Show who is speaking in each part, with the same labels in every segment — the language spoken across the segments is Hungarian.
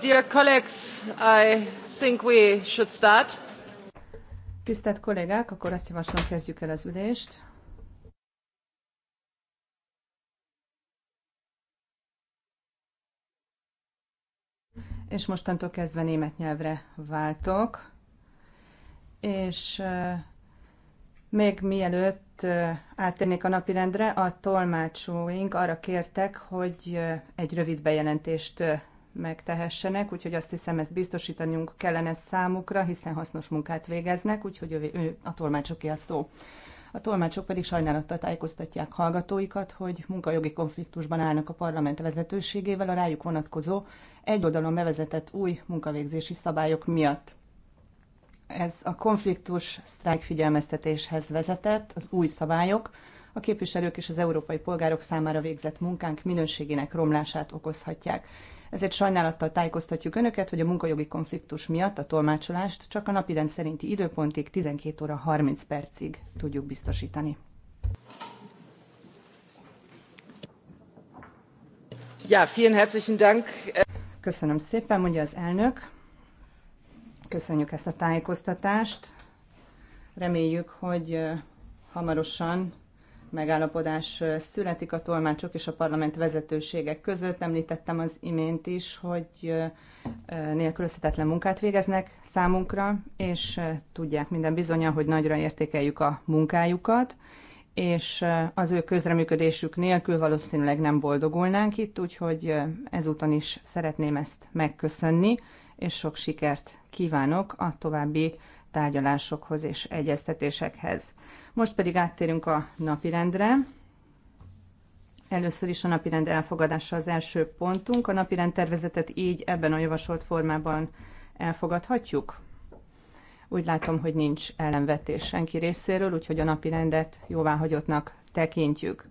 Speaker 1: dear colleagues, I think we should start. Tisztelt kollégák, akkor azt javaslom, kezdjük el az ülést. És mostantól kezdve német nyelvre váltok. És még mielőtt áttérnék a napirendre, a tolmácsóink arra kértek, hogy egy rövid bejelentést megtehessenek, úgyhogy azt hiszem ezt biztosítanunk kellene számukra, hiszen hasznos munkát végeznek, úgyhogy ő, ő a tolmácsoké a szó. A tolmácsok pedig sajnálattal tájékoztatják hallgatóikat, hogy munkajogi konfliktusban állnak a parlament vezetőségével a rájuk vonatkozó egy oldalon bevezetett új munkavégzési szabályok miatt. Ez a konfliktus sztrájk figyelmeztetéshez vezetett, az új szabályok, a képviselők és az európai polgárok számára végzett munkánk minőségének romlását okozhatják. Ezért sajnálattal tájékoztatjuk Önöket, hogy a munkajogi konfliktus miatt a tolmácsolást csak a napirend szerinti időpontig 12 óra 30 percig tudjuk biztosítani. Ja, vielen herzlichen Dank. Köszönöm szépen, mondja az elnök. Köszönjük ezt a tájékoztatást. Reméljük, hogy hamarosan megállapodás születik a tolmácsok és a parlament vezetőségek között. Említettem az imént is, hogy nélkülözhetetlen munkát végeznek számunkra, és tudják minden bizonyal, hogy nagyra értékeljük a munkájukat, és az ő közreműködésük nélkül valószínűleg nem boldogulnánk itt, úgyhogy ezúton is szeretném ezt megköszönni, és sok sikert kívánok a további tárgyalásokhoz és egyeztetésekhez. Most pedig áttérünk a napirendre. Először is a napirend elfogadása az első pontunk. A napirend tervezetet így ebben a javasolt formában elfogadhatjuk? Úgy látom, hogy nincs ellenvetés senki részéről, úgyhogy a napirendet jóváhagyottnak tekintjük.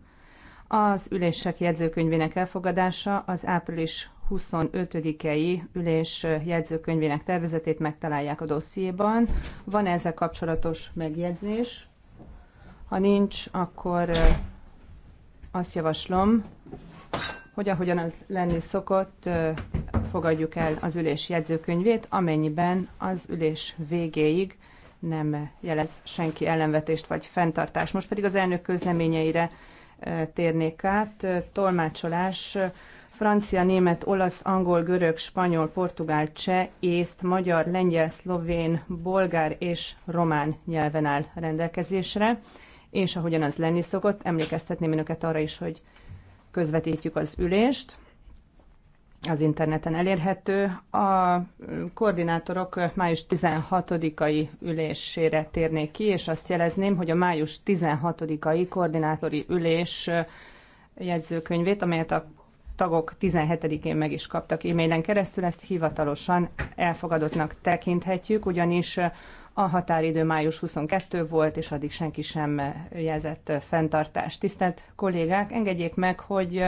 Speaker 1: Az ülések jegyzőkönyvének elfogadása az április 25-i ülés jegyzőkönyvének tervezetét megtalálják a dossziéban. Van -e ezzel kapcsolatos megjegyzés? Ha nincs, akkor azt javaslom, hogy ahogyan az lenni szokott, fogadjuk el az ülés jegyzőkönyvét, amennyiben az ülés végéig nem jelez senki ellenvetést vagy fenntartást. Most pedig az elnök közleményeire térnék át. Tolmácsolás francia, német, olasz, angol, görög, spanyol, portugál, cseh, észt, magyar, lengyel, szlovén, bolgár és román nyelven áll rendelkezésre és ahogyan az lenni szokott, emlékeztetném önöket arra is, hogy közvetítjük az ülést, az interneten elérhető. A koordinátorok május 16-ai ülésére térnék ki, és azt jelezném, hogy a május 16-ai koordinátori ülés jegyzőkönyvét, amelyet a tagok 17-én meg is kaptak e-mailen keresztül, ezt hivatalosan elfogadottnak tekinthetjük, ugyanis a határidő május 22 volt, és addig senki sem jelzett fenntartást. Tisztelt kollégák, engedjék meg, hogy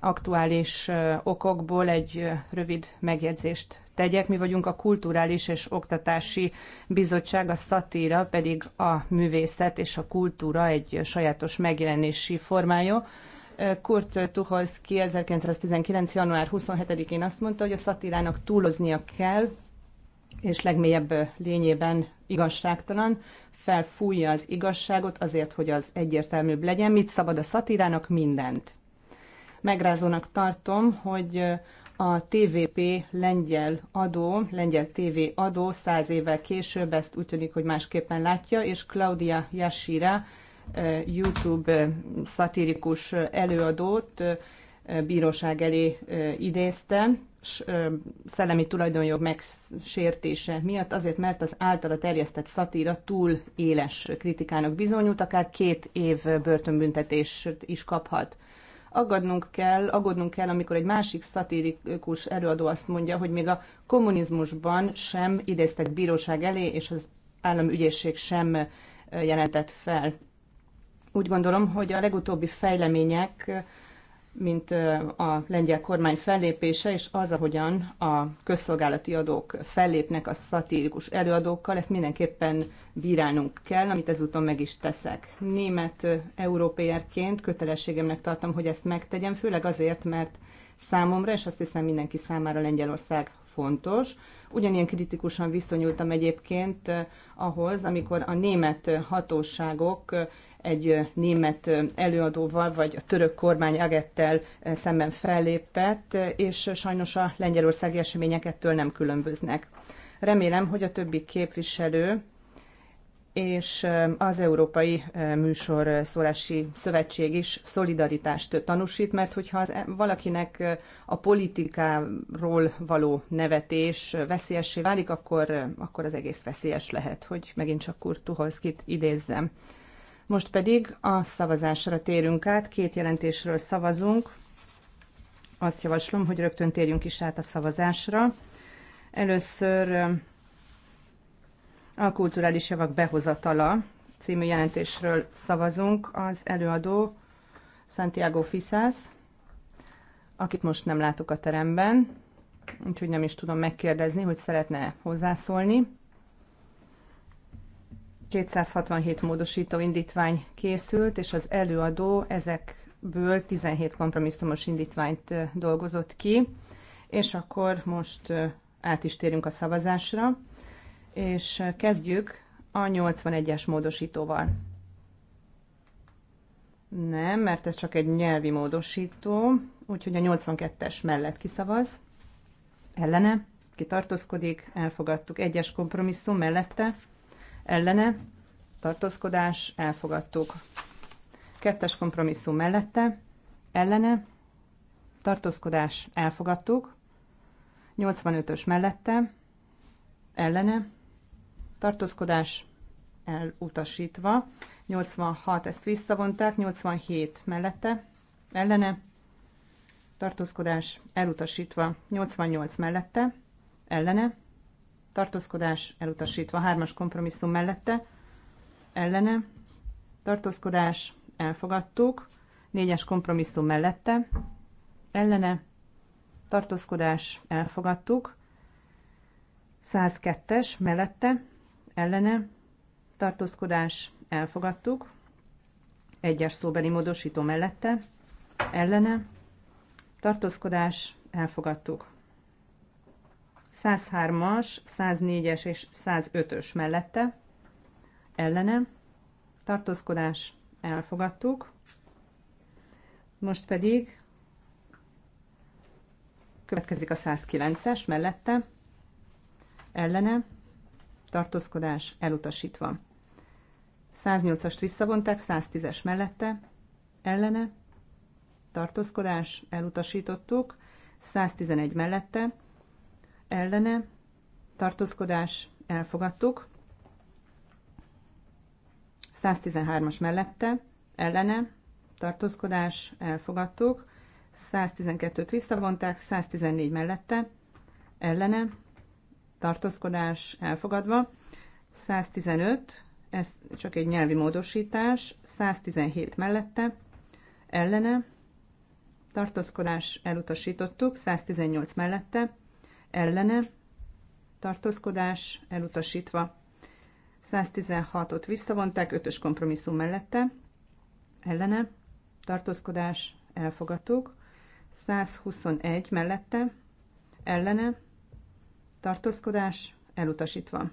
Speaker 1: aktuális okokból egy rövid megjegyzést tegyek. Mi vagyunk a Kulturális és Oktatási Bizottság, a szatíra pedig a művészet és a kultúra egy sajátos megjelenési formája. Kurt Tucholsky 1919. január 27-én azt mondta, hogy a szatírának túloznia kell, és legmélyebb lényében igazságtalan, felfújja az igazságot azért, hogy az egyértelműbb legyen, mit szabad a szatírának, mindent. Megrázónak tartom, hogy a TVP lengyel adó, lengyel TV adó száz évvel később ezt úgy tűnik, hogy másképpen látja, és Claudia Yashira, YouTube szatirikus előadót bíróság elé idézte, szellemi tulajdonjog megsértése miatt, azért mert az általa terjesztett szatíra túl éles kritikának bizonyult, akár két év börtönbüntetést is kaphat. Aggadnunk kell, aggódnunk kell, amikor egy másik szatirikus előadó azt mondja, hogy még a kommunizmusban sem idéztek bíróság elé, és az államügyészség sem jelentett fel. Úgy gondolom, hogy a legutóbbi fejlemények mint a lengyel kormány fellépése, és az, ahogyan a közszolgálati adók fellépnek a szatirikus előadókkal, ezt mindenképpen bírálnunk kell, amit ezúton meg is teszek. Német európéerként kötelességemnek tartom, hogy ezt megtegyem, főleg azért, mert számomra, és azt hiszem mindenki számára Lengyelország fontos. Ugyanilyen kritikusan viszonyultam egyébként ahhoz, amikor a német hatóságok egy német előadóval, vagy a török kormány Agettel szemben fellépett, és sajnos a lengyelországi események ettől nem különböznek. Remélem, hogy a többi képviselő és az Európai Műsor Szólási Szövetség is szolidaritást tanúsít, mert hogyha az, e, valakinek a politikáról való nevetés veszélyessé válik, akkor, akkor az egész veszélyes lehet, hogy megint csak Tuholszkit idézzem. Most pedig a szavazásra térünk át, két jelentésről szavazunk. Azt javaslom, hogy rögtön térjünk is át a szavazásra. Először a kulturális javak behozatala című jelentésről szavazunk. Az előadó Santiago Fiszász, akit most nem látok a teremben, úgyhogy nem is tudom megkérdezni, hogy szeretne hozzászólni. 267 módosító indítvány készült, és az előadó ezekből 17 kompromisszumos indítványt dolgozott ki, és akkor most át is térünk a szavazásra, és kezdjük a 81-es módosítóval. Nem, mert ez csak egy nyelvi módosító, úgyhogy a 82-es mellett kiszavaz, ellene, kitartózkodik, elfogadtuk egyes kompromisszum mellette, ellene, tartózkodás, elfogadtuk. Kettes kompromisszum mellette, ellene, tartózkodás, elfogadtuk. 85-ös mellette, ellene, tartózkodás, elutasítva. 86, ezt visszavonták, 87 mellette, ellene, tartózkodás, elutasítva. 88 mellette, ellene, tartózkodás elutasítva. Hármas kompromisszum mellette, ellene, tartózkodás elfogadtuk. Négyes kompromisszum mellette, ellene, tartózkodás elfogadtuk. 102-es mellette, ellene, tartózkodás elfogadtuk. Egyes szóbeli módosító mellette, ellene, tartózkodás elfogadtuk. 103-as, 104-es és 105-ös mellette, ellene, tartózkodás, elfogadtuk. Most pedig következik a 109-es mellette, ellene, tartózkodás, elutasítva. 108-ast visszavonták, 110-es mellette, ellene, tartózkodás, elutasítottuk, 111 mellette, ellene, tartózkodás, elfogadtuk. 113-as mellette, ellene, tartózkodás, elfogadtuk. 112-t visszavonták, 114 mellette, ellene, tartózkodás elfogadva, 115, ez csak egy nyelvi módosítás, 117 mellette, ellene, tartózkodás elutasítottuk, 118 mellette, ellene, tartózkodás elutasítva. 116-ot visszavonták, 5-ös kompromisszum mellette, ellene, tartózkodás elfogadtuk. 121 mellette, ellene, tartózkodás elutasítva.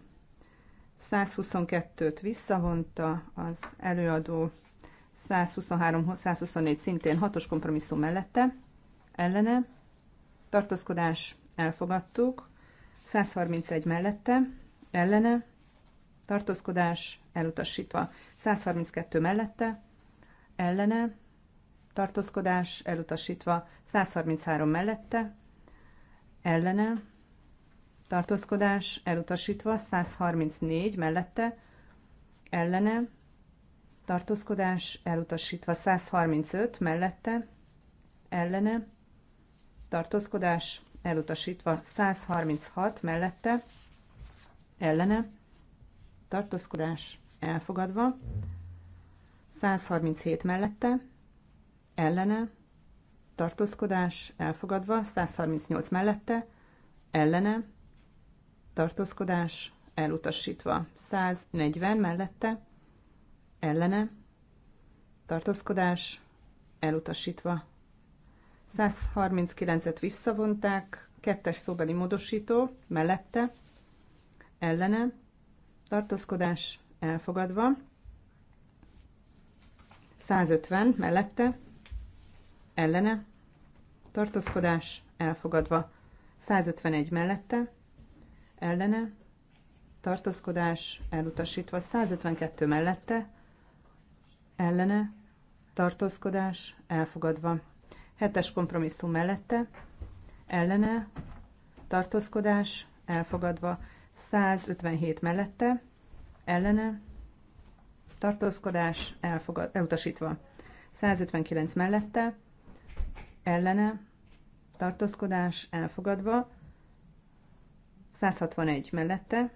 Speaker 1: 122-t visszavonta az előadó 123-124 szintén 6-os kompromisszum mellette, ellene, tartózkodás elfogadtuk, 131 mellette, ellene, tartózkodás elutasítva, 132 mellette, ellene, tartózkodás elutasítva, 133 mellette, ellene, tartózkodás elutasítva, 134 mellette, ellene, tartózkodás elutasítva, 135 mellette, ellene, tartózkodás elutasítva 136 mellette, ellene, tartózkodás elfogadva, 137 mellette, ellene, tartózkodás elfogadva, 138 mellette, ellene, tartózkodás elutasítva, 140 mellette, ellene, tartózkodás elutasítva, 139-et visszavonták, kettes szóbeli módosító mellette, ellene, tartózkodás elfogadva, 150 mellette, ellene, tartózkodás elfogadva, 151 mellette, ellene, tartózkodás elutasítva, 152 mellette, ellene, tartózkodás elfogadva, Hetes kompromisszum mellette, ellene, tartózkodás, elfogadva. 157 mellette, ellene, tartózkodás, elfogad, elutasítva. 159 mellette, ellene, tartózkodás, elfogadva. 161 mellette,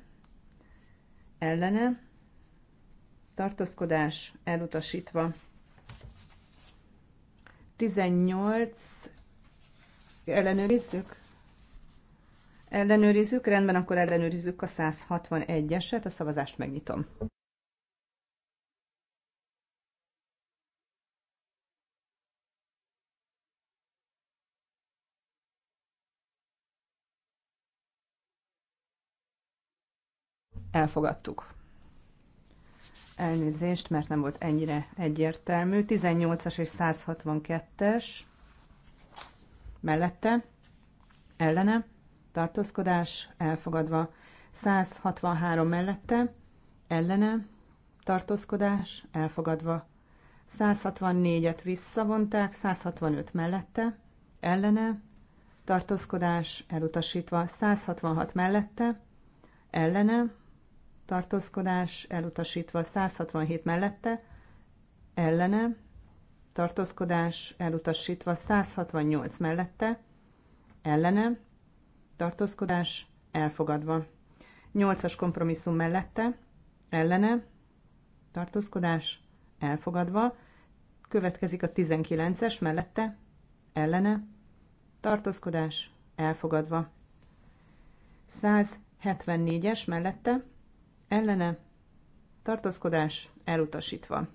Speaker 1: ellene, tartózkodás, elutasítva. 18 ellenőrizzük? Ellenőrizzük, rendben, akkor ellenőrizzük a 161-eset, a szavazást megnyitom. Elfogadtuk. Elnézést, mert nem volt ennyire egyértelmű. 18-as és 162-es mellette, ellene, tartózkodás elfogadva. 163 mellette, ellene, tartózkodás elfogadva. 164-et visszavonták, 165 mellette, ellene, tartózkodás elutasítva, 166 mellette, ellene, tartózkodás elutasítva 167 mellette, ellene, tartózkodás elutasítva 168 mellette, ellene, tartózkodás elfogadva. 8-as kompromisszum mellette, ellene, tartózkodás elfogadva. Következik a 19-es mellette, ellene, tartózkodás elfogadva. 174-es mellette, ellene, tartózkodás elutasítva.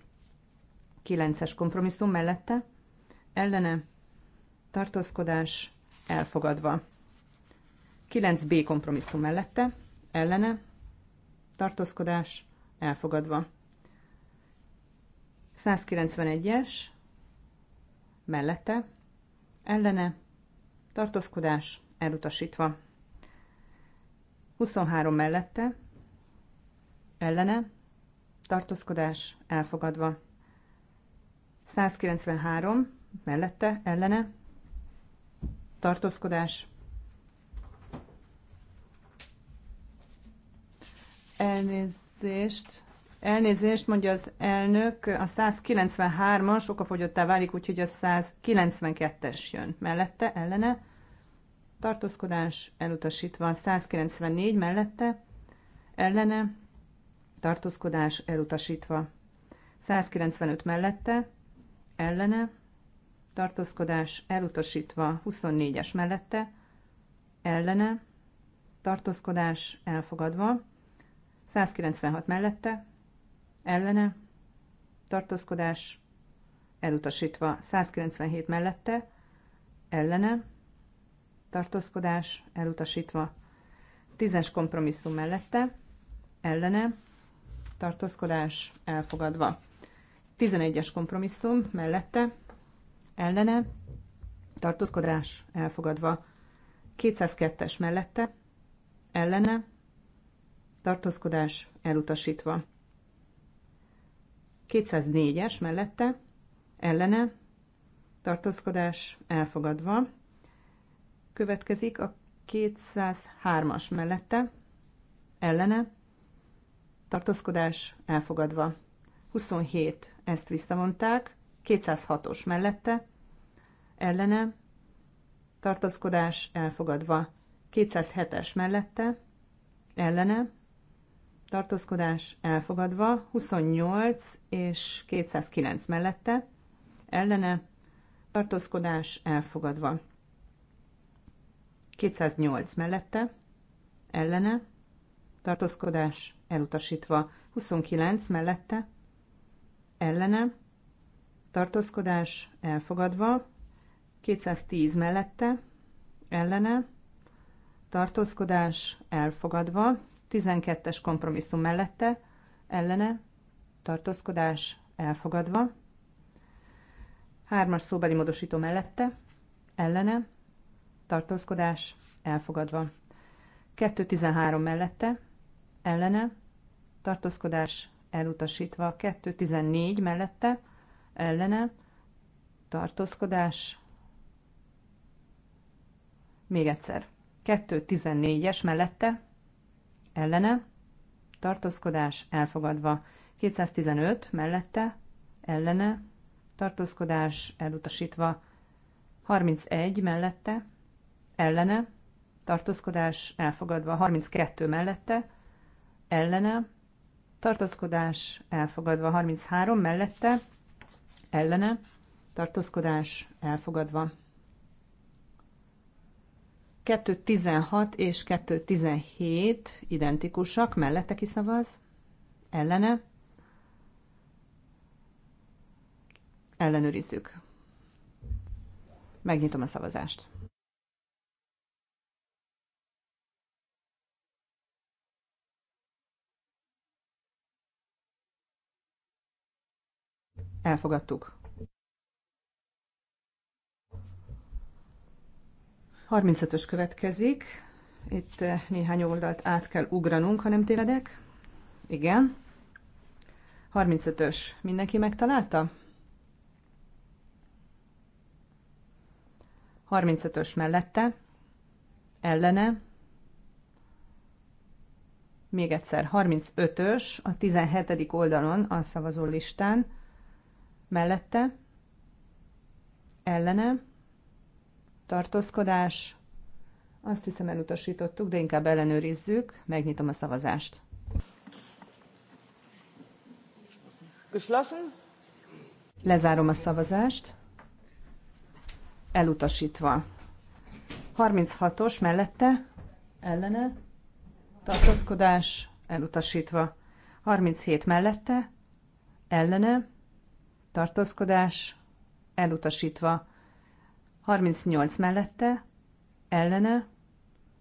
Speaker 1: 9-es kompromisszum mellette, ellene, tartózkodás elfogadva. 9B kompromisszum mellette, ellene, tartózkodás elfogadva. 191-es mellette, ellene, tartózkodás elutasítva. 23 mellette, ellene, tartózkodás elfogadva. 193 mellette, ellene, tartózkodás. Elnézést. Elnézést, mondja az elnök, a 193-as okafogyottá válik, úgyhogy a 192-es jön. Mellette, ellene, tartózkodás elutasítva, 194 mellette, ellene, tartózkodás elutasítva. 195 mellette, ellene, tartózkodás elutasítva 24-es mellette, ellene, tartózkodás elfogadva, 196 mellette, ellene, tartózkodás elutasítva, 197 mellette, ellene, tartózkodás elutasítva, 10-es kompromisszum mellette, ellene, tartózkodás elfogadva. 11-es kompromisszum mellette, ellene, tartózkodás elfogadva. 202-es mellette, ellene, tartózkodás elutasítva. 204-es mellette, ellene, tartózkodás elfogadva. Következik a 203-as mellette, ellene, tartózkodás elfogadva. 27, ezt visszavonták, 206-os mellette, ellene, tartózkodás elfogadva. 207-es mellette, ellene, tartózkodás elfogadva, 28 és 209 mellette, ellene, tartózkodás elfogadva. 208 mellette, ellene, tartózkodás elutasítva. 29 mellette ellene tartózkodás elfogadva. 210 mellette ellene tartózkodás elfogadva. 12-es kompromisszum mellette ellene tartózkodás elfogadva. Hármas szóbeli módosító mellette ellene tartózkodás elfogadva. 213 mellette ellene, tartózkodás elutasítva, 214 mellette, ellene, tartózkodás, még egyszer, 214-es mellette, ellene, tartózkodás elfogadva, 215 mellette, ellene, tartózkodás elutasítva, 31 mellette, ellene, tartózkodás elfogadva, 32 mellette, ellene, tartózkodás elfogadva. 33 mellette, ellene, tartózkodás elfogadva. 2.16 és 2.17 identikusak, mellette kiszavaz, ellene, ellenőrizzük. Megnyitom a szavazást. Elfogadtuk. 35-ös következik. Itt eh, néhány oldalt át kell ugranunk, ha nem tévedek. Igen. 35-ös. Mindenki megtalálta? 35-ös mellette, ellene, még egyszer 35-ös a 17. oldalon a szavazó listán, mellette, ellene, tartózkodás, azt hiszem elutasítottuk, de inkább ellenőrizzük, megnyitom a szavazást. Geschlossen. Lezárom a szavazást. Elutasítva. 36-os mellette, ellene, tartózkodás, elutasítva. 37 mellette, ellene, tartózkodás elutasítva. 38 mellette, ellene,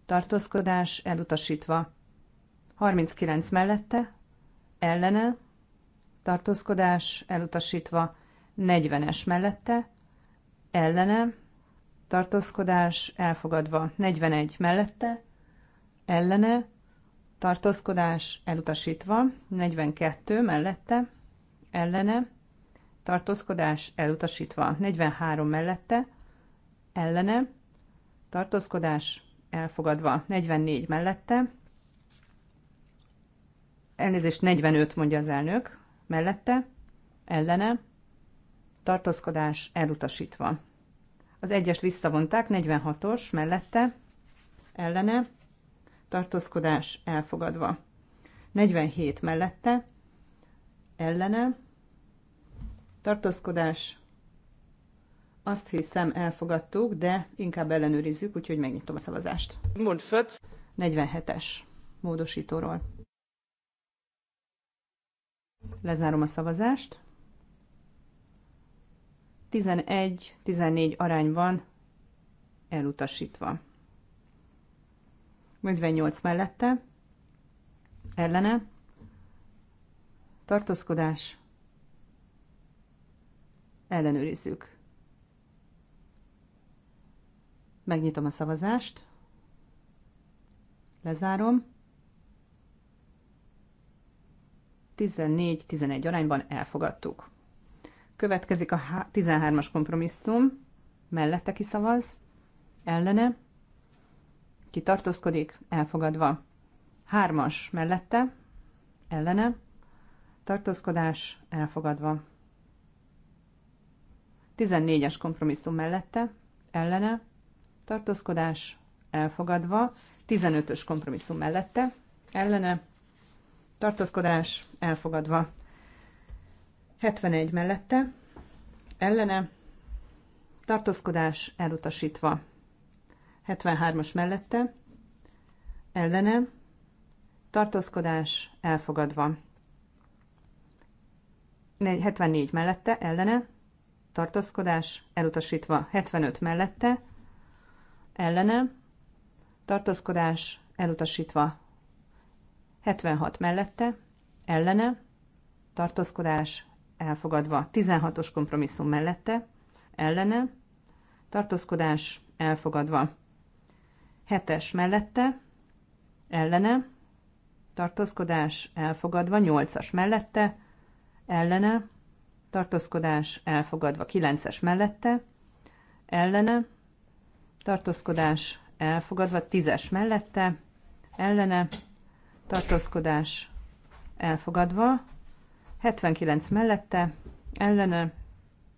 Speaker 1: tartózkodás elutasítva. 39 mellette, ellene, tartózkodás elutasítva. 40-es mellette, ellene, tartózkodás elfogadva. 41 mellette, ellene, tartózkodás elutasítva. 42 mellette, ellene, tartózkodás elutasítva. 43 mellette, ellene, tartózkodás elfogadva. 44 mellette, elnézést 45 mondja az elnök, mellette, ellene, tartózkodás elutasítva. Az egyes visszavonták, 46-os mellette, ellene, tartózkodás elfogadva. 47 mellette, ellene, tartózkodás, azt hiszem elfogadtuk, de inkább ellenőrizzük, úgyhogy megnyitom a szavazást. Mond 47-es módosítóról. Lezárom a szavazást. 11-14 arány van elutasítva. 58 mellette, ellene, tartózkodás, ellenőrizzük. Megnyitom a szavazást, lezárom. 14-11 arányban elfogadtuk. Következik a 13-as kompromisszum, mellette kiszavaz, ellene, kitartózkodik, elfogadva. Hármas mellette, ellene, tartózkodás, elfogadva. 14-es kompromisszum mellette, ellene, tartózkodás elfogadva, 15-ös kompromisszum mellette, ellene, tartózkodás elfogadva, 71 mellette, ellene, tartózkodás elutasítva, 73-as mellette, ellene, tartózkodás elfogadva, 74 mellette, ellene, tartózkodás elutasítva 75 mellette, ellene, tartózkodás elutasítva 76 mellette, ellene, tartózkodás elfogadva 16-os kompromisszum mellette, ellene, tartózkodás elfogadva 7-es mellette, ellene, tartózkodás elfogadva 8-as mellette, ellene, tartózkodás elfogadva. 9-es mellette, ellene, tartózkodás elfogadva. 10-es mellette, ellene, tartózkodás elfogadva. 79 mellette, ellene,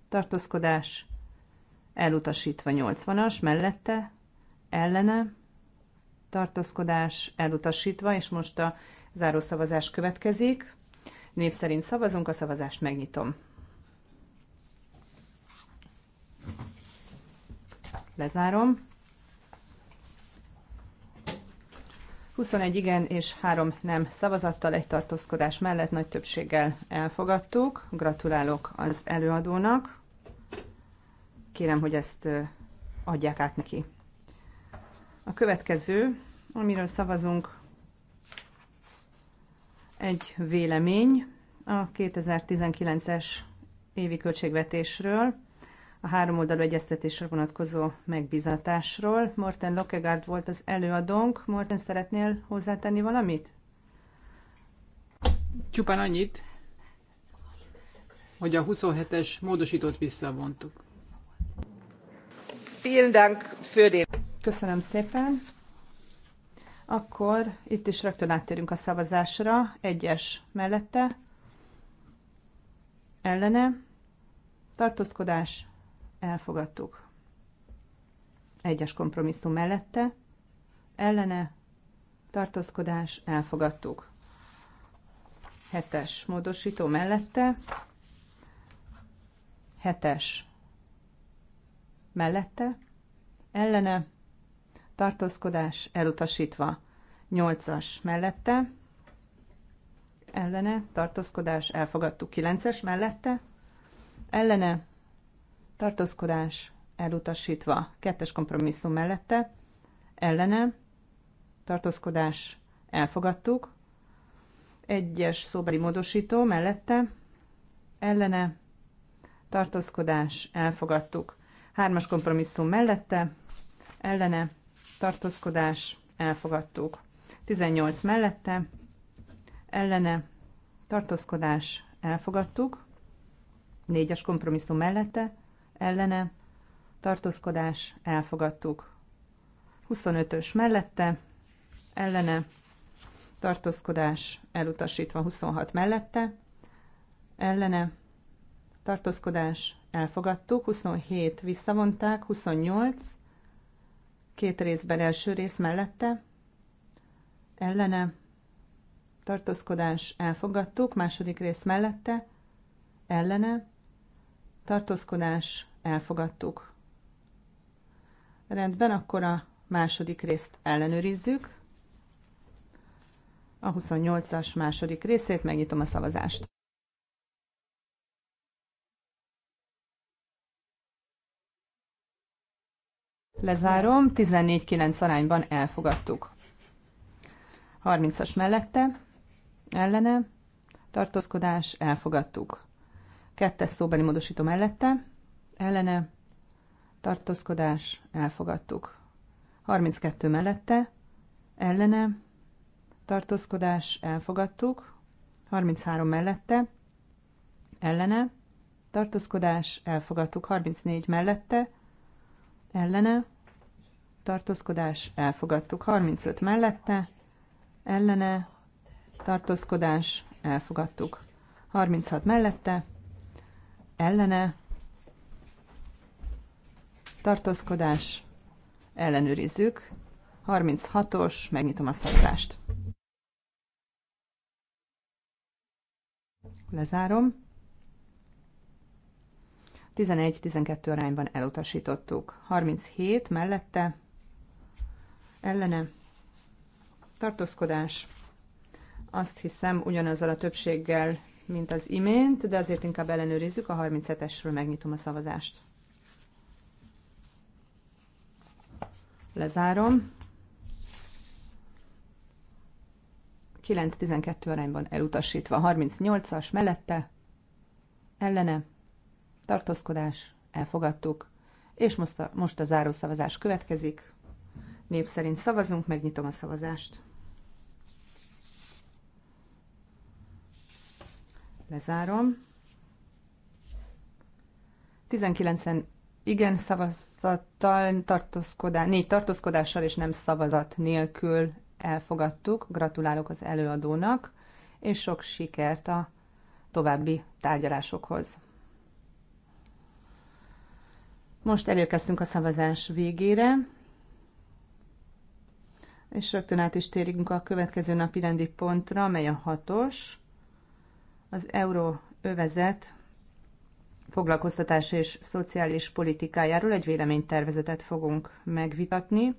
Speaker 1: tartózkodás elutasítva. 80-as mellette, ellene, tartózkodás elutasítva, és most a zárószavazás következik. Név szerint szavazunk, a szavazást megnyitom. Lezárom. 21 igen és 3 nem szavazattal egy tartózkodás mellett nagy többséggel elfogadtuk. Gratulálok az előadónak. Kérem, hogy ezt adják át neki. A következő, amiről szavazunk, egy vélemény a 2019-es évi költségvetésről a háromoldalú egyeztetésre vonatkozó megbizatásról. Morten Lokegard volt az előadónk. Morten, szeretnél hozzátenni valamit? Csupán annyit,
Speaker 2: hogy a 27-es módosítót visszavontuk.
Speaker 1: Köszönöm szépen. Akkor itt is rögtön áttérünk a szavazásra. Egyes mellette, ellene, tartózkodás, elfogadtuk. Egyes kompromisszum mellette, ellene, tartózkodás, elfogadtuk. Hetes módosító mellette, hetes mellette, ellene, tartózkodás, elutasítva. Nyolcas mellette, ellene, tartózkodás, elfogadtuk. Kilences mellette, ellene, tartózkodás elutasítva. Kettes kompromisszum mellette, ellene, tartózkodás elfogadtuk. Egyes szóbeli módosító mellette, ellene, tartózkodás elfogadtuk. Hármas kompromisszum mellette, ellene, tartózkodás elfogadtuk. 18 mellette, ellene, tartózkodás elfogadtuk. Négyes kompromisszum mellette, ellene, tartózkodás, elfogadtuk. 25-ös mellette, ellene, tartózkodás, elutasítva 26 mellette, ellene, tartózkodás, elfogadtuk, 27 visszavonták, 28, két részben első rész mellette, ellene, tartózkodás, elfogadtuk, második rész mellette, ellene, tartózkodás, Elfogadtuk. Rendben, akkor a második részt ellenőrizzük. A 28-as második részét megnyitom a szavazást. Lezárom, 14-9 arányban elfogadtuk. 30-as mellette, ellene, tartózkodás, elfogadtuk. Kettes szóbeli módosító mellette, ellene, tartózkodás, elfogadtuk. 32 mellette, ellene, tartózkodás, elfogadtuk. 33 mellette, ellene, tartózkodás, elfogadtuk. 34 mellette, ellene, tartózkodás, elfogadtuk. 35 mellette, ellene, tartózkodás, elfogadtuk. 36 mellette, ellene, tartózkodás, ellenőrizzük. 36-os, megnyitom a szavazást. Lezárom. 11-12 arányban elutasítottuk. 37 mellette, ellene, tartózkodás. Azt hiszem ugyanazzal a többséggel, mint az imént, de azért inkább ellenőrizzük. A 37-esről megnyitom a szavazást. Lezárom. 9-12 arányban elutasítva. 38-as mellette, ellene, tartózkodás, elfogadtuk. És most a, most a zárószavazás következik. Név szerint szavazunk, megnyitom a szavazást. Lezárom. 19-en igen szavazattal, tartózkodás, négy tartózkodással és nem szavazat nélkül elfogadtuk. Gratulálok az előadónak, és sok sikert a további tárgyalásokhoz. Most elérkeztünk a szavazás végére, és rögtön át is térünk a következő napi rendi pontra, amely a hatos, az euró övezet foglalkoztatás és szociális politikájáról egy véleménytervezetet fogunk megvitatni.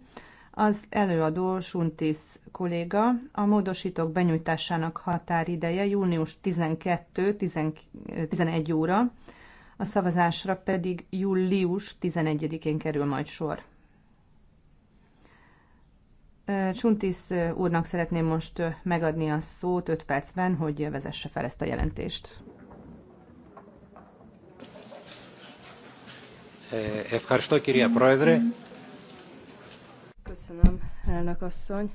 Speaker 1: Az előadó Suntis kolléga a módosítók benyújtásának határideje június 12-11 óra, a szavazásra pedig július 11-én kerül majd sor. Csuntis úrnak szeretném most megadni a szót 5 percben, hogy vezesse fel ezt a jelentést.
Speaker 3: Ευχαριστώ κυρία Πρόεδρε.
Speaker 4: Köszönöm, elnök asszony.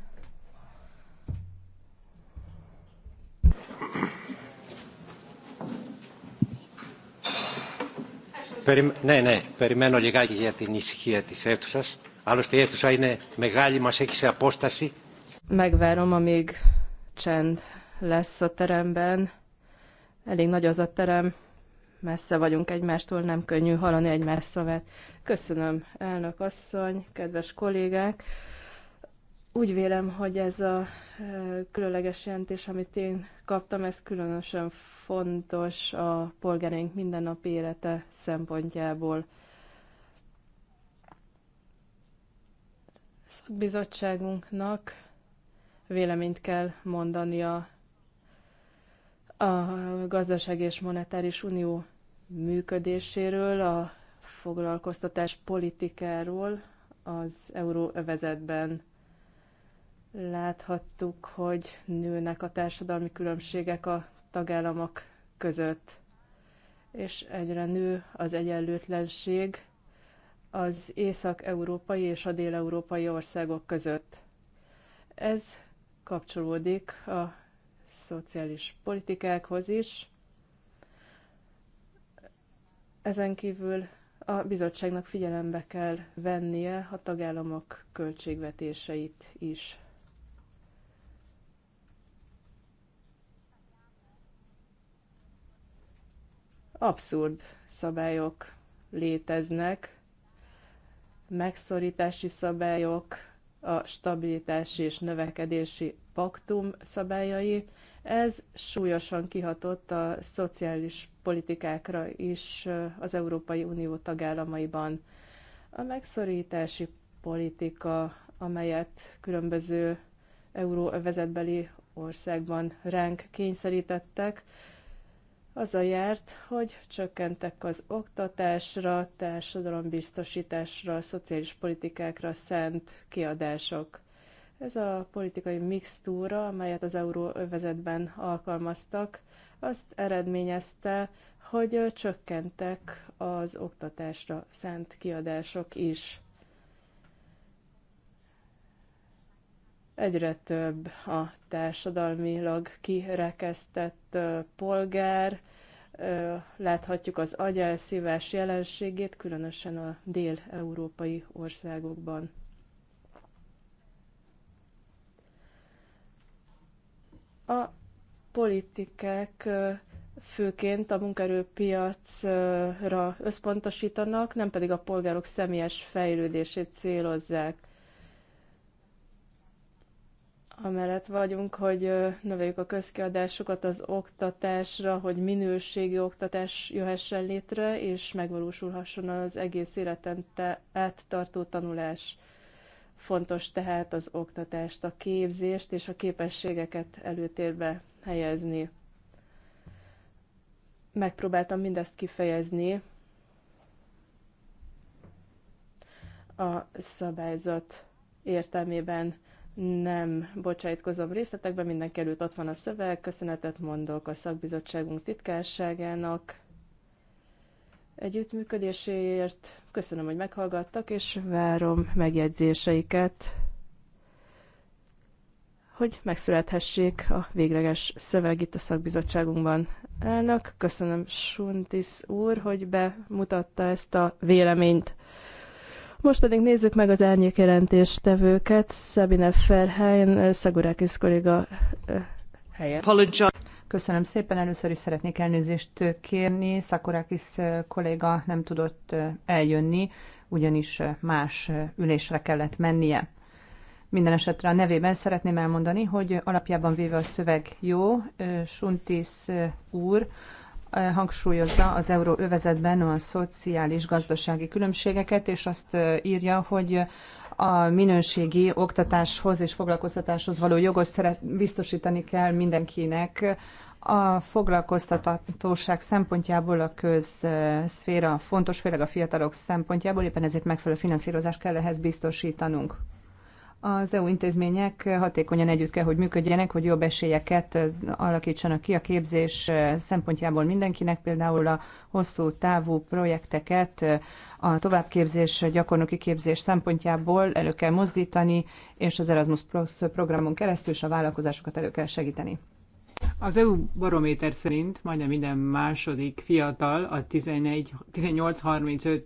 Speaker 3: Περι... Ναι, ναι, περιμένω λιγάκι για την ησυχία της αίθουσας. Άλλωστε η αίθουσα είναι μεγάλη, μας έχει σε απόσταση.
Speaker 4: Megvárom, amíg csend lesz a teremben. Elég nagy az a terem messze vagyunk egymástól, nem könnyű hallani egymás szavát. Köszönöm, elnök asszony, kedves kollégák! Úgy vélem, hogy ez a e, különleges jelentés, amit én kaptam, ez különösen fontos a polgáraink mindennapi élete szempontjából. Szakbizottságunknak véleményt kell mondania a gazdaság és monetáris unió működéséről, a foglalkoztatás politikáról az euróövezetben láthattuk, hogy nőnek a társadalmi különbségek a tagállamok között, és egyre nő az egyenlőtlenség az észak-európai és a dél-európai országok között. Ez kapcsolódik a szociális politikákhoz is. Ezen kívül a bizottságnak figyelembe kell vennie a tagállamok költségvetéseit is. Abszurd szabályok léteznek, megszorítási szabályok, a stabilitási és növekedési paktum szabályai. Ez súlyosan kihatott a szociális politikákra is az Európai Unió tagállamaiban. A megszorítási politika, amelyet különböző euróvezetbeli országban ránk kényszerítettek, a járt, hogy csökkentek az oktatásra, társadalombiztosításra, szociális politikákra szent kiadások. Ez a politikai mixtúra, amelyet az euróövezetben alkalmaztak, azt eredményezte, hogy csökkentek az oktatásra szent kiadások is. Egyre több a társadalmilag kirekesztett polgár, láthatjuk az agyelszívás jelenségét, különösen a dél-európai országokban. A politikák főként a munkaerőpiacra összpontosítanak, nem pedig a polgárok személyes fejlődését célozzák amellett vagyunk, hogy növeljük a közkiadásokat az oktatásra, hogy minőségi oktatás jöhessen létre, és megvalósulhasson az egész életen át tartó tanulás. Fontos tehát az oktatást, a képzést és a képességeket előtérbe helyezni. Megpróbáltam mindezt kifejezni a szabályzat értelmében nem bocsájtkozom részletekbe, minden került ott van a szöveg, köszönetet mondok a szakbizottságunk titkárságának együttműködéséért, köszönöm, hogy meghallgattak, és várom megjegyzéseiket, hogy megszülethessék a végleges szöveg itt a szakbizottságunkban. Elnök, köszönöm Suntis úr, hogy bemutatta ezt a véleményt. Most pedig nézzük meg az árnyékjelentéstevőket. Szabine Ferhein, Szagurákis kolléga
Speaker 1: helye. Köszönöm szépen. Először is szeretnék elnézést kérni. Szakurákis kolléga nem tudott eljönni, ugyanis más ülésre kellett mennie. Minden esetre a nevében szeretném elmondani, hogy alapjában véve a szöveg jó. Suntis úr hangsúlyozza az euróövezetben a szociális-gazdasági különbségeket, és azt írja, hogy a minőségi oktatáshoz és foglalkoztatáshoz való jogot szeret, biztosítani kell mindenkinek, a foglalkoztatóság szempontjából a közszféra fontos, főleg a fiatalok szempontjából, éppen ezért megfelelő finanszírozást kell ehhez biztosítanunk az EU intézmények hatékonyan együtt kell, hogy működjenek, hogy jobb esélyeket alakítsanak ki a képzés szempontjából mindenkinek, például a hosszú távú projekteket, a továbbképzés, gyakornoki képzés szempontjából elő kell mozdítani, és az Erasmus Plus programon keresztül is a vállalkozásokat elő kell segíteni.
Speaker 2: Az EU barométer szerint majdnem minden második fiatal a 18-35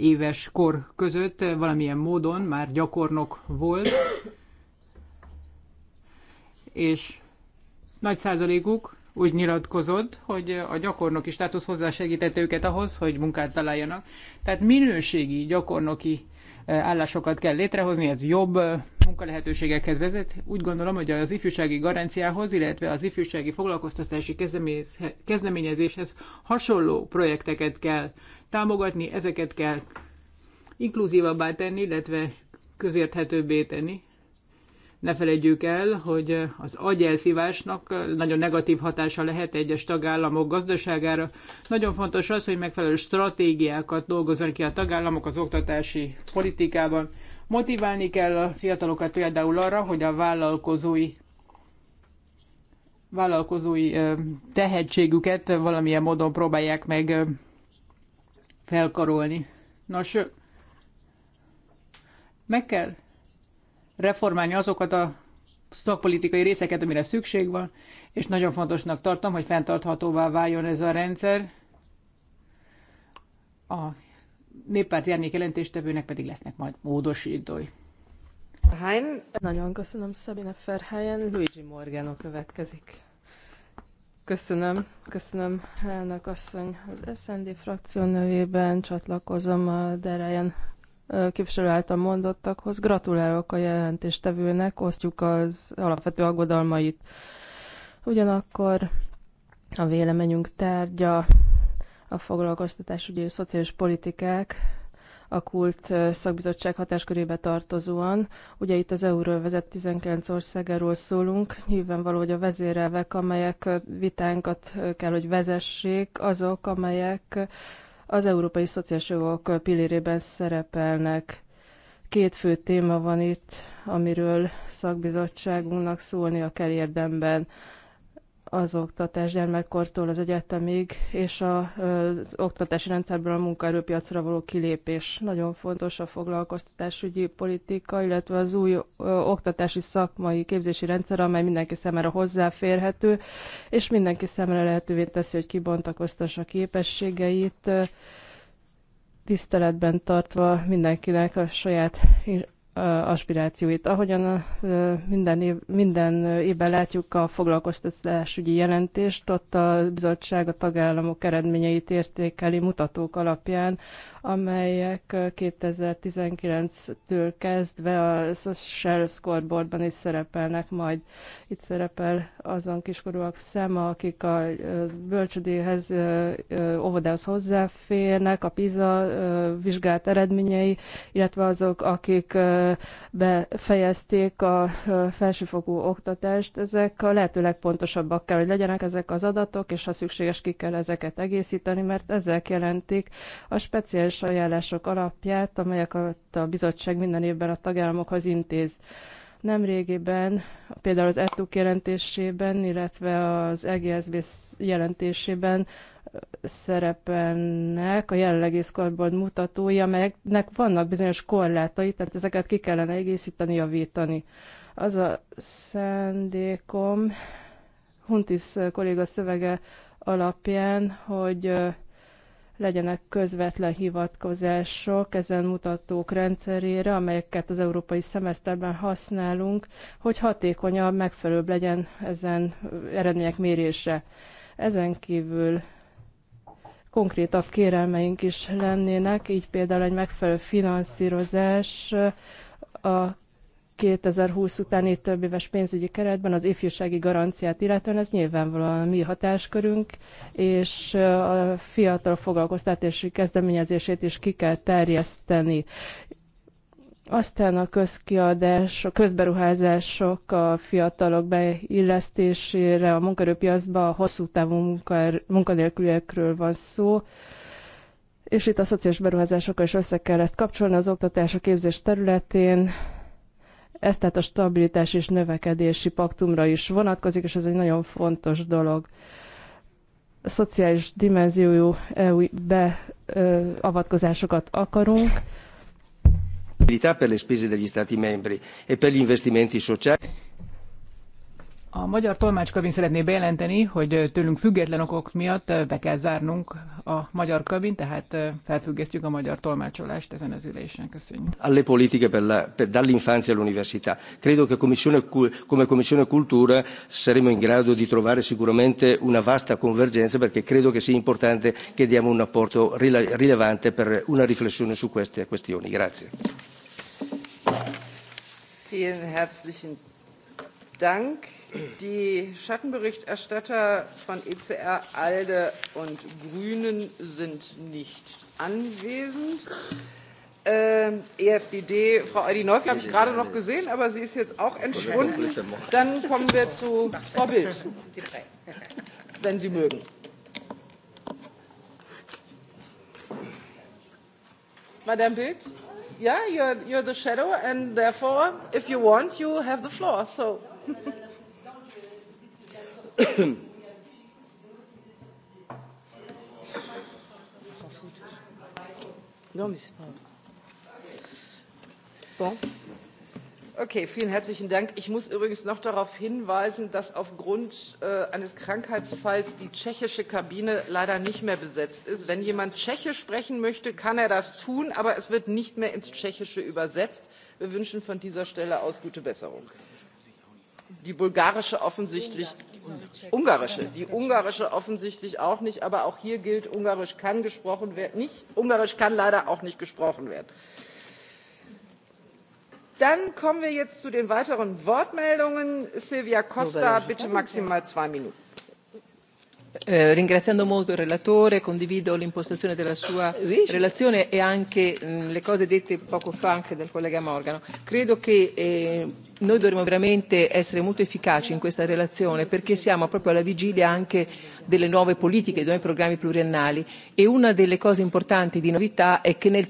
Speaker 2: éves kor között valamilyen módon már gyakornok volt, és nagy százalékuk úgy nyilatkozott, hogy a gyakornoki státusz hozzásegítette őket ahhoz, hogy munkát találjanak. Tehát minőségi gyakornoki állásokat kell létrehozni, ez jobb munkalehetőségekhez vezet. Úgy gondolom, hogy az ifjúsági garanciához, illetve az ifjúsági foglalkoztatási kezdeményezéshez hasonló projekteket kell támogatni, ezeket kell inkluzívabbá tenni, illetve közérthetőbbé tenni. Ne felejtjük el, hogy az agyelszívásnak nagyon negatív hatása lehet egyes tagállamok gazdaságára. Nagyon fontos az, hogy megfelelő stratégiákat dolgozzanak ki a tagállamok az oktatási politikában. Motiválni kell a fiatalokat például arra, hogy a vállalkozói vállalkozói tehetségüket valamilyen módon próbálják meg felkarolni. Nos, meg kell reformálni azokat a szakpolitikai részeket, amire szükség van, és nagyon fontosnak tartom, hogy fenntarthatóvá váljon ez a rendszer. A néppárt járnék jelentéstevőnek pedig lesznek majd módosítói. Hein.
Speaker 4: Nagyon köszönöm Szabina Ferhelyen, Luigi Morgano következik. Köszönöm, köszönöm elnök asszony az SND frakció nevében, csatlakozom a Derejen képviselő által mondottakhoz. Gratulálok a jelentéstevőnek, osztjuk az alapvető aggodalmait. Ugyanakkor a véleményünk tárgya a foglalkoztatás ugye és szociális politikák, a kult szakbizottság hatáskörébe tartozóan. Ugye itt az euróvezet vezet 19 országáról szólunk, nyilvánvaló, hogy a vezérelvek, amelyek vitánkat kell, hogy vezessék, azok, amelyek az európai szociális jogok pillérében szerepelnek. Két fő téma van itt, amiről szakbizottságunknak szólnia kell érdemben az oktatás gyermekkortól az egyetemig, és az oktatási rendszerből a munkaerőpiacra való kilépés. Nagyon fontos a foglalkoztatásügyi politika, illetve az új oktatási szakmai képzési rendszer, amely mindenki számára hozzáférhető, és mindenki számára lehetővé teszi, hogy kibontakoztassa képességeit, tiszteletben tartva mindenkinek a saját aspirációit. Ahogyan minden, év, minden évben látjuk a foglalkoztatásügyi jelentést, ott a bizottság a tagállamok eredményeit értékeli mutatók alapján, amelyek 2019-től kezdve a Shell Scoreboardban is szerepelnek majd. Itt szerepel azon kiskorúak száma, akik a bölcsödéhez, óvodához hozzáférnek, a PISA vizsgált eredményei, illetve azok, akik befejezték a felsőfokú oktatást, ezek a lehető legpontosabbak kell, hogy legyenek ezek az adatok, és ha szükséges, ki kell ezeket egészíteni, mert ezek jelentik a speciális általános ajánlások alapját, amelyeket a bizottság minden évben a tagállamokhoz intéz. Nemrégiben, például az ETUK jelentésében, illetve az EGSB jelentésében szerepelnek a jelenlegi scoreboard mutatói, amelyeknek vannak bizonyos korlátai, tehát ezeket ki kellene egészíteni, javítani. Az a szándékom, Huntis kolléga szövege alapján, hogy legyenek közvetlen hivatkozások ezen mutatók rendszerére, amelyeket az európai szemeszterben használunk, hogy hatékonyabb, megfelelőbb legyen ezen eredmények mérése. Ezen kívül konkrétabb kérelmeink is lennének, így például egy megfelelő finanszírozás a 2020 utáni több éves pénzügyi keretben az ifjúsági garanciát illetően, ez nyilvánvalóan mi hatáskörünk, és a fiatal foglalkoztatási kezdeményezését is ki kell terjeszteni. Aztán a közkiadás, a közberuházások a fiatalok beillesztésére a munkaerőpiacba a hosszú távú munkanélküliekről van szó és itt a szociális beruházásokkal is össze kell ezt kapcsolni az oktatás a képzés területén, ez tehát a stabilitás és növekedési paktumra is vonatkozik, és ez egy nagyon fontos dolog. A szociális dimenziójú EU beavatkozásokat
Speaker 2: akarunk.
Speaker 3: per le spese degli stati membri e per gli investimenti sociali.
Speaker 2: A magyar tolmácskabin szeretné bejelenteni, hogy tőlünk független okok miatt be kell zárnunk a magyar kabin, tehát felfüggesztjük a magyar tolmácsolást ezen az ülésen. Köszönjük.
Speaker 3: Alle politiche per la, per, dall'infanzia all'università. Credo che commissione, come Commissione Cultura saremo in grado di trovare sicuramente una vasta convergenza perché credo che sia importante che diamo un apporto rilevante per una riflessione su queste questioni. Grazie.
Speaker 5: Vielen
Speaker 6: herzlichen Dank. Die Schattenberichterstatter von ECR, ALDE und Grünen sind nicht anwesend. Ähm, EFDD, Frau Aldi Neufeld habe ich gerade noch gesehen, aber sie ist jetzt auch entschwunden. Dann kommen wir zu Frau Bild, wenn Sie mögen. Madame Bild? Yeah, you're, you're the shadow, and therefore, if you want, you have the floor. So.
Speaker 7: non, mais c'est pas. Bon. Okay, vielen
Speaker 6: herzlichen Dank. Ich muss übrigens noch darauf hinweisen, dass aufgrund äh, eines Krankheitsfalls die tschechische Kabine leider nicht mehr besetzt ist. Wenn jemand Tschechisch sprechen möchte, kann er das tun, aber es wird nicht mehr ins Tschechische übersetzt. Wir wünschen von dieser Stelle aus gute Besserung. Die bulgarische offensichtlich, ungarische, die ungarische offensichtlich auch nicht, aber auch hier gilt, ungarisch kann gesprochen werden, nicht, ungarisch kann leider auch nicht gesprochen werden dann kommen wir jetzt zu den weiteren wortmeldungen. silvia costa bitte maximal zwei minuten.
Speaker 8: Eh, ringraziando molto il relatore condivido l'impostazione della sua eh, relazione e anche mh, le cose dette poco fa anche dal collega morgano. credo che eh, noi dovremmo veramente essere molto efficaci in questa relazione perché siamo proprio alla vigilia anche delle nuove politiche, dei nuovi programmi pluriennali e una delle cose importanti di novità è che nei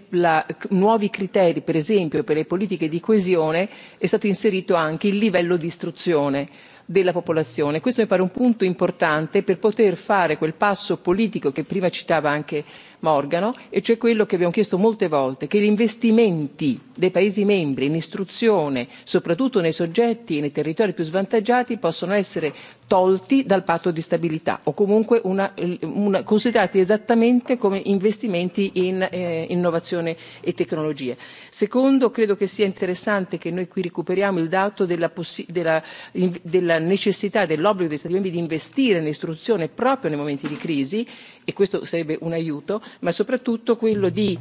Speaker 8: nuovi criteri, per esempio per le politiche di coesione, è stato inserito anche il livello di istruzione della popolazione. Questo mi pare un punto importante per poter fare quel passo politico che prima citava anche Morgano, e cioè quello che abbiamo chiesto molte volte, che gli investimenti dei Paesi membri in istruzione, soprattutto nei soggetti e nei territori più svantaggiati, possono essere tolti dal patto di stabilità o comunque una, una, considerati esattamente come investimenti in eh, innovazione e tecnologia. Secondo, credo che sia interessante che noi qui recuperiamo il dato della, della, in, della necessità, dell'obbligo degli Stati membri di investire in istruzione proprio nei momenti di crisi e questo sarebbe un aiuto ma soprattutto quello di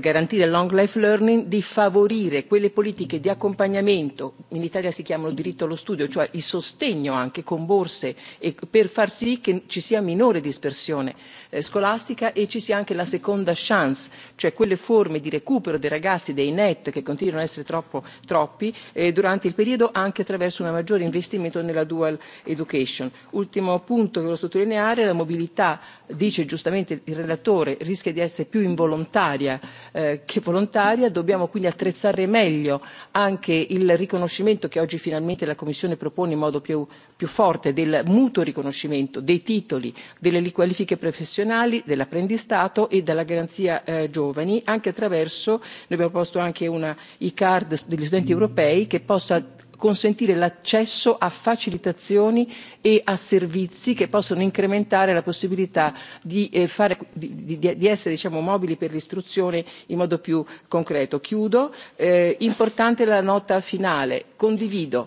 Speaker 8: garantire long life learning, di favorire quelle politiche di accompagnamento, in Italia si chiamano diritto allo studio, cioè il sostegno anche con borse e per far sì che ci sia minore dispersione eh, scolastica e ci sia anche la seconda chance, cioè quelle forme di recupero dei ragazzi, dei net che continuano ad essere troppo, troppi eh, durante il periodo anche attraverso un maggiore investimento nella dual education. Ultimo punto che voglio sottolineare, la mobilità, dice giustamente il relatore, rischia di essere più involontaria Eh, che volontaria, dobbiamo quindi attrezzare meglio anche il riconoscimento che oggi finalmente la Commissione propone in modo più, più forte del mutuo riconoscimento dei titoli, delle qualifiche professionali, dell'apprendistato e della garanzia eh, giovani, anche attraverso, noi abbiamo proposto anche una e-card degli studenti mm. europei che possa consentire l'accesso a facilitazioni e a servizi che possono incrementare la possibilità di, eh, fare, di, di, di essere diciamo, mobili per l'istruzione in modo più concreto. Chiudo. Eh, importante la nota finale. Condivido.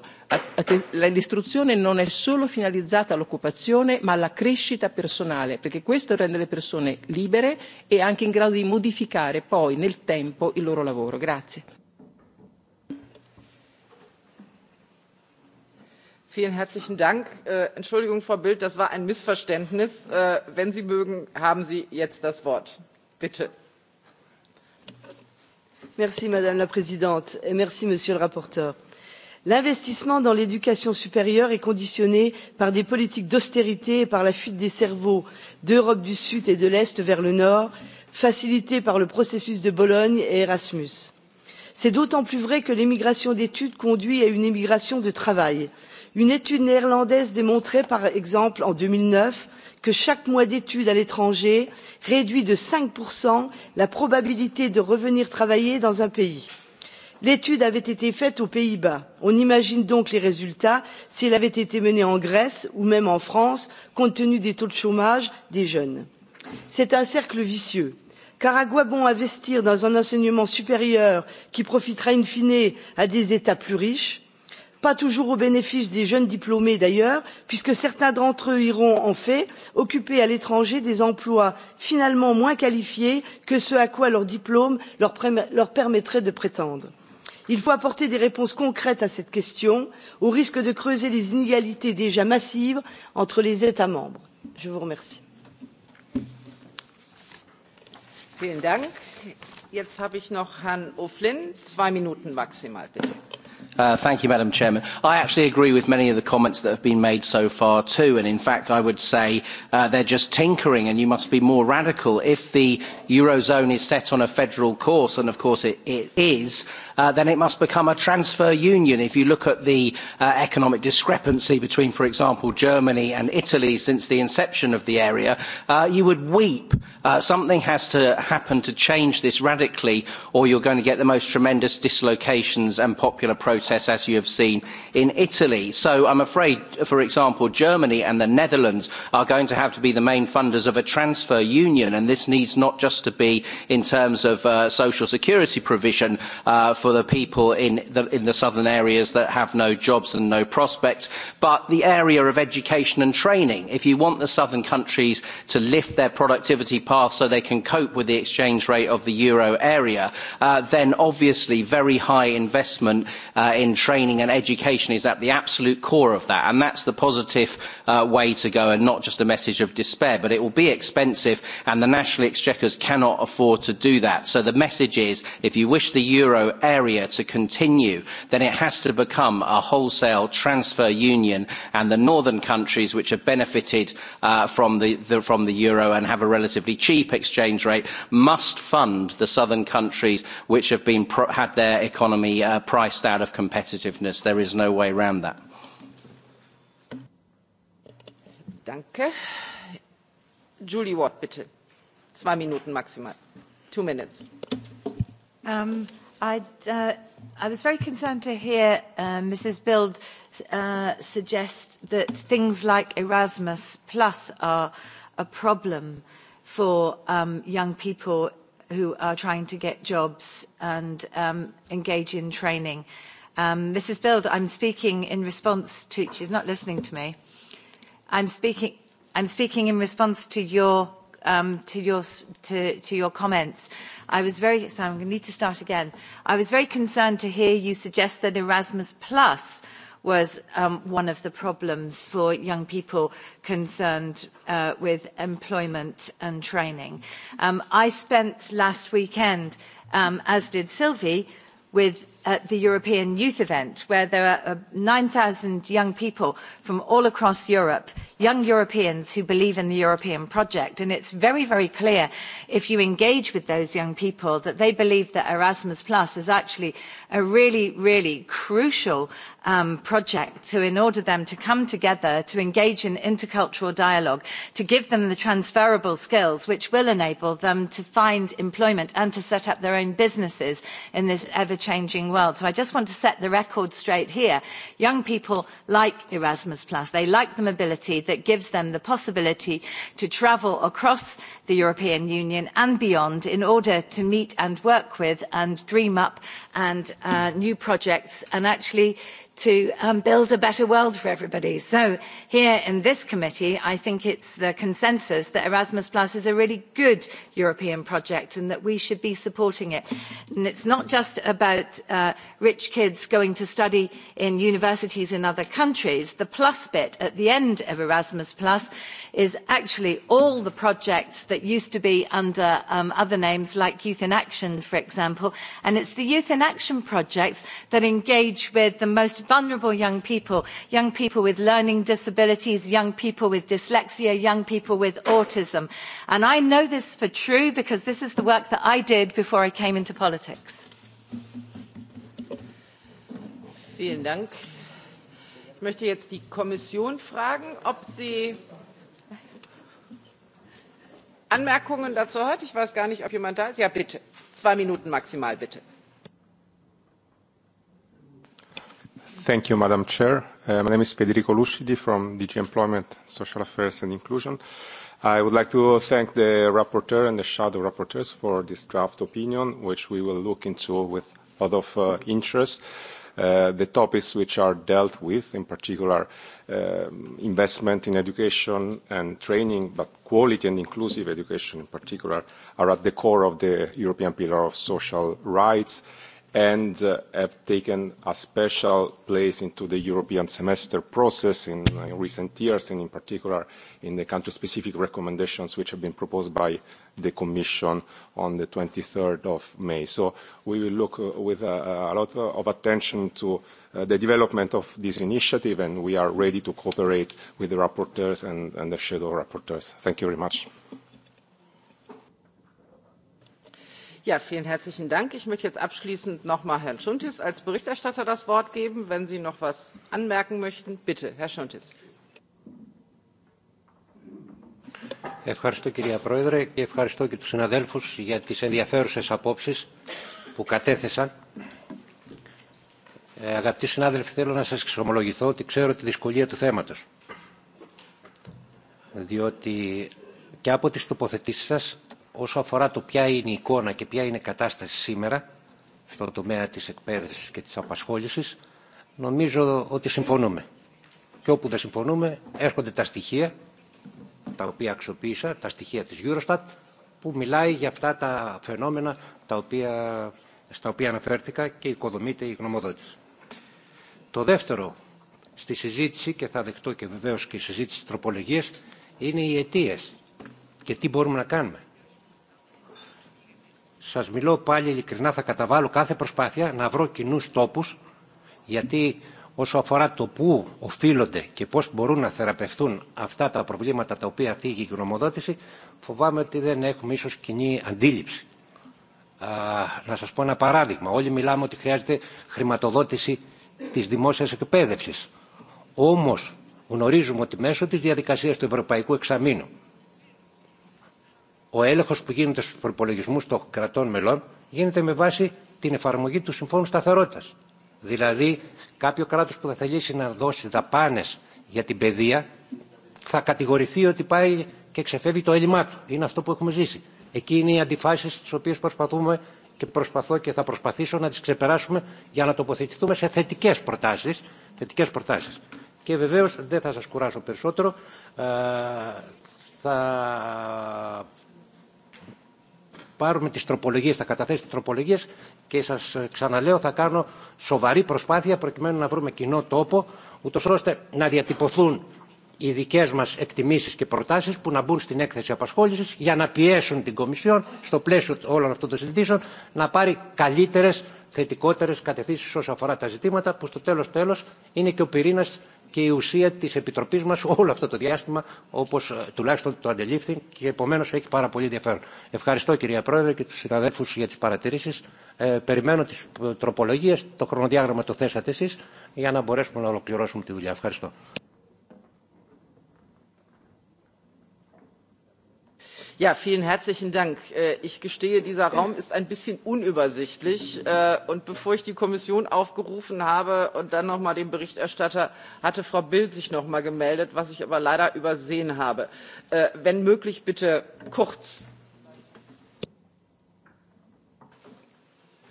Speaker 8: L'istruzione non è solo finalizzata all'occupazione ma alla crescita personale perché questo rende le persone libere e anche in grado di modificare poi nel tempo il loro lavoro. Grazie.
Speaker 6: Vielen herzlichen Dank. Äh, Entschuldigung, Frau Bild, das war ein Missverständnis. Äh, wenn Sie mögen, haben Sie jetzt das Wort. Bitte.
Speaker 7: Merci, Madame la Présidente, et merci, Monsieur le rapporteur. L'investissement dans l'éducation supérieure est conditionné par des politiques d'austérité et par la fuite des cerveaux d'Europe du Sud et de l'Est vers le Nord, facilitée par le processus de Bologne et Erasmus. C'est d'autant plus vrai que l'émigration d'études conduit à une émigration de travail une étude néerlandaise démontrait par exemple en deux mille neuf que chaque mois d'études à l'étranger réduit de cinq la probabilité de revenir travailler dans un pays. l'étude avait été faite aux pays bas on imagine donc les résultats si elle avait été menée en grèce ou même en france compte tenu des taux de chômage des jeunes. c'est un cercle vicieux car à quoi bon investir dans un enseignement supérieur qui profitera in fine à des états plus riches? pas toujours au bénéfice des jeunes diplômés d'ailleurs puisque certains d'entre eux iront en fait occuper à l'étranger des emplois finalement moins qualifiés que ce à quoi leur diplôme leur permettrait de prétendre. il faut apporter des réponses concrètes à cette question au risque de creuser les inégalités déjà massives entre les états membres. je vous remercie.
Speaker 6: Vielen Dank. Jetzt habe ich noch Herrn O'Flynn, zwei Minuten maximal, bitte.
Speaker 9: Uh, thank you, Madam Chairman. I actually agree with many of the comments that have been made so far too, and in fact, I would say uh, they're just tinkering, and you must be more radical. If the eurozone is set on a federal course, and of course it, it is, uh, then it must become a transfer union. If you look at the uh, economic discrepancy between, for example, Germany and Italy since the inception of the area, uh, you would weep. Uh, something has to happen to change this radically, or you're going to get the most tremendous dislocations and popular protests process, as you have seen in Italy. So I'm afraid, for example, Germany and the Netherlands are going to have to be the main funders of a transfer union, and this needs not just to be in terms of uh, social security provision uh, for the people in the, in the southern areas that have no jobs and no prospects, but the area of education and training. If you want the southern countries to lift their productivity path so they can cope with the exchange rate of the euro area, uh, then obviously very high investment uh, uh, in training and education is at the absolute core of that. And that's the positive uh, way to go and not just a message of despair. But it will be expensive and the national exchequers cannot afford to do that. So the message is if you wish the euro area to continue, then it has to become a wholesale transfer union and the northern countries which have benefited uh, from, the, the, from the euro and have a relatively cheap exchange rate must fund the southern countries which have been had their economy uh, priced out of competitiveness. There is no way around that.
Speaker 6: Danke. Julie Ward, bitte. Zwei Minuten maximal. Two minutes.
Speaker 10: Um, I'd, uh, I was very concerned to hear uh, Mrs. Bild uh, suggest that things like Erasmus Plus are a problem for um, young people who are trying to get jobs and um, engage in training Um, Mrs. Bild, I'm speaking in response to, she's not listening to me. I'm speaking, I'm speaking in response to your, um, to your, to, to your comments. I was very, so I'm going to need to start again. I was very concerned to hear you suggest that Erasmus Plus was um, one of the problems for young people concerned uh, with employment and training. Um, I spent last weekend, um, as did Sylvie, with at the European Youth Event, where there are 9,000 uh, young people from all across Europe, young Europeans who believe in the European project. And it's very, very clear, if you engage with those young people, that they believe that Erasmus Plus is actually a really, really crucial Um, project in order for them to come together to engage in intercultural dialogue to give them the transferable skills which will enable them to find employment and to set up their own businesses in this ever-changing world. So I just want to set the record straight here. Young people like Erasmus+. They like the mobility that gives them the possibility to travel across the European Union and beyond in order to meet and work with and dream up and uh, new projects and actually to um, build a better world for everybody. So here in this committee, I think it's the consensus that Erasmus Plus is a really good European project and that we should be supporting it. And it's not just about uh, rich kids going to study in universities in other countries. The plus bit at the end of Erasmus Plus is actually all the projects that used to be under um, other names like Youth in Action, for example. And it's the Youth in Action projects that engage with the most vulnerable young people, young people with learning disabilities, young people with dyslexia, young people with autism. And I know this for true because this is the work that I did before I came into politics.
Speaker 6: Vielen Dank. Ich möchte jetzt die Kommission fragen, ob sie Anmerkungen dazu hat. Ich weiß gar nicht, ob jemand da ist. Ja, bitte. Zwei Minuten maximal, bitte.
Speaker 11: Thank you, Madam Chair. Uh, my name is Federico Lucidi from DG Employment, Social Affairs and Inclusion. I would like to thank the rapporteur and the shadow rapporteurs for this draft opinion, which we will look into with a lot of uh, interest. Uh, the topics which are dealt with, in particular uh, investment in education and training, but quality and inclusive education in particular, are at the core of the European Pillar of Social Rights and uh, have taken a special place into the European semester process in, uh, in recent years, and in particular in the country-specific recommendations which have been proposed by the Commission on the 23rd of May. So we will look uh, with uh, a lot of attention to uh, the development of this initiative, and we are ready to cooperate with the rapporteurs and, and the shadow rapporteurs. Thank you very much.
Speaker 6: Ja, vielen herzlichen Dank. Ich möchte jetzt abschließend nochmal Herrn Schuntis als Berichterstatter das Wort geben. Wenn Sie noch was anmerken möchten, bitte, Herr Schuntis.
Speaker 3: Ευχαριστώ κυρία Πρόεδρε και ευχαριστώ και τους συναδέλφους για τις ενδιαφέρουσες απόψεις που κατέθεσαν. Ε, αγαπητοί συνάδελφοι, θέλω να σας εξομολογηθώ ότι ξέρω τη δυσκολία του θέματος. Διότι και από τις τοποθετήσεις σας όσο αφορά το ποια είναι η εικόνα και ποια είναι η κατάσταση σήμερα στον τομέα της εκπαίδευσης και της απασχόλησης, νομίζω ότι συμφωνούμε. Και όπου δεν συμφωνούμε έρχονται τα στοιχεία, τα οποία αξιοποίησα, τα στοιχεία της Eurostat, που μιλάει για αυτά τα φαινόμενα τα οποία, στα οποία αναφέρθηκα και οικοδομείται η γνωμοδότηση. Το δεύτερο στη συζήτηση, και θα δεχτώ και βεβαίως και η συζήτηση της τροπολογίας, είναι οι αιτίες και τι μπορούμε να κάνουμε σας μιλώ πάλι ειλικρινά θα καταβάλω κάθε προσπάθεια να βρω κοινού τόπου, γιατί όσο αφορά το πού οφείλονται και πώς μπορούν να θεραπευτούν αυτά τα προβλήματα τα οποία θίγει η γνωμοδότηση φοβάμαι ότι δεν έχουμε ίσως κοινή αντίληψη. Α, να σας πω ένα παράδειγμα. Όλοι μιλάμε ότι χρειάζεται χρηματοδότηση της δημόσιας εκπαίδευσης. Όμως γνωρίζουμε ότι μέσω της διαδικασίας του Ευρωπαϊκού Εξαμήνου ο έλεγχο που γίνεται στου προπολογισμού των κρατών μελών γίνεται με βάση την εφαρμογή του Συμφώνου σταθερότητα. Δηλαδή, κάποιο κράτο που θα θελήσει να δώσει δαπάνε για την παιδεία θα κατηγορηθεί ότι πάει και ξεφεύγει το έλλειμμά του. Είναι αυτό που έχουμε ζήσει. Εκεί είναι οι αντιφάσει τι οποίε προσπαθούμε και προσπαθώ και θα προσπαθήσω να τι ξεπεράσουμε για να τοποθετηθούμε σε θετικέ προτάσει. Θετικές προτάσεις. Και βεβαίω δεν θα σα κουράσω περισσότερο. Ε, θα πάρουμε τις τροπολογίες, θα καταθέσει τις τροπολογίες και σας ξαναλέω θα κάνω σοβαρή προσπάθεια προκειμένου να βρούμε κοινό τόπο ούτως ώστε να διατυπωθούν οι δικέ μα εκτιμήσει και προτάσει που να μπουν στην έκθεση απασχόληση για να πιέσουν την Κομισιόν στο πλαίσιο όλων αυτών των συζητήσεων να πάρει καλύτερε, θετικότερε κατευθύνσει όσον αφορά τα ζητήματα που στο τέλο τέλο είναι και ο πυρήνα και η ουσία της Επιτροπής μας όλο αυτό το διάστημα, όπως τουλάχιστον το αντιλήφθη και επομένως έχει πάρα πολύ ενδιαφέρον. Ευχαριστώ κυρία Πρόεδρε και τους συναδέλφους για τις παρατηρήσεις. Ε, περιμένω τις τροπολογίες, το χρονοδιάγραμμα το θέσατε εσείς, για να μπορέσουμε να ολοκληρώσουμε τη δουλειά. Ευχαριστώ.
Speaker 6: Ja, vielen herzlichen Dank. Äh, ich gestehe, dieser Raum ist ein bisschen unübersichtlich. Äh, und bevor ich die Kommission aufgerufen habe und dann nochmal den Berichterstatter, hatte Frau Bild sich nochmal gemeldet, was ich aber leider übersehen habe. Äh, wenn möglich, bitte kurz.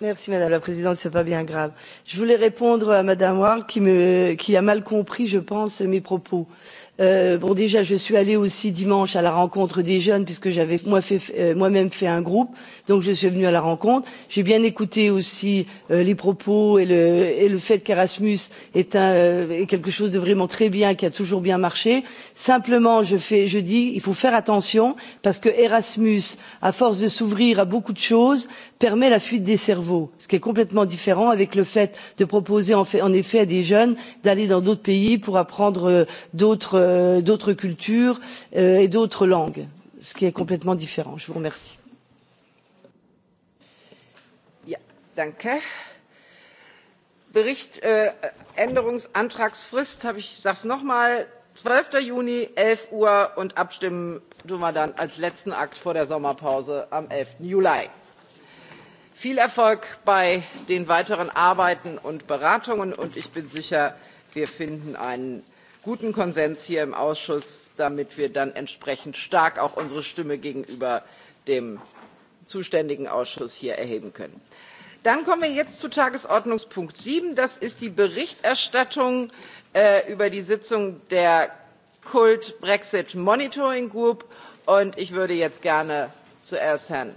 Speaker 7: Merci Madame la Présidente, c'est pas bien grave. Je voulais répondre à Madame Ward qui, me, qui a mal compris, je pense, mes propos. Euh, Euh, bon, déjà, je suis allée aussi dimanche à la rencontre des jeunes puisque j'avais moi fait, euh, moi-même fait un groupe, donc je suis venue à la rencontre. J'ai bien écouté aussi euh, les propos et le, et le fait qu'Erasmus est, un, euh, est quelque chose de vraiment très bien, qui a toujours bien marché. Simplement, je, fais, je dis, il faut faire attention parce que Erasmus, à force de s'ouvrir à beaucoup de choses, permet la fuite des cerveaux, ce qui est complètement différent avec le fait de proposer en, fait, en effet à des jeunes d'aller dans d'autres pays pour apprendre euh, d'autres Euh, d'autres cultures euh, et d'autres langues, ce qui est complètement différent. Je vous remercie.
Speaker 6: Ja, danke. Bericht, äh, Änderungsantragsfrist habe ich, sage es nochmal, 12. Juni, 11 Uhr und abstimmen tun wir dann als letzten Akt vor der Sommerpause am 11. Juli viel erfolg bei den weiteren arbeiten und beratungen und ich bin sicher wir finden einen guten Konsens hier im Ausschuss, damit wir dann entsprechend stark auch unsere Stimme gegenüber dem zuständigen Ausschuss hier erheben können. Dann kommen wir jetzt zu Tagesordnungspunkt 7. Das ist die Berichterstattung äh, über die Sitzung der Kult Brexit Monitoring Group. Und ich würde jetzt gerne zuerst Herrn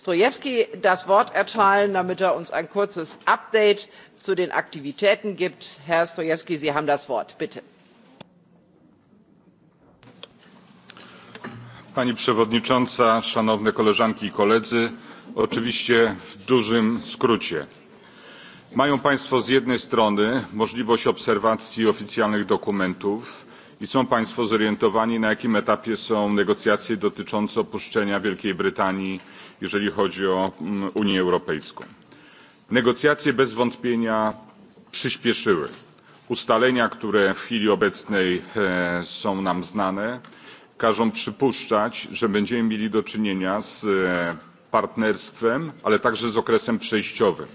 Speaker 6: Strojewski das Wort erteilen, damit er uns ein kurzes Update zu den Aktivitäten gibt. Herr Strojewski, Sie haben das Wort. Bitte.
Speaker 11: pani przewodnicząca! szanowne koleżanki i koledzy! oczywiście w dużym skrócie mają państwo z jednej strony możliwość obserwacji oficjalnych dokumentów i są państwo zorientowani na jakim etapie są negocjacje dotyczące opuszczenia wielkiej brytanii jeżeli chodzi o mm, unię europejską. negocjacje bez wątpienia przyspieszyły ustalenia które w chwili obecnej e, są nam znane każą przypuszczać, że będziemy mieli do czynienia z e, partnerstwem, ale także z okresem przejściowym.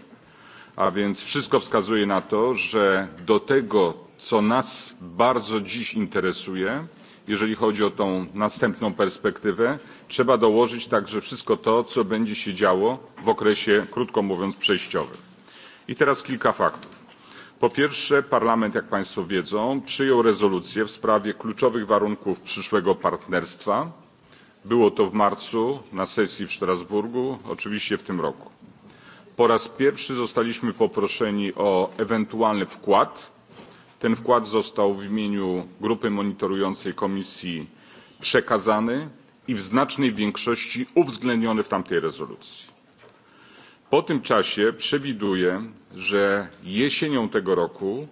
Speaker 11: A więc wszystko wskazuje na to, że do tego, co nas bardzo dziś interesuje, jeżeli chodzi o tę następną perspektywę, trzeba dołożyć także wszystko to, co będzie się działo w okresie, krótko mówiąc, przejściowym. I teraz kilka faktów po pierwsze parlament jak państwo wiedzą przyjął rezolucję w sprawie kluczowych warunków przyszłego partnerstwa było to w marcu na sesji w strasburgu oczywiście w tym roku. po raz pierwszy zostaliśmy poproszeni o ewentualny wkład ten wkład został w imieniu grupy monitorującej komisji przekazany i w znacznej większości uwzględniony w tamtej rezolucji. Po tym czasie przewiduję, że jesienią tego roku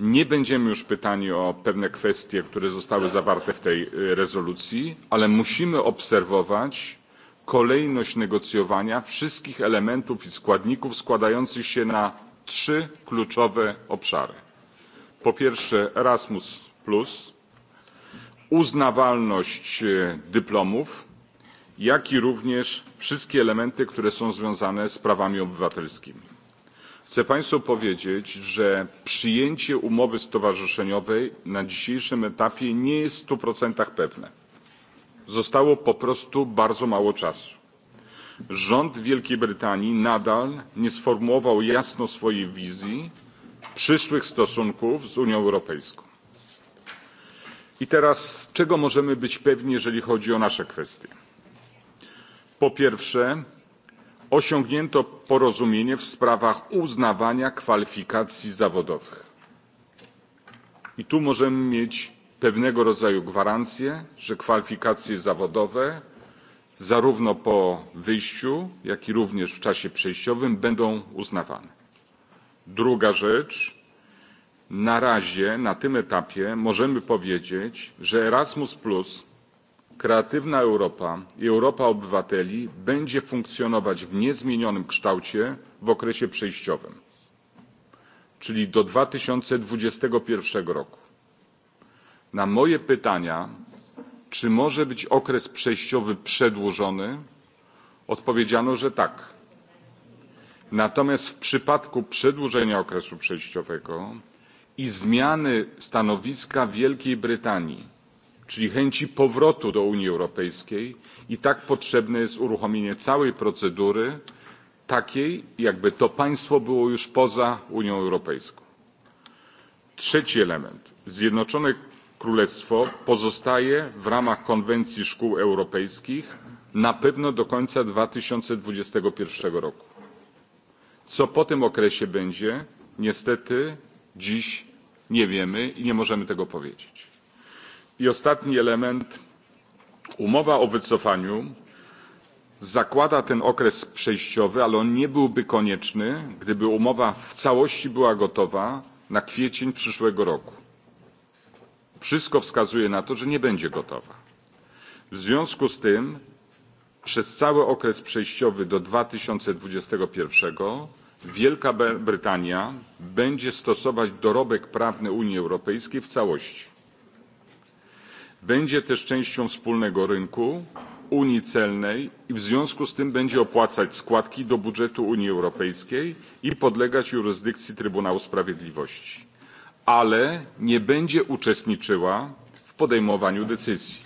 Speaker 11: nie będziemy już pytani o pewne kwestie, które zostały zawarte w tej rezolucji, ale musimy obserwować kolejność negocjowania wszystkich elementów i składników składających się na trzy kluczowe obszary. Po pierwsze Erasmus, uznawalność dyplomów, jak i również wszystkie elementy, które są związane z prawami obywatelskimi. Chcę Państwu powiedzieć, że przyjęcie umowy stowarzyszeniowej na dzisiejszym etapie nie jest w sto pewne. Zostało po prostu bardzo mało czasu. Rząd Wielkiej Brytanii nadal nie sformułował jasno swojej wizji przyszłych stosunków z Unią Europejską. I teraz czego możemy być pewni, jeżeli chodzi o nasze kwestie? po pierwsze osiągnięto porozumienie w sprawach uznawania kwalifikacji zawodowych i tu możemy mieć pewnego rodzaju gwarancję że kwalifikacje zawodowe zarówno po wyjściu jak i również w czasie przejściowym będą uznawane. druga rzecz na razie na tym etapie możemy powiedzieć że erasmus kreatywna europa i europa obywateli będzie funkcjonować w niezmienionym kształcie w okresie przejściowym czyli do dwa tysiące dwadzieścia jeden roku. na moje pytania czy może być okres przejściowy przedłużony odpowiedziano że tak. natomiast w przypadku przedłużenia okresu przejściowego i zmiany stanowiska wielkiej brytanii czyli chęci powrotu do Unii Europejskiej i tak potrzebne jest uruchomienie całej procedury takiej, jakby to państwo było już poza Unią Europejską. Trzeci element. Zjednoczone Królestwo pozostaje w ramach konwencji szkół europejskich na pewno do końca 2021 roku. Co po tym okresie będzie, niestety dziś nie wiemy i nie możemy tego powiedzieć i ostatni element umowa o wycofaniu zakłada ten okres przejściowy ale on nie byłby konieczny gdyby umowa w całości była gotowa na kwiecień przyszłego roku. wszystko wskazuje na to że nie będzie gotowa. w związku z tym przez cały okres przejściowy do dwa tysiące dwadzieścia jeden wielka brytania będzie stosować dorobek prawny unii europejskiej w całości będzie też częścią wspólnego rynku unii celnej i w związku z tym będzie opłacać składki do budżetu unii europejskiej i podlegać jurysdykcji trybunału sprawiedliwości ale nie będzie uczestniczyła w podejmowaniu decyzji.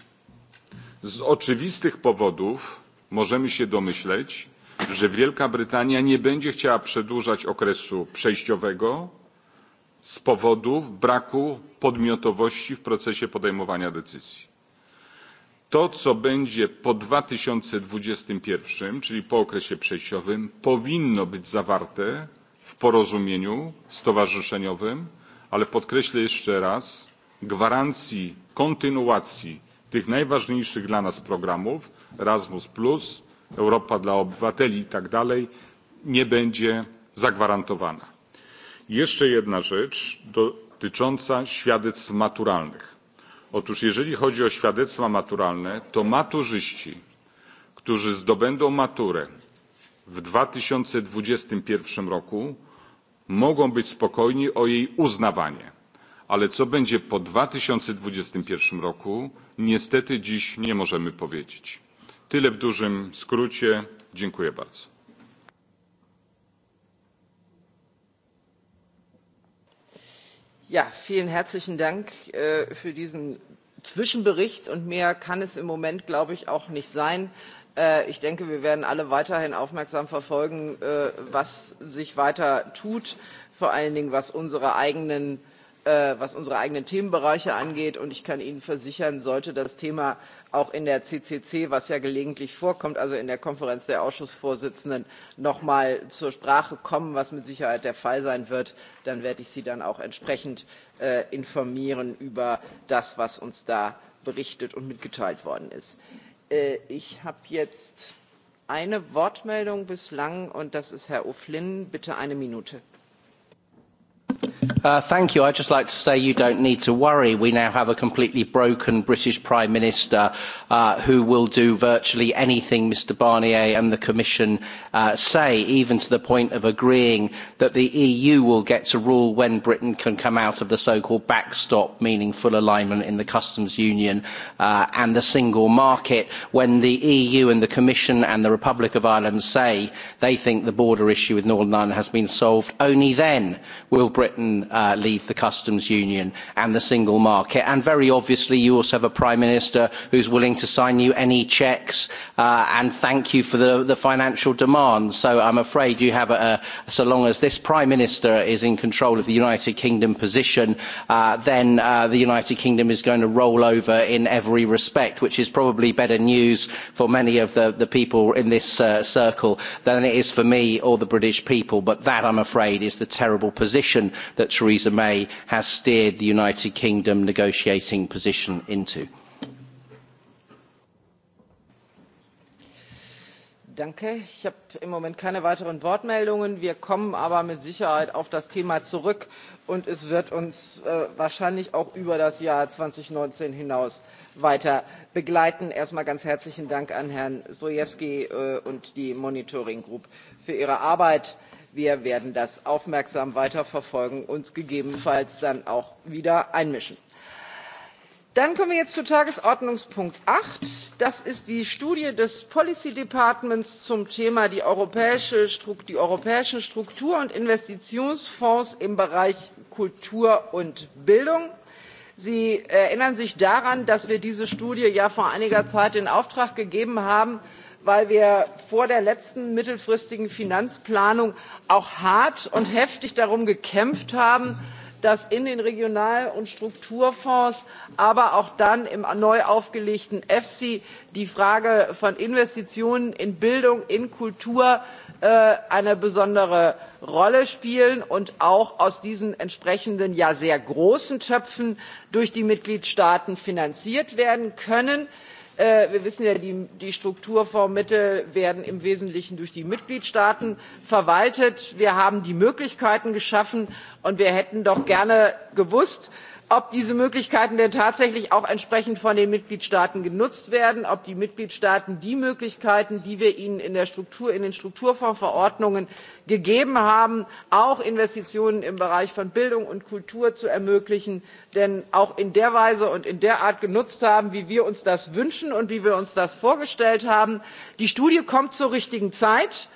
Speaker 11: z oczywistych powodów możemy się domyśleć że wielka brytania nie będzie chciała przedłużać okresu przejściowego z powodu braku podmiotowości w procesie podejmowania decyzji. To, co będzie po dwa tysiące dwadzieścia jeden czyli po okresie przejściowym, powinno być zawarte w porozumieniu stowarzyszeniowym, ale podkreślę jeszcze raz, gwarancji kontynuacji tych najważniejszych dla nas programów Erasmus, Europa dla obywateli i tak dalej nie będzie zagwarantowana. Jeszcze jedna rzecz dotycząca świadectw maturalnych. Otóż jeżeli chodzi o świadectwa maturalne, to maturzyści, którzy zdobędą maturę w 2021 roku, mogą być spokojni o jej uznawanie. Ale co będzie po 2021 roku, niestety dziś nie możemy powiedzieć. Tyle w dużym skrócie. Dziękuję bardzo.
Speaker 6: Ja, vielen herzlichen Dank äh, für diesen Zwischenbericht. Und mehr kann es im Moment, glaube ich, auch nicht sein. Äh, ich denke, wir werden alle weiterhin aufmerksam verfolgen, äh, was sich weiter tut, vor allen Dingen was unsere eigenen äh, was unsere eigenen Themenbereiche angeht. Und ich kann Ihnen versichern, sollte das Thema auch in der CCC, was ja gelegentlich vorkommt, also in der Konferenz der Ausschussvorsitzenden, noch mal zur Sprache kommen, was mit Sicherheit der Fall sein wird. Dann werde ich Sie dann auch entsprechend äh, informieren über das, was uns da berichtet und mitgeteilt worden ist. Äh, ich habe jetzt eine Wortmeldung bislang und das ist Herr O'Flynn. Bitte eine Minute.
Speaker 9: Uh, thank you. I'd just like to say you don't need to worry. We now have a completely broken British Prime Minister uh, who will do virtually anything Mr Barnier and the Commission uh, say, even to the point of agreeing that the EU will get to rule when Britain can come out of the so-called backstop, meaning full alignment in the customs union uh, and the single market, when the EU and the Commission and the Republic of Ireland say they think the border issue with Northern Ireland has been solved. Only then will Britain uh, leave the customs union and the single market. And very obviously, you also have a prime minister who's willing to sign you any checks uh, and thank you for the, the financial demands. So I'm afraid you have a, a, so long as this prime minister is in control of the United Kingdom position, uh, then uh, the United Kingdom is going to roll over in every respect, which is probably better news for many of the, the people in this uh, circle than it is for me or the British people. But that, I'm afraid, is the terrible position that that Theresa May has steered the United Kingdom negotiating position into?
Speaker 6: Danke. Ich habe im Moment keine weiteren Wortmeldungen. Wir kommen aber mit Sicherheit auf das Thema zurück und es wird uns äh, wahrscheinlich auch über das Jahr 2019 hinaus weiter begleiten. Erstmal ganz herzlichen Dank an Herrn Strojewski äh, und die Monitoring Group für ihre Arbeit wir werden das aufmerksam weiterverfolgen uns gegebenenfalls dann auch wieder einmischen. Dann kommen wir jetzt zu Tagesordnungspunkt 8. Das ist die Studie des Policy Departments zum Thema die, europäische, die europäischen Struktur- und Investitionsfonds im Bereich Kultur und Bildung. Sie erinnern sich daran, dass wir diese Studie ja vor einiger Zeit in Auftrag gegeben haben weil wir vor der letzten mittelfristigen finanzplanung auch hart und heftig darum gekämpft haben dass in den regional und strukturfonds aber auch dann im neu aufgelegten efsi die frage von investitionen in bildung in kultur äh, eine besondere rolle spielen und auch aus diesen entsprechenden ja sehr großen töpfen durch die mitgliedstaaten finanziert werden können. Äh, wir wissen ja die, strukturfondsmittel werden im wesentlichen durch die mitgliedstaaten verwaltet wir haben die möglichkeiten geschaffen und wir hätten doch gerne gewusst ob diese möglichkeiten denn tatsächlich auch entsprechend von den mitgliedstaaten genutzt werden ob die mitgliedstaaten die möglichkeiten die wir ihnen in, den strukturfondsverordnungen gegeben haben auch investitionen im bereich von bildung und kultur zu ermöglichen denn auch in der weise und in der art genutzt haben wie wir uns das wünschen und wie wir uns das vorgestellt haben. die studie kommt zur richtigen zeit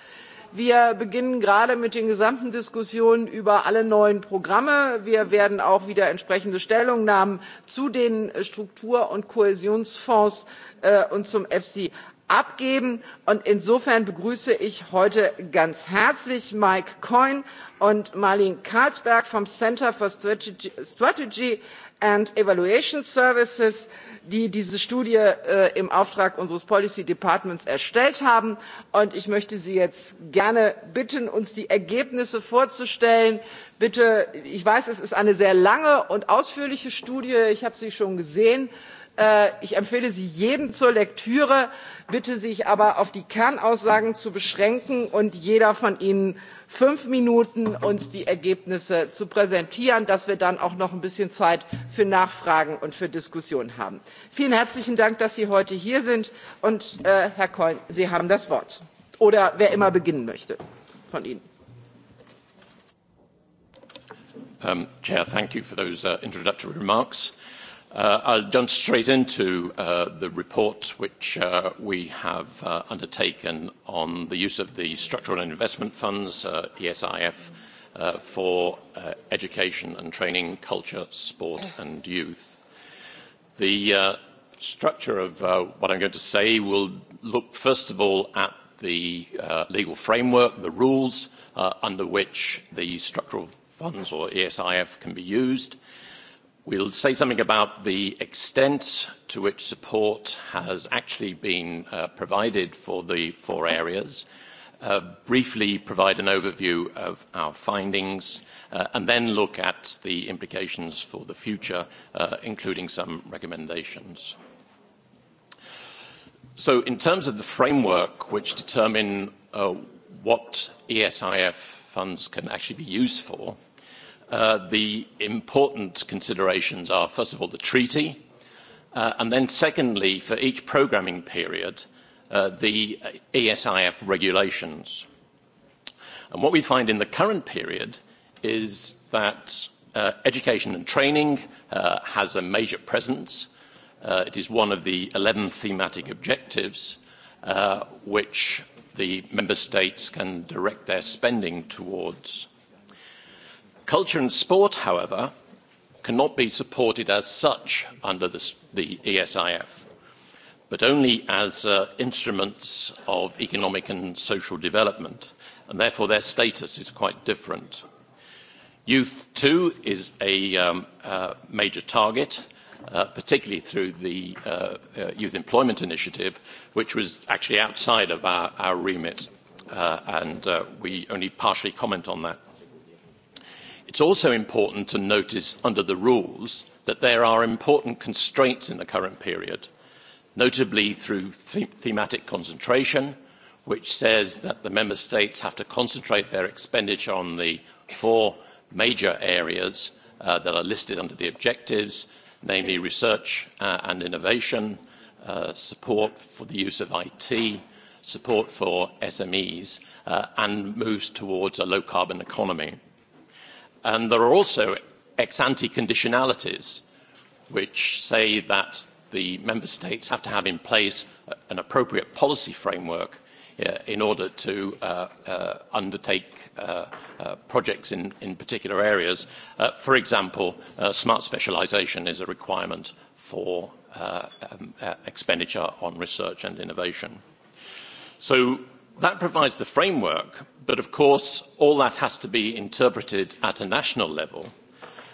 Speaker 6: wir beginnen gerade mit den gesamten diskussionen über alle neuen programme. wir werden auch wieder entsprechende stellungnahmen zu den struktur und kohäsionsfonds äh, und zum efsi abgeben. Und insofern begrüße ich heute ganz herzlich Mike Coyne und Marlene Karlsberg vom Center for Strategy and evaluation services die diese studie äh, im auftrag unseres policy departments erstellt haben und ich möchte sie jetzt gerne bitten uns die ergebnisse vorzustellen. bitte ich weiß es ist eine sehr lange und ausführliche studie ich habe sie schon gesehen äh, ich empfehle sie jedem zur lektüre bitte sich aber auf die kernaussagen zu beschränken und jeder von ihnen fünf Minuten uns die Ergebnisse zu präsentieren, damit wir dann auch noch ein bisschen Zeit für Nachfragen und für Diskussionen haben. Vielen herzlichen Dank, dass Sie heute hier sind. Und äh, Herr Kolln, Sie haben das Wort. Oder wer immer beginnen möchte von Ihnen.
Speaker 12: Um, Chair, thank you for those uh, introductory remarks. Uh, I'll jump straight into uh, the report which uh, we have uh, undertaken on the use of the structural and investment funds, uh, ESIF, uh, for uh, education and training, culture, sport and youth. The uh, structure of uh, what I'm going to say will look first of all at the uh, legal framework, the rules uh, under which the structural funds or ESIF can be used. Uh, We'll say something about the extent to which support has actually been uh, provided for the four areas, uh, briefly provide an overview of our findings, uh, and then look at the implications for the future, uh, including some recommendations. So in terms of the framework which determine uh, what ESIF funds can actually be used for, Uh, the important considerations are, first of all, the treaty, uh, and then secondly, for each programming period, uh, the ESIF regulations. And what we find in the current period is that uh, education and training uh, has a major presence. Uh, it is one of the 11 thematic objectives uh, which the member states can direct their spending towards culture and sport however cannot be supported as such under the, the esif but only as uh, instruments of economic and social development and therefore their status is quite different. youth too is a um, uh, major target uh, particularly through the uh, uh, Youth Employment Initiative, which was actually outside of our, our remit, uh, and we only partially comment on that. It's also important to notice under the rules that there are important constraints in the current period, notably through the thematic concentration, which says that the member states have to concentrate their expenditure on the four major areas uh, that are listed under the objectives, namely research uh, and innovation, uh, support for the use of IT, support for SMEs, uh, and moves towards a low carbon economy. And there are also ex ante conditionalities which say that the member states have to have in place an appropriate policy framework uh, in order to uh, uh, undertake uh, uh, projects in, in particular areas. Uh, For example, uh, smart specialization is a requirement for uh, um, uh, expenditure on research and innovation. So That provides the framework, but of course, all that has to be interpreted at a national level,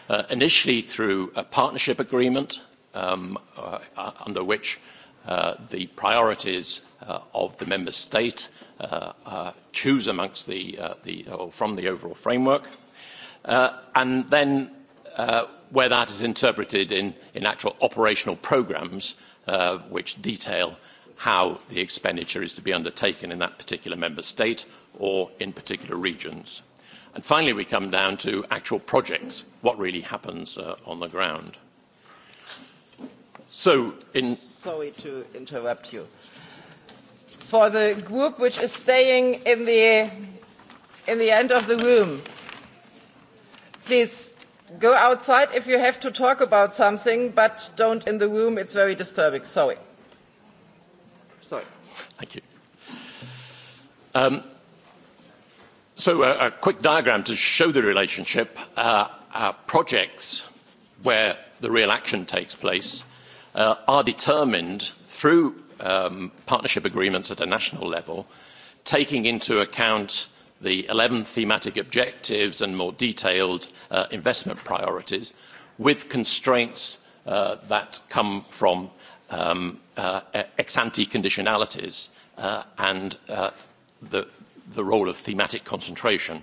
Speaker 12: uh, initially through a partnership agreement um, uh, under which uh, the priorities uh, of the member state uh, uh, choose amongst the, uh, the or from the overall framework, uh, and then uh, where that is interpreted in, in actual operational programs uh, which detail uh, how the expenditure is to be undertaken in that particular member state or in particular regions. And finally, we come down to actual projects, what really happens uh, on the ground. So, in Sorry to interrupt you.
Speaker 6: For the group which is staying in the, in the end of the room, please go outside if you have to talk about something, but don't in the room. It's very disturbing. Sorry. Sorry.
Speaker 12: Thank you. Um, so a, uh, a quick diagram to show the relationship. Uh, our projects where the real action takes place uh, are determined through um, partnership agreements at a national level, taking into account the 11 thematic objectives and more detailed uh, investment priorities with constraints uh, that come from um, uh, e-, ex ante conditionalities uh, and uh, the, the role of thematic concentration.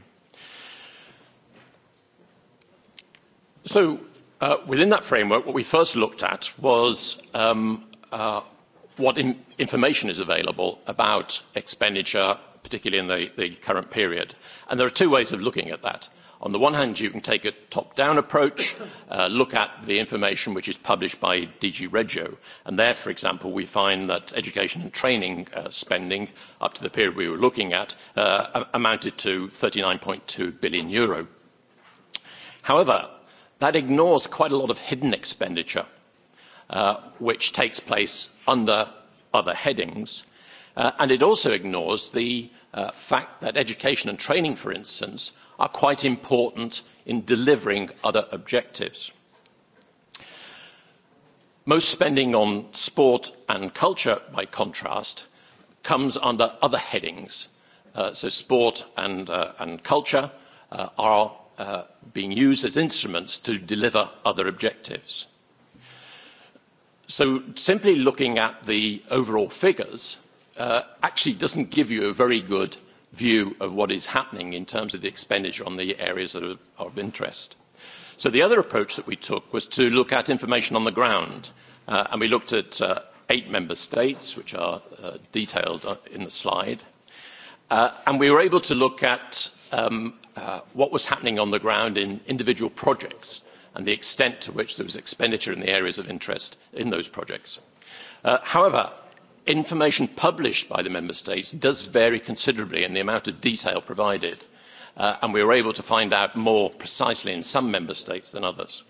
Speaker 12: So, uh, within that framework, what we first looked at was um, uh, what in, information is available about expenditure, particularly in the, the current period. And there are two ways of looking at that. On the one hand, you can take a top-down approach, uh, look at the information which is published by DG Regio. And there, for example, we find that education and training uh, spending up to the period we were looking at uh, amounted to 39.2 billion euro. However, that ignores quite a lot of hidden expenditure, uh, which takes place under other headings. Uh, and it also ignores the uh, fact that education and training, for instance, are quite important in delivering other objectives. Most spending on sport and culture, by contrast, comes under other headings. Uh, so sport and, uh, and culture uh, are uh, being used as instruments to deliver other objectives. So simply looking at the overall figures uh, actually doesn't give you a very good view of what is happening in terms of the expenditure on the areas that are of interest. So the other approach that we took was to look at information on the ground. Uh, and we looked at uh, eight member states, which are uh, detailed uh, in the slide. Uh, and we were able to look at um, uh, what was happening on the ground in individual projects and the extent to which there was expenditure in the areas of interest in those projects. Uh, however, information published by the member states does vary considerably in the amount of detail provided, uh, and we were able to find out more precisely in some member states than others.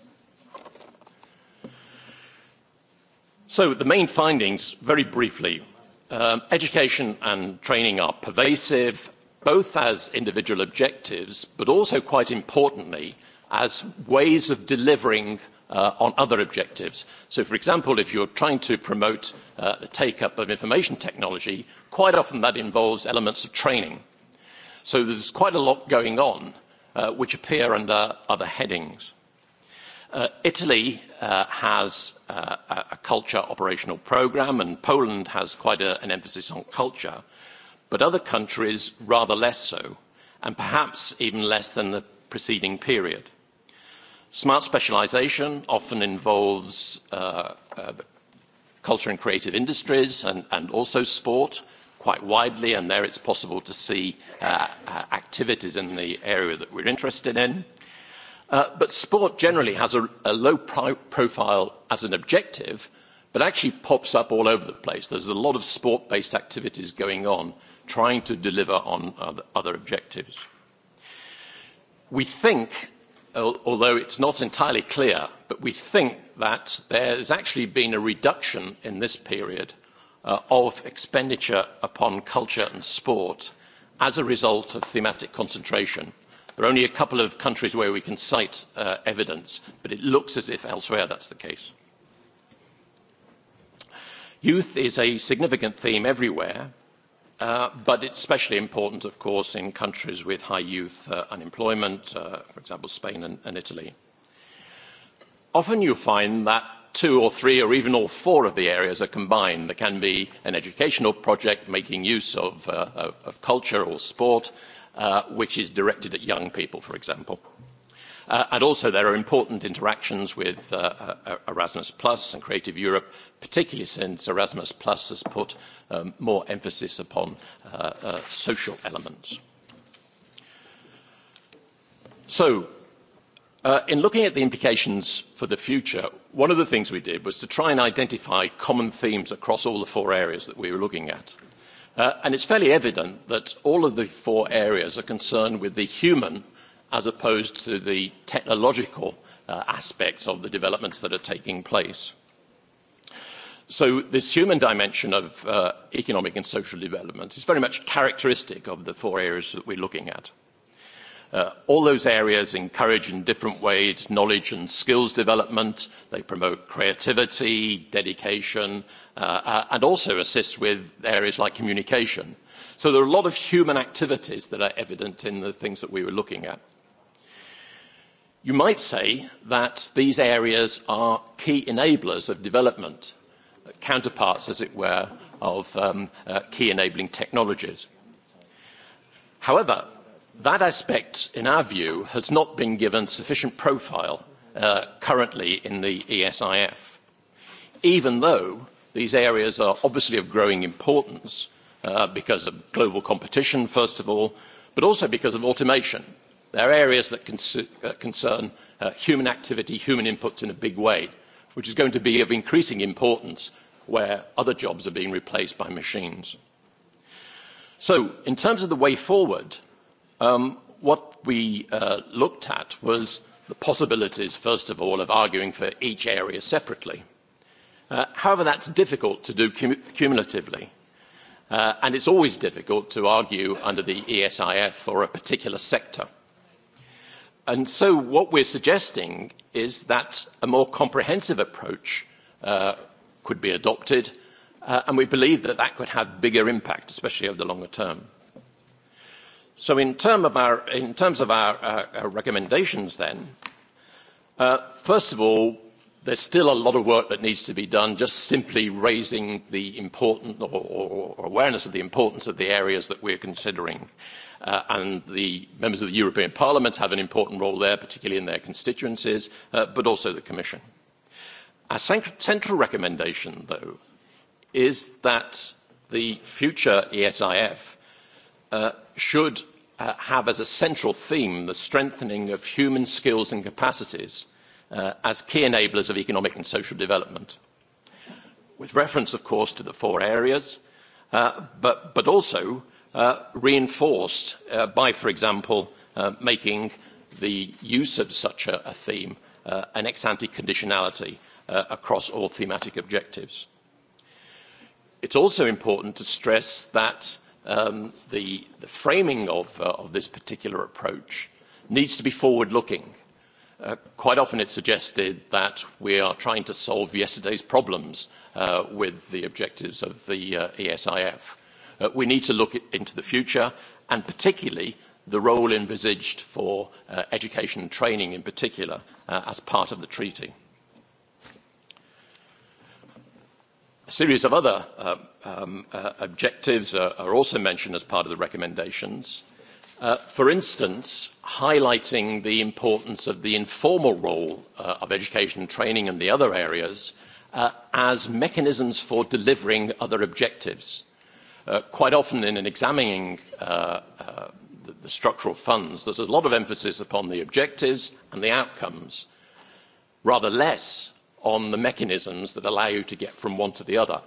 Speaker 12: So the main findings, very briefly, um, education and training are pervasive, both as individual objectives, but also quite importantly, as ways of delivering uh, on other objectives. So, for example, if you're trying to promote uh, the take up of information technology, quite often that involves elements of training. So, there's quite a lot going on uh, which appear under other headings. Uh, Italy uh, has uh, a culture operational program, and Poland has quite a, an emphasis on culture, but other countries rather less so, and perhaps even less than the preceding period. Smart specialization often involves uh, uh, culture and creative industries and, and also sport quite widely, and there it's possible to see uh, uh activities in the area that we're interested in. Uh, but sport generally has a, a low pro profile as an objective, but actually pops up all over the place. There's a lot of sport based activities going on, trying to deliver on other, other objectives. We think although it's not entirely clear, but we think that there has actually been a reduction in this period uh, of expenditure upon culture and sport as a result of thematic concentration. There are only a couple of countries where we can cite uh, evidence, but it looks as if elsewhere that's the case. Youth is a significant theme everywhere, Uh, but it's especially important, of course, in countries with high youth uh, unemployment, uh, for example, Spain and, and Italy. Often you find that two or three or even all four of the areas are combined. There can be an educational project making use of, uh, of culture or sport, uh, which is directed at young people, for example. Uh, Uh, and also there are important interactions with uh, uh, Erasmus Plus and Creative Europe, particularly since Erasmus Plus has put um, more emphasis upon uh, uh, social elements. So, uh, in looking at the implications for the future, one of the things we did was to try and identify common themes across all the four areas that we were looking at. Uh, and it's fairly evident that all of the four areas are concerned with the human as opposed to the technological uh, aspects of the developments that are taking place. So this human dimension of uh, economic and social development is very much characteristic of the four areas that we're looking at. Uh, all those areas encourage in different ways knowledge and skills development. They promote creativity, dedication, uh, uh, and also assist with areas like communication. So there are a lot of human activities that are evident in the things that we were looking at. You might say that these areas are key enablers of development, counterparts, as it were, of um, uh, key enabling technologies. However, that aspect, in our view, has not been given sufficient profile uh, currently in the ESIF, even though these areas are obviously of growing importance uh, because of global competition, first of all, but also because of automation There are areas that uh, concern uh, human activity, human input in a big way, which is going to be of increasing importance where other jobs are being replaced by machines. So in terms of the way forward, um, what we uh, looked at was the possibilities, first of all, of arguing for each area separately. Uh, however, that's difficult to do cum cumulatively. Uh, and it's always difficult to argue under the ESIF for a particular sector. And so what we're suggesting is that a more comprehensive approach uh, could be adopted, uh, and we believe that that could have bigger impact, especially over the longer term. So in, term of our, in terms of our, uh, our recommendations then, uh, first of all, there's still a lot of work that needs to be done just simply raising the important or, or awareness of the importance of the areas that we're considering uh, and the members of the European Parliament have an important role there, particularly in their constituencies, uh, but also the Commission. Our central recommendation, though, is that the future ESIF uh, should uh, have as a central theme the strengthening of human skills and capacities uh, as key enablers of economic and social development. With reference, of course, to the four areas, uh, but, but also Uh, reinforced uh, by, for example, uh, making the use of such a, a theme uh, an ex ante conditionality uh, across all thematic objectives. It's also important to stress that um, the, the framing of, uh, of this particular approach needs to be forward looking. Uh, quite often it's suggested that we are trying to solve yesterday's problems uh, with the objectives of the uh, ESIF. Uh, we need to look into the future and particularly the role envisaged for uh, education and training in particular uh, as part of the treaty. A series of other uh, um, uh, objectives are, uh, are also mentioned as part of the recommendations. Uh, for instance, highlighting the importance of the informal role uh, of education and training and the other areas uh, as mechanisms for delivering other objectives. Uh, quite often in an examining uh, uh, the, the structural funds, there's a lot of emphasis upon the objectives and the outcomes, rather less on the mechanisms that allow you to get from one to the other.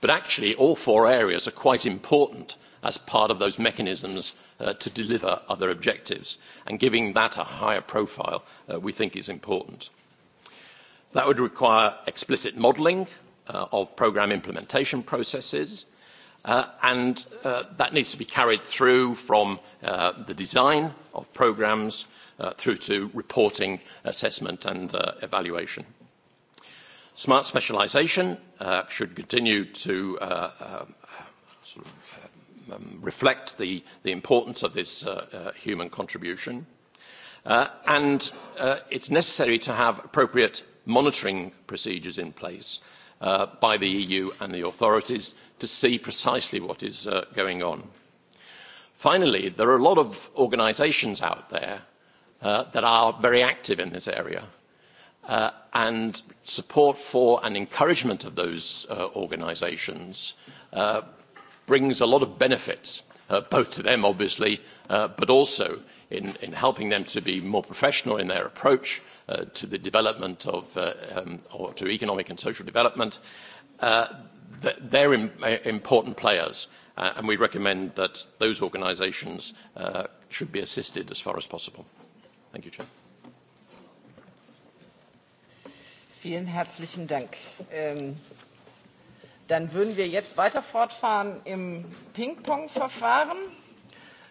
Speaker 12: But actually, all four areas are quite important as part of those mechanisms uh, to deliver other objectives, and giving that a higher profile uh, we think is important. That would require explicit modelling uh, of programme implementation processes, Uh, and uh, that needs to be carried through from uh, the design of programmes uh, through to reporting, assessment and uh, evaluation. Smart specialisation uh, should continue to uh, uh, sort of, uh, um, reflect the, the importance of this uh, uh, human contribution. Uh, and uh, it's necessary to have appropriate monitoring procedures in place uh, uh, by the EU and the authorities to see precisely what is uh, going on. Finally, there are a lot of organisations out there uh, that are very active in this area. Uh, and support for and encouragement of those uh, organisations uh, brings a lot of benefits, uh, both to them, obviously, uh, but also in, in helping them to be more professional in their approach Uh, to the development of, uh, um, or to economic and social development, uh, they're in, important players, and we recommend that those organisations should be assisted as far as possible. Thank you, Chair.
Speaker 6: Vielen herzlichen Dank. Ähm, dann würden wir jetzt weiter fortfahren im Ping-Pong-Verfahren,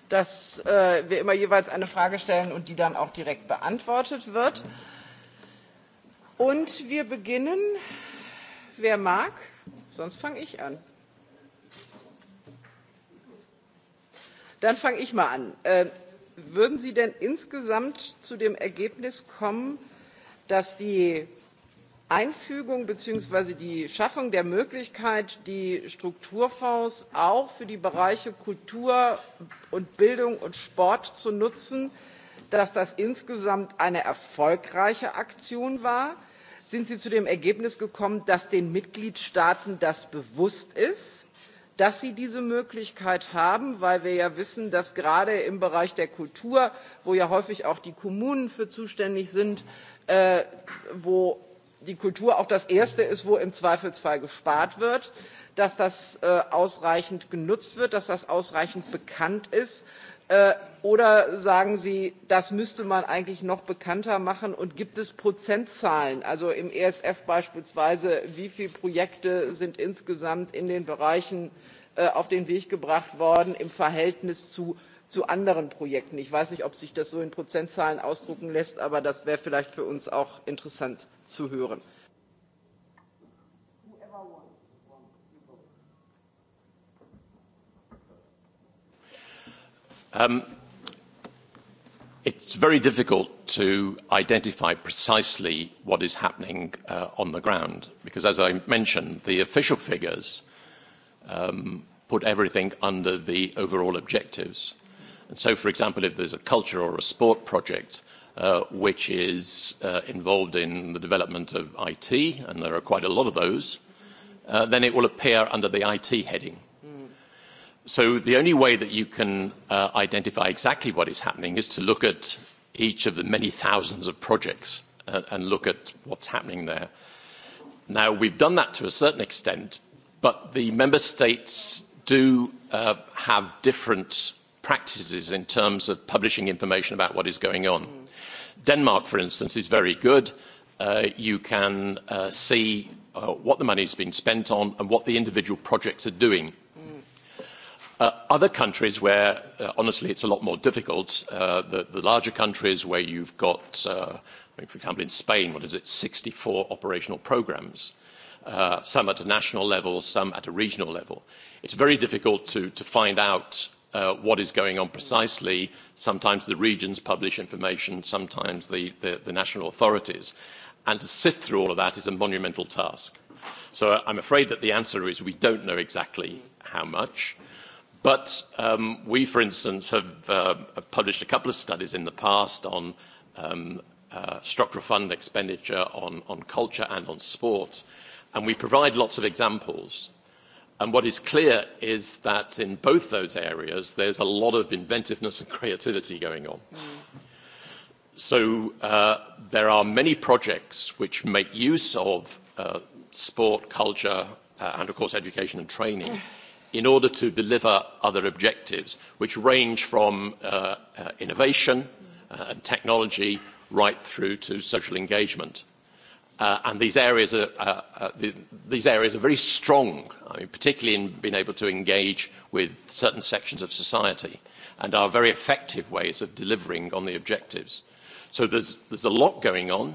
Speaker 6: dass äh, wir immer jeweils eine Frage stellen und die dann auch direkt beantwortet wird. Mhm. Und wir beginnen, wer mag, sonst fange ich an. Dann fange ich mal an. Äh, würden Sie denn insgesamt zu dem Ergebnis kommen, dass die Einfügung bzw. die Schaffung der Möglichkeit, die Strukturfonds auch für die Bereiche Kultur und Bildung und Sport zu nutzen, dass das insgesamt eine erfolgreiche Aktion war? sind sie zu dem ergebnis gekommen dass den mitgliedstaaten das bewusst ist dass sie diese möglichkeit haben weil wir ja wissen dass gerade im bereich der kultur wo ja häufig auch die kommunen für zuständig sind äh, wo die kultur auch das erste ist wo im zweifelsfall gespart wird dass das äh, ausreichend genutzt wird dass das ausreichend bekannt ist Äh, oder sagen Sie, das müsste man eigentlich noch bekannter machen? Und gibt es Prozentzahlen? Also im ESF beispielsweise, wie viele Projekte sind insgesamt in den Bereichen äh, auf den Weg gebracht worden im Verhältnis zu, zu anderen Projekten? Ich weiß nicht, ob sich das so in Prozentzahlen ausdrucken lässt, aber das wäre vielleicht für uns auch interessant
Speaker 12: zu hören. Um, it's very difficult to identify precisely what is happening uh, on the ground because, as I mentioned, the official figures um, put everything under the overall objectives. And so, for example, if there's a culture or a sport project uh, which is uh, involved in the development of IT, and there are quite a lot of those, uh, then it will appear under the IT heading. So the only way that you can uh, identify exactly what is happening is to look at each of the many thousands of projects uh, and look at what's happening there. Now, we've done that to a certain extent, but the member states do uh, have different practices in terms of publishing information about what is going on. Mm. Denmark, for instance, is very good. Uh, you can uh, see uh, what the money has been spent on and what the individual projects are doing Uh, other countries where, uh, honestly, it's a lot more difficult, uh, the, the larger countries where you've got, uh, I mean, for example, in Spain, what is it, 64 operational programs, uh, some at a national level, some at a regional level. It's very difficult to, to find out uh, what is going on precisely. Sometimes the regions publish information, sometimes the, the, the national authorities. And to sift through all of that is a monumental task. So I'm afraid that the answer is we don't know exactly how much. But um, we, for instance, have, uh, have published a couple of studies in the past on um, uh, structural fund expenditure on, on culture and on sport, and we provide lots of examples. And what is clear is that in both those areas, there's a lot of inventiveness and creativity going on. Mm. So uh, there are many projects which make use of uh, sport, culture, uh, and of course education and training in order to deliver other objectives, which range from uh, uh, innovation uh, and technology right through to social engagement. Uh, and these areas are, uh, uh, the, these areas are very strong, I mean, particularly in being able to engage with certain sections of society and are very effective ways of delivering on the objectives. So there's, there's a lot going on,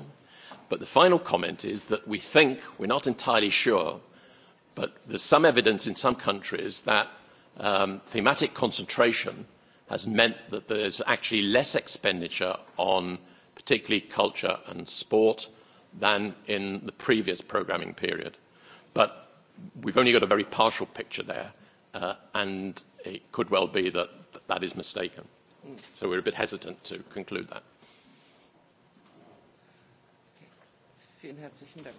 Speaker 12: but the final comment is that we think, we're not entirely sure, But there's some evidence in some countries that um, thematic concentration has meant that there's actually less expenditure on particularly culture and sport than in the previous programming period. But we've only got a very partial picture there, uh, and it could well be that that is mistaken. So we're a bit hesitant to conclude that.
Speaker 6: Vielen herzlichen Dank.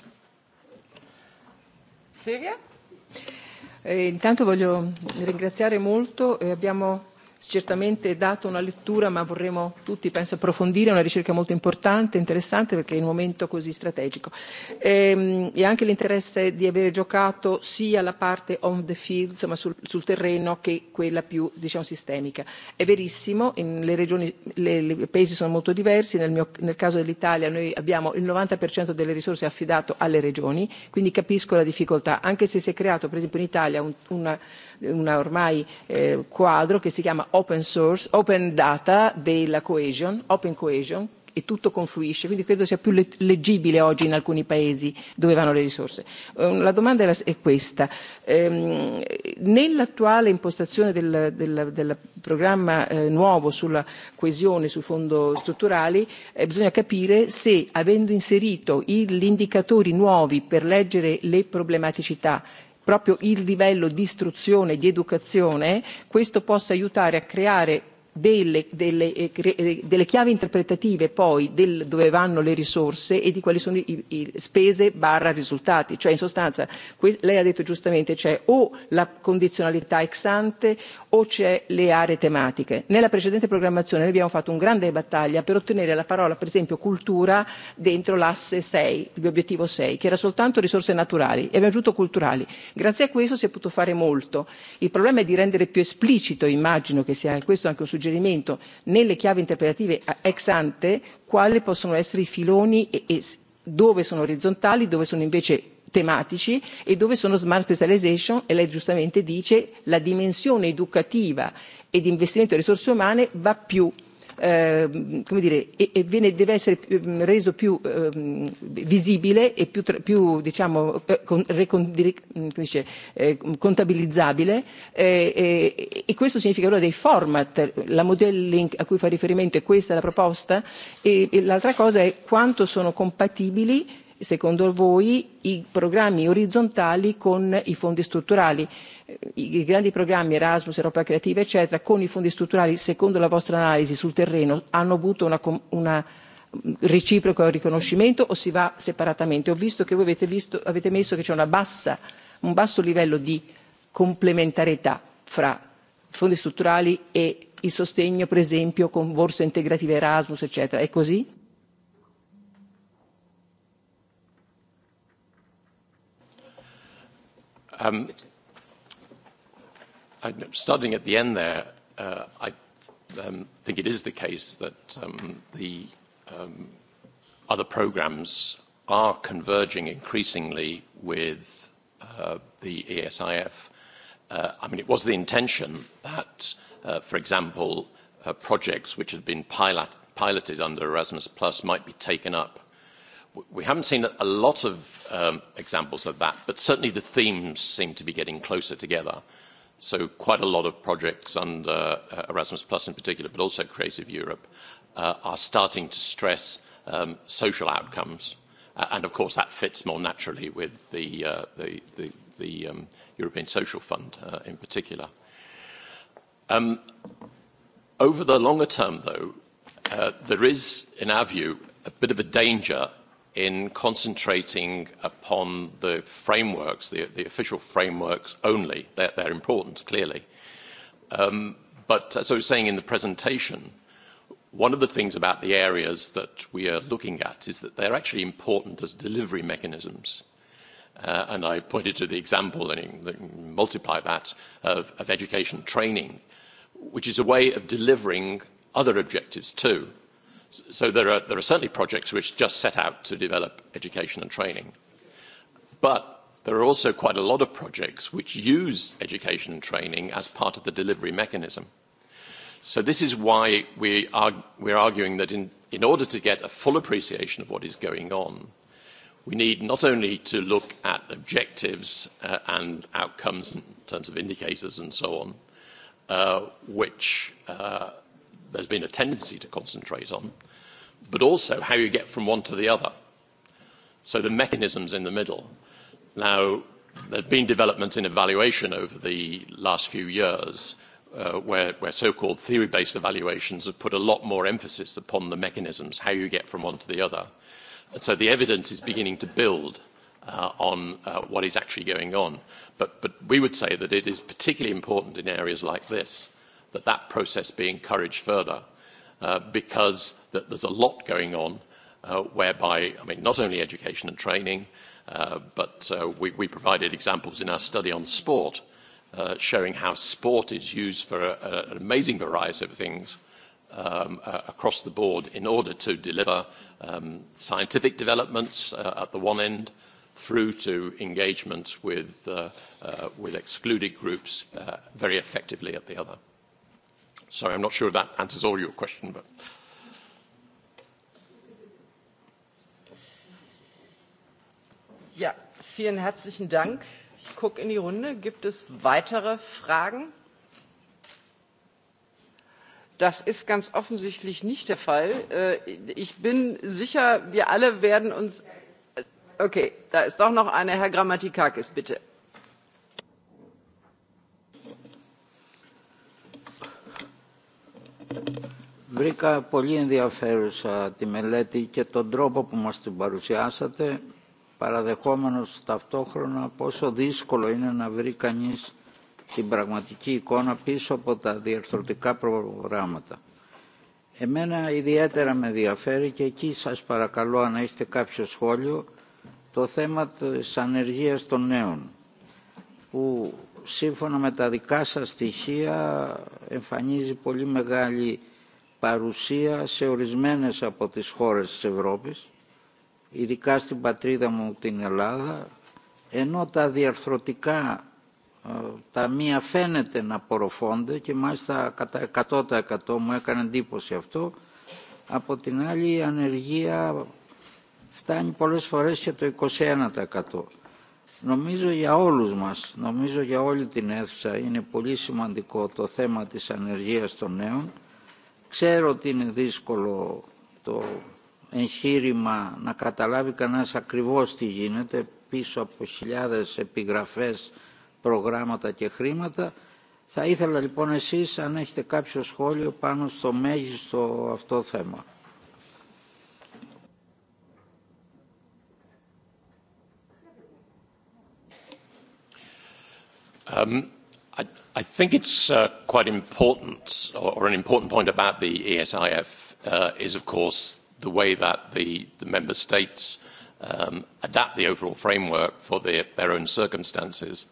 Speaker 6: Eh,
Speaker 8: intanto voglio ringraziare molto, eh, abbiamo certamente dato una lettura, ma vorremmo tutti, penso, approfondire, è una ricerca molto importante, interessante, perché è in un momento così strategico. E, e anche l'interesse di avere giocato sia la parte on the field, insomma sul, sul terreno, che quella più diciamo, sistemica. È verissimo, in, le regioni, i paesi sono molto diversi, nel, mio, nel caso dell'Italia noi abbiamo il 90% delle risorse affidato alle regioni, quindi capisco la difficoltà, anche se si è creato per esempio in Italia un, una, un ormai eh, quadro che si chiama open source, open data della cohesion, open cohesion, e tutto confluisce, quindi credo sia più leggibile oggi in alcuni paesi dove vanno le risorse. Eh, la domanda è questa. Ehm, nell'attuale impostazione del, del, del programma eh, nuovo sulla coesione, sul fondo strutturali, eh, bisogna capire se, avendo inserito gli indicatori nuovi per leggere le problematicità proprio il livello di istruzione e di educazione questo possa aiutare a creare delle, delle, eh, eh, delle chiavi interpretative poi del dove vanno le risorse e di quali sono i, i spese barra risultati. Cioè in sostanza lei ha detto giustamente c'è o la condizionalità ex ante o c'è le aree tematiche. Nella precedente programmazione noi abbiamo fatto un grande battaglia per ottenere la parola per esempio cultura dentro l'asse 6, l'obiettivo 6, che era soltanto risorse naturali e abbiamo aggiunto culturali. Grazie a questo si è potuto fare molto. Il problema è di rendere più esplicito, immagino che sia questo anche un suggerimento suggerimento nelle chiavi interpretative ex ante quali possono essere i filoni e, e dove sono orizzontali, dove sono invece tematici e dove sono smart specialization e lei giustamente dice la dimensione educativa e di investimento in risorse umane va più Ehm, come dire, e, e viene, deve essere ehm, reso più ehm, visibile e più, più diciamo, eh, mm, come dice, eh, contabilizzabile eh, e, e questo significa allora dei format, la modelling a cui fa riferimento è questa la proposta e l'altra cosa è quanto sono compatibili secondo voi i programmi orizzontali con i fondi strutturali i grandi programmi Erasmus, Europa Creativa eccetera con i fondi strutturali secondo la vostra analisi sul terreno hanno avuto una, una reciproco riconoscimento o si va separatamente? Ho visto che voi avete, visto, avete messo che c'è una bassa, un basso livello di complementarietà fra fondi strutturali e il sostegno per esempio con borse integrative Erasmus eccetera. È così?
Speaker 12: Um, I, starting at the end there, uh, I um, think it is the case that um, the um, other programs are converging increasingly with uh, the ESIF. Uh, I mean, it was the intention that, uh, for example, uh, projects which had been pilot, piloted under Erasmus Plus might be taken up we haven't seen a lot of um, examples of that, but certainly the themes seem to be getting closer together. So quite a lot of projects under uh, Erasmus Plus in particular, but also Creative Europe, uh, are starting to stress um, social outcomes. Uh, and of course, that fits more naturally with the, uh, the, the, the um, European Social Fund uh, in particular. Um, over the longer term, though, uh, there is, in our view, a bit of a danger in concentrating upon the frameworks, the, the official frameworks only. They're, they're important, clearly. Um, but as I was saying in the presentation, one of the things about the areas that we are looking at is that they're actually important as delivery mechanisms. Uh, and I pointed to the example, and multiply that, of, of education training, which is a way of delivering other objectives too So there are, there are certainly projects which just set out to develop education and training. But there are also quite a lot of projects which use education and training as part of the delivery mechanism. So this is why we are, we're arguing that in, in order to get a full appreciation of what is going on, we need not only to look at objectives uh, and outcomes in terms of indicators and so on, uh, which uh, there's been a tendency to concentrate on, but also how you get from one to the other. So the mechanisms in the middle. Now, there have been developments in evaluation over the last few years uh, where, where so-called theory-based evaluations have put a lot more emphasis upon the mechanisms, how you get from one to the other. And so the evidence is beginning to build uh, on uh, what is actually going on. But, but we would say that it is particularly important in areas like this that that process be encouraged further uh, because that there's a lot going on uh, whereby, I mean, not only education and training, uh, but uh, we, we provided examples in our study on sport uh, showing how sport is used for a, uh, a, an amazing variety of things um, uh, across the board in order to deliver um, scientific developments uh, at the one end through to engagement with, uh, uh, with excluded groups uh, very effectively at the other. Sorry, I'm not sure that answers all your question, but.
Speaker 6: Ja, vielen herzlichen Dank. Ich gucke in die Runde. Gibt es weitere Fragen? Das ist ganz offensichtlich nicht der Fall. Äh, ich bin sicher, wir alle werden uns. Äh, okay, da ist doch noch eine. Herr Grammatikakis, bitte. Βρήκα
Speaker 13: πολύ ενδιαφέρουσα τη μελέτη και τον τρόπο που μας την παρουσιάσατε, παραδεχόμενος ταυτόχρονα πόσο δύσκολο είναι να βρει κανείς την πραγματική εικόνα πίσω από τα διαρθρωτικά προγράμματα. Εμένα ιδιαίτερα με ενδιαφέρει και εκεί σας παρακαλώ αν έχετε κάποιο σχόλιο το θέμα της ανεργίας των νέων που σύμφωνα με τα δικά σας στοιχεία εμφανίζει πολύ μεγάλη παρουσία σε ορισμένες από τις χώρες της Ευρώπης, ειδικά στην πατρίδα μου την Ελλάδα, ενώ τα διαρθρωτικά τα μία φαίνεται να απορροφώνται και μάλιστα κατά 100% μου έκανε εντύπωση αυτό. Από την άλλη η ανεργία φτάνει πολλές φορές και το 21%. Νομίζω για όλους μας, νομίζω για όλη την αίθουσα είναι πολύ σημαντικό το θέμα της ανεργίας των νέων Ξέρω ότι είναι δύσκολο το εγχείρημα να καταλάβει κανένας ακριβώς τι γίνεται πίσω από χιλιάδες επιγραφές, προγράμματα και χρήματα. Θα ήθελα λοιπόν εσείς αν έχετε κάποιο σχόλιο πάνω στο μέγιστο αυτό θέμα.
Speaker 12: Um, I think it's uh, quite important, or, an important point about the ESIF uh, is, of course, the way that the, the member states um, adapt the overall framework for their, their own circumstances.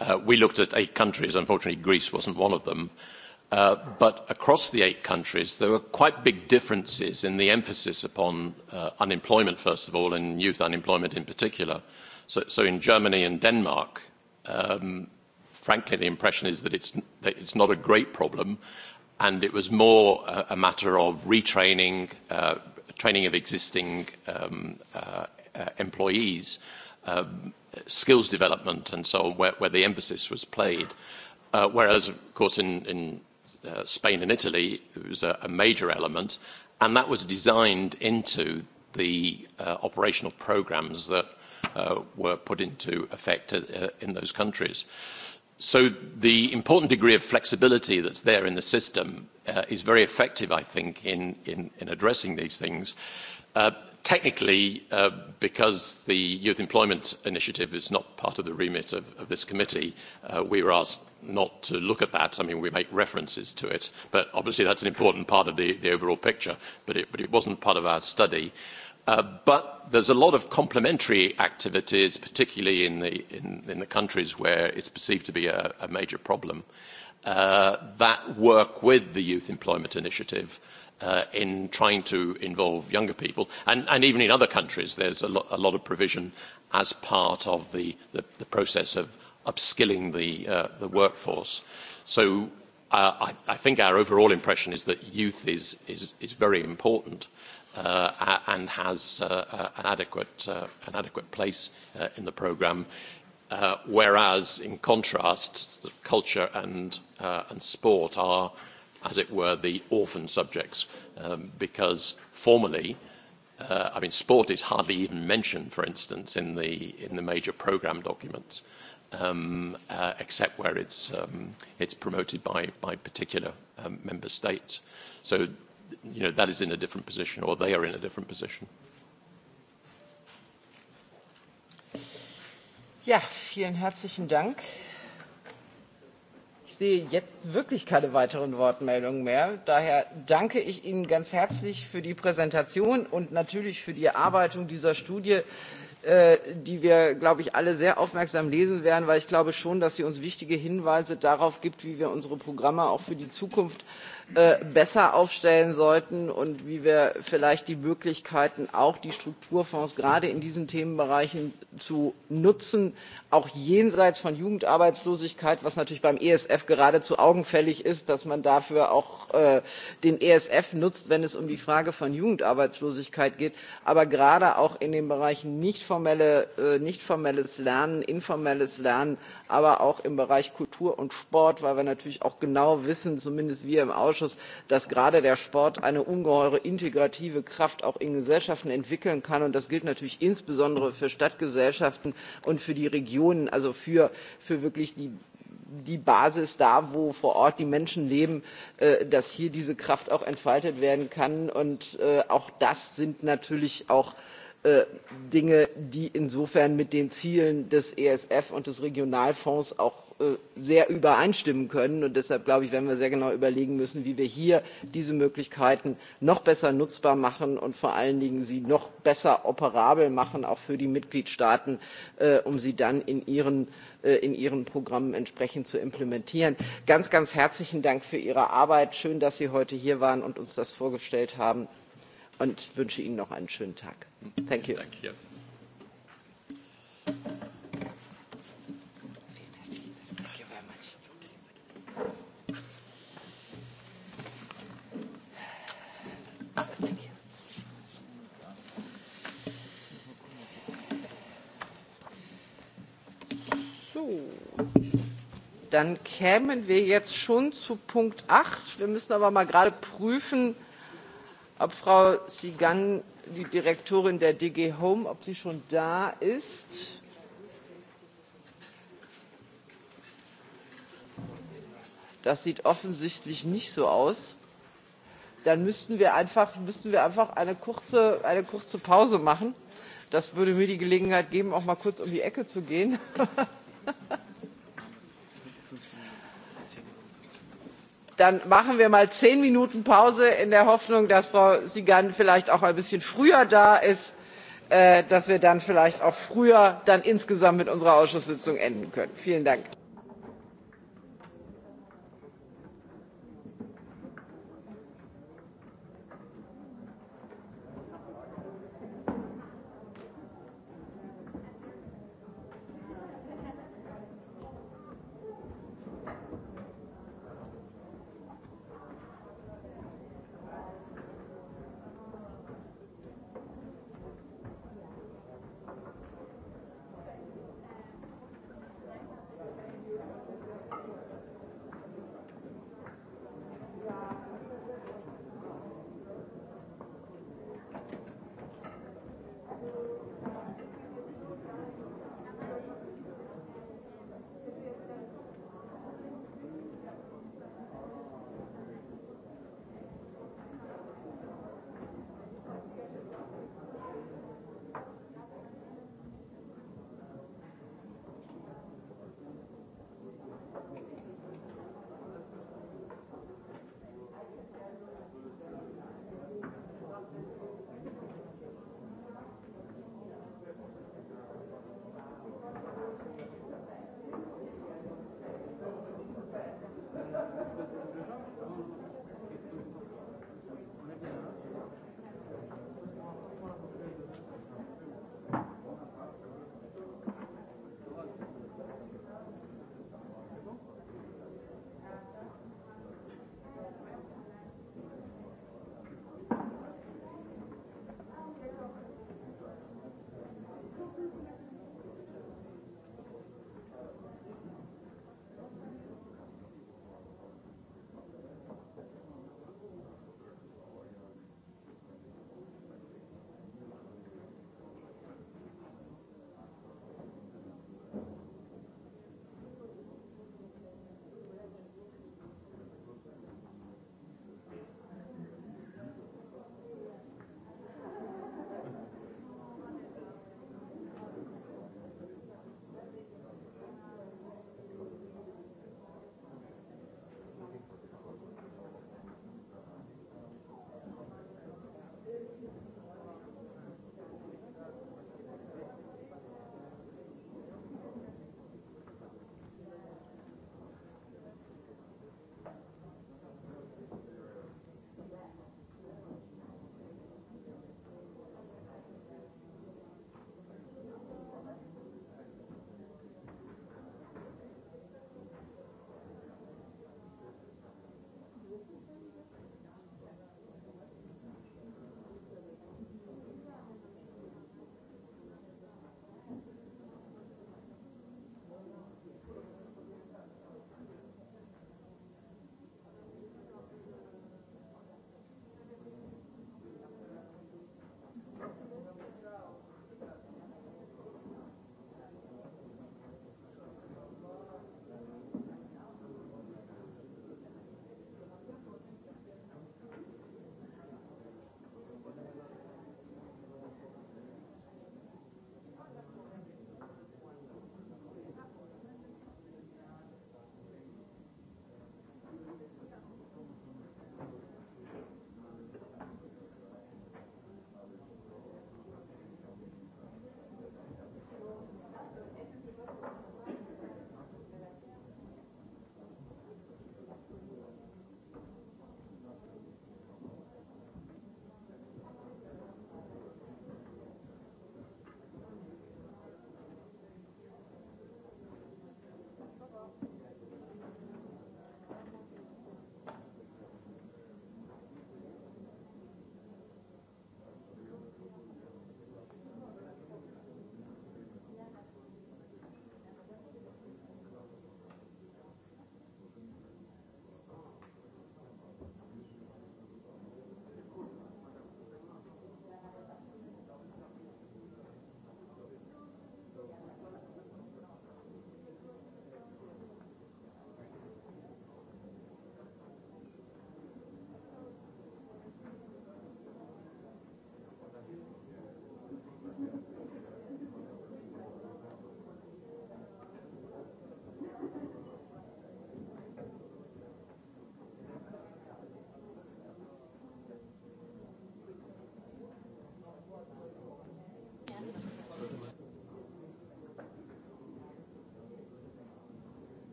Speaker 12: Uh, we looked at eight countries. Unfortunately, Greece wasn't one of them. Uh, but across the eight countries, there were quite big differences in the emphasis upon uh, unemployment, first of all, and youth unemployment in particular. So, so in Germany and Denmark, um, frankly, the impression is that it's, that it's not a great problem, and it was more a, a matter of retraining, uh, training of existing um, uh, uh, employees, um, skills development, and so on, where, where the emphasis was played. Uh, whereas, of course, in, in uh, Spain and Italy, it was a, a major element, and that was designed into the uh, operational programs that uh, were put into effect uh, in those countries. Uh, So the important degree of flexibility that's there in the system uh, is very effective, I think, in, in, in addressing these things. Uh, technically, uh, because the Youth Employment Initiative is not part of the remit of, of this committee, uh, we were asked not to look at that. I mean, we make references to it, but obviously that's an important part of the, the overall picture, but it, but it wasn't part of our study. Uh, Uh, but there's a lot of complementary activities, particularly in the, countries where it's perceived to be a, major problem, uh, that work with the Youth Employment Initiative uh, in trying to involve younger people. And, even in other countries, there's a, a lot of provision as part of the, process of upskilling the, uh, workforce. So I, think our overall impression is that youth is very important uh, and has uh, uh, an, adequate, uh, an adequate place uh, in the programme. Uh, whereas, in contrast, culture and, uh, and sport are, as it were, the orphan subjects, um, because formally, uh, I mean, sport is hardly even mentioned, for instance, in the, in the major programme documents, um, uh, except where it's, um, it's promoted by, by particular um, member states. So you know, that is in a different position or they are in a different position.
Speaker 6: Ja, vielen herzlichen Dank. Ich sehe jetzt wirklich keine weiteren Wortmeldungen mehr. Daher danke ich Ihnen ganz herzlich für die Präsentation und natürlich für die Erarbeitung dieser Studie, äh, die wir, glaube ich, alle sehr aufmerksam lesen werden, weil ich glaube schon, dass sie uns wichtige Hinweise darauf gibt, wie wir unsere Programme auch für die Zukunft Äh, besser aufstellen sollten und wie wir vielleicht die Möglichkeiten, auch die Strukturfonds gerade in diesen Themenbereichen zu nutzen, auch jenseits von Jugendarbeitslosigkeit, was natürlich beim ESF geradezu augenfällig ist, dass man dafür auch äh, den ESF nutzt, wenn es um die Frage von Jugendarbeitslosigkeit geht, aber gerade auch in den Bereichen nicht formelle, äh, nicht formelles Lernen, informelles Lernen aber auch im Bereich Kultur und Sport, weil wir natürlich auch genau wissen, zumindest wir im Ausschuss, dass gerade der Sport eine ungeheure integrative Kraft auch in Gesellschaften entwickeln kann. Und das gilt natürlich insbesondere für Stadtgesellschaften und für die Regionen, also für, für wirklich die die Basis da, wo vor Ort die Menschen leben, äh, dass hier diese Kraft auch entfaltet werden kann. Und äh, auch das sind natürlich auch Äh, dinge die insofern mit den zielen des esf und des regionalfonds auch äh, sehr übereinstimmen können. Und deshalb glaube ich werden wir sehr genau überlegen müssen wie wir hier diese möglichkeiten noch besser nutzbar machen und vor allen dingen sie noch besser operabel machen auch für die mitgliedstaaten äh, um sie dann in ihren, in ihren programmen entsprechend zu implementieren. ganz ganz herzlichen dank für ihre arbeit schön dass sie heute hier waren und uns das vorgestellt haben und wünsche Ihnen noch einen schönen Tag. Thank you. Thank you. dann kämen wir jetzt schon zu Punkt 8. Wir müssen aber mal gerade prüfen, ob Frau Sigan, die Direktorin der DG Home, ob sie schon da ist. Das sieht offensichtlich nicht so aus. Dann müssten wir einfach, müssten wir einfach eine, kurze, eine kurze Pause machen. Das würde mir die Gelegenheit geben, auch mal kurz um die Ecke zu gehen. dann machen wir mal zehn minuten pause in der hoffnung dass frau zigan vielleicht auch ein bisschen früher da ist äh, damit wir dann vielleicht auch früher insgesamt mit unserer ausschusssitzung enden können.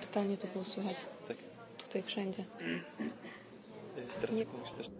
Speaker 8: Totalnie to było słychać. Tak. Tutaj wszędzie.
Speaker 14: Teraz Nie... też.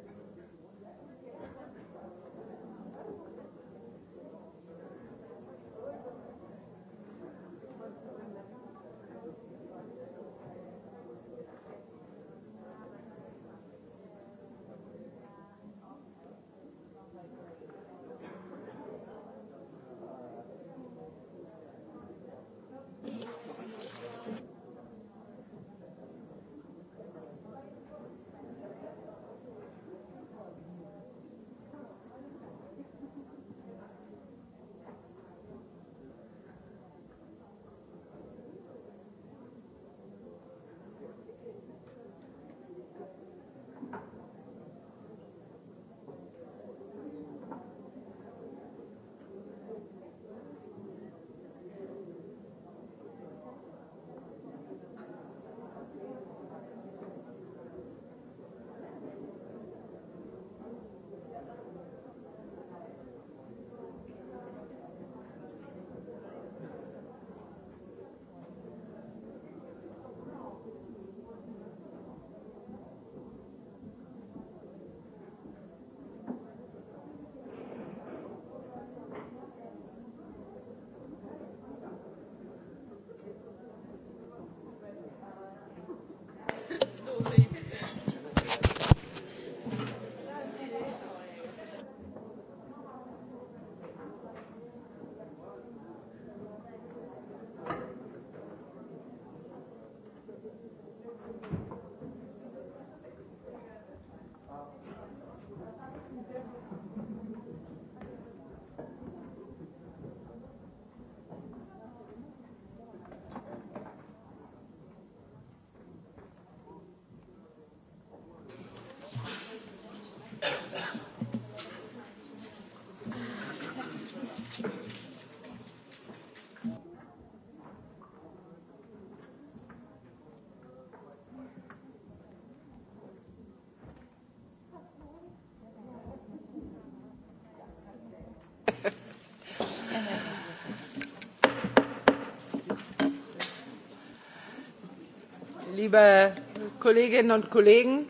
Speaker 6: Liebe Kolleginnen und Kollegen,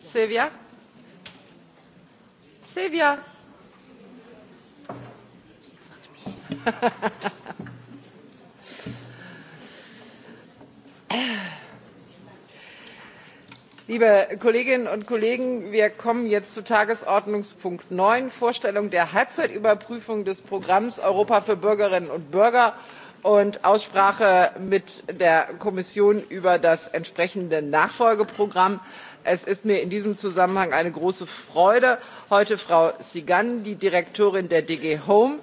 Speaker 6: Silvia? Silvia? liebe kolleginnen und kollegen wir kommen jetzt zu tagesordnungspunkt neun vorstellung der halbzeitüberprüfung des programms europa für bürgerinnen und bürger und aussprache mit der kommission über das entsprechende nachfolgeprogramm. es ist mir in diesem zusammenhang eine große freude heute frau sigan die direktorin der gd home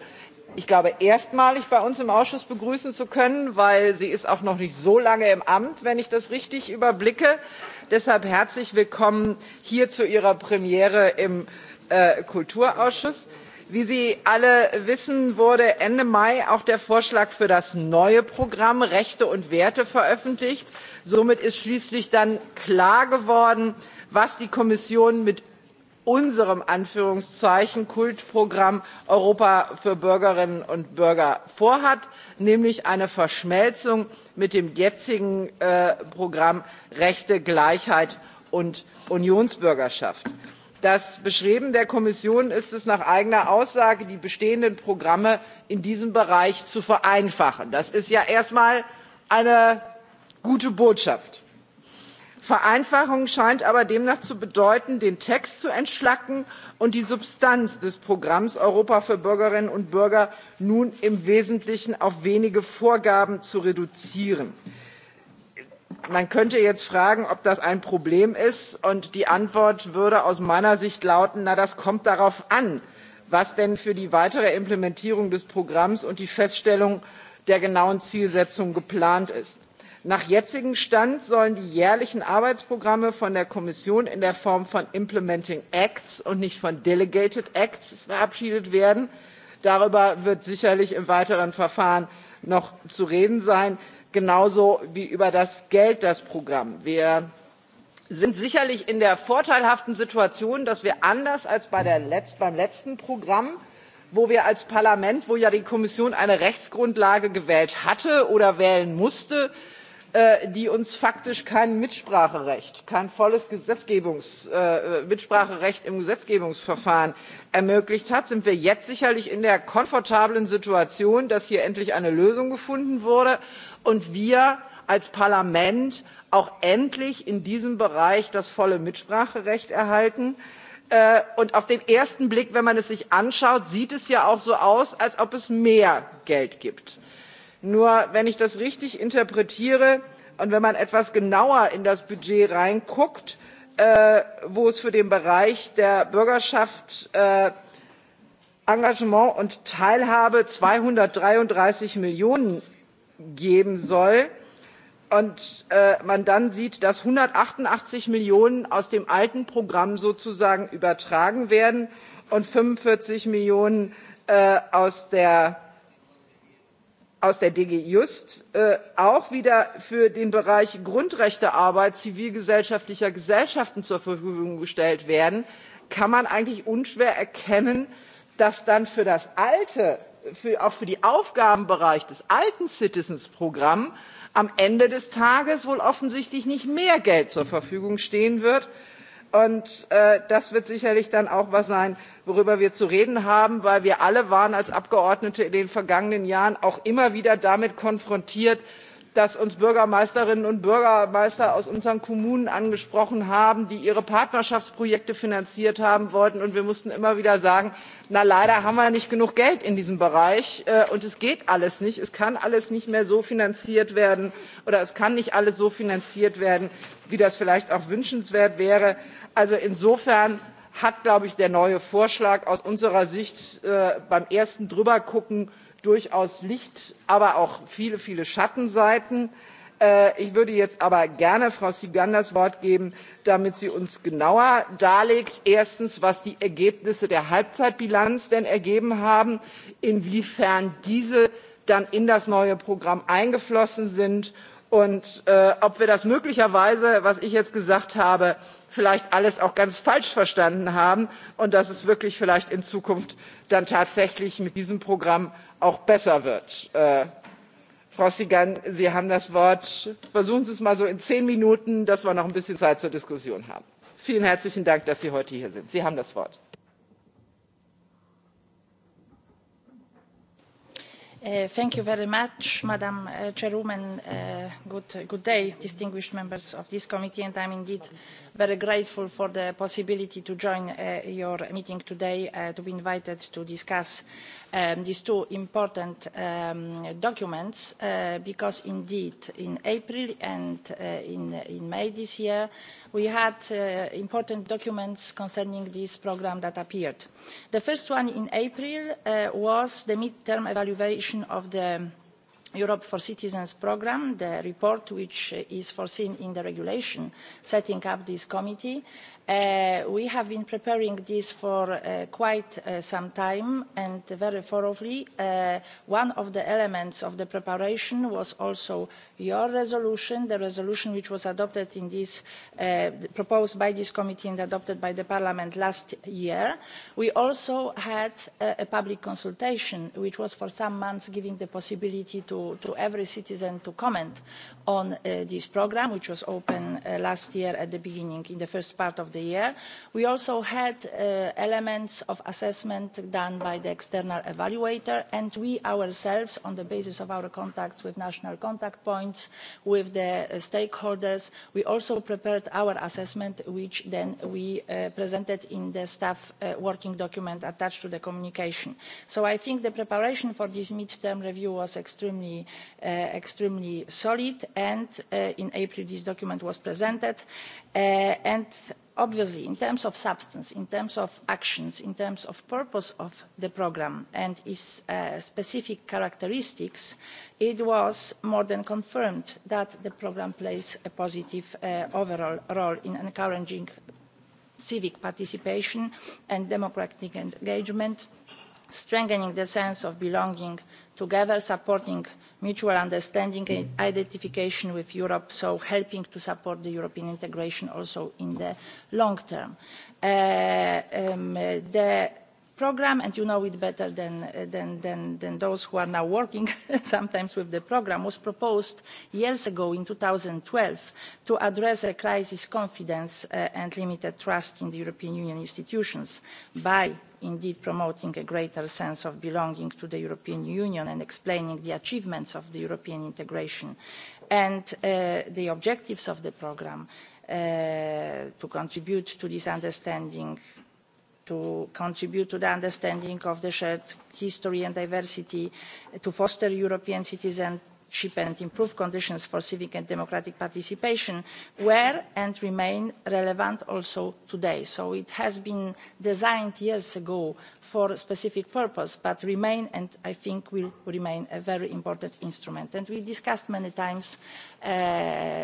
Speaker 6: ich glaube erstmalig bei uns im ausschuss begrüßen zu können denn sie ist auch noch nicht so lange im amt wenn ich das richtig überblicke deshalb herzlich willkommen hier zu ihrer premiere im äh, kulturausschuss. wie sie alle wissen wurde ende mai auch der vorschlag für das neue programm rechte und werte veröffentlicht. somit ist schließlich dann klar geworden was die kommission unserem Anführungszeichen Kultprogramm Europa für Bürgerinnen und Bürger vorhat, nämlich eine Verschmelzung mit dem jetzigen äh, Programm Rechte, Gleichheit und Unionsbürgerschaft. Das Bestreben der Kommission ist es nach eigener Aussage, die bestehenden Programme in diesem Bereich zu vereinfachen. Das ist ja erstmal eine gute Botschaft vereinfachung scheint aber demnach zu bedeuten den text zu entschlacken und die substanz des programms europa für bürgerinnen und bürger nun im wesentlichen auf wenige vorgaben zu reduzieren. man könnte jetzt fragen ob das ein problem ist und die antwort würde aus meiner sicht lauten na das kommt darauf an was denn für die weitere implementierung des programms und die feststellung der genauen zielsetzung geplant ist nach jetzigem stand sollen die jährlichen arbeitsprogramme von der kommission in der form von implementing acts und nicht von delegated acts verabschiedet werden. darüber wird sicherlich im weiteren verfahren noch zu reden sein genauso wie über das geld des programms. wir sind sicherlich in der vorteilhaften situation dass wir anders als bei der beim letzten programm wo wir als parlament wo ja die kommission eine rechtsgrundlage gewählt hatte oder wählen musste Äh, die uns faktisch kein mitspracherecht kein volles äh, mitspracherecht im gesetzgebungsverfahren ermöglicht hat sind wir jetzt sicherlich in der komfortablen situation dass hier endlich eine lösung gefunden wurde und wir als parlament auch endlich in diesem bereich das volle mitspracherecht erhalten äh, und auf den ersten blick wenn man es sich anschaut sieht es ja auch so aus als ob es mehr geld gibt nur wenn ich das richtig interpretiere und wenn man etwas genauer in das budget reinguckt äh, wo es für den bereich der bürgerschaft äh, engagement und teilhabe zweihundertdreiunddreißig millionen geben soll und äh, man dann sieht dass einhundertachtundachtzig millionen aus dem alten programm sozusagen übertragen werden und fünfundvierzig millionen aus der aus der DG Just äh, auch wieder für den Bereich Grundrechtearbeit zivilgesellschaftlicher Gesellschaften zur Verfügung gestellt werden, kann man eigentlich unschwer erkennen, dass dann für das alte, auch für den Aufgabenbereich des alten Citizens Programm am Ende des Tages wohl offensichtlich nicht mehr Geld zur Verfügung stehen wird, und äh, das wird sicherlich dann auch etwas sein worüber wir zu reden haben denn wir alle waren als abgeordnete in den vergangenen jahren auch immer wieder damit konfrontiert dass uns bürgermeisterinnen und bürgermeister aus unseren kommunen angesprochen haben die ihre partnerschaftsprojekte finanziert haben wollten und wir mussten immer wieder sagen na leider haben wir nicht genug geld in diesem bereich äh, und es geht alles nicht es kann alles nicht mehr so finanziert werden oder es kann nicht alles so finanziert werden wie das vielleicht auch wünschenswert wäre. also insofern hat glaube ich der neue vorschlag aus unserer sicht äh, beim ersten drübergucken durchaus licht aber auch viele viele schattenseiten. Äh, ich würde jetzt aber gerne frau sigan das wort geben damit sie uns genauer darlegt erstens was die ergebnisse der halbzeitbilanz denn ergeben haben inwiefern diese dann in das neue programm eingeflossen sind und äh, ob wir das möglicherweise was ich jetzt gesagt habe vielleicht alles auch ganz falsch verstanden haben und dass es wirklich vielleicht in zukunft dann tatsächlich mit diesem programm auch besser wird. Äh, Frau Sigan, Sie haben das Wort. Versuchen Sie es mal so in zehn Minuten, dass wir noch ein bisschen Zeit zur Diskussion haben. Vielen herzlichen Dank, dass Sie heute hier sind. Sie haben das Wort.
Speaker 5: Uh, thank you very much, Madam uh, Chairwoman. Uh, good, good day, distinguished members of this committee, and I'm indeed very grateful for the possibility to join uh, your meeting today, uh, to be invited to discuss Um, these two important um, documents uh, because indeed in april and uh, in, may this year we had uh, important documents concerning this programme that appeared. the first one in april was the mid term evaluation of the europe for citizens programme the report which is foreseen in the regulation setting up this committee. Uh, we have been preparing this for uh, quite uh, some time and very thoroughly. one of the elements of the preparation was also your resolution the resolution which was adopted in this uh, proposed by this committee and adopted by the parliament last year. we also had uh, a, public consultation which was for some months giving the possibility to, every citizen to comment on uh, this programme which was open last year at the beginning in the first part of the year. we also had elements of assessment done by the external evaluator and we ourselves on the basis of our contacts with national contact points points with the uh, stakeholders. we also prepared our assessment which then we uh, presented in the staff uh, working document attached to the communication. so i think the preparation for this mid term review was extremely, extremely solid and in april this document was presented and obviously in terms of substance in terms of actions in terms of purpose of the programme and its uh, specific characteristics it was more than confirmed that the programme plays a positive uh, overall role in encouraging civic participation and democratic engagement strengthening the sense of belonging together supporting mutual understanding and identification with europe so helping to support the european integration also in the long term. Uh, um, the programme and you know it better than, than, than, than those who are now working sometimes with the programme was proposed years ago in two thousand and twelve to address a crisis confidence uh, and limited trust in the european union institutions by indeed promoting a greater sense of belonging to the european union and explaining the achievements of the european integration and uh, the objectives of the programme uh, to contribute to this understanding to contribute to the understanding of the shared history and diversity to foster european citizens' membership and improve conditions for civic and democratic participation were and remain relevant also today. so it has been designed years ago for a specific purpose but remains and i think will remain a very important instrument. And we discussed many times uh,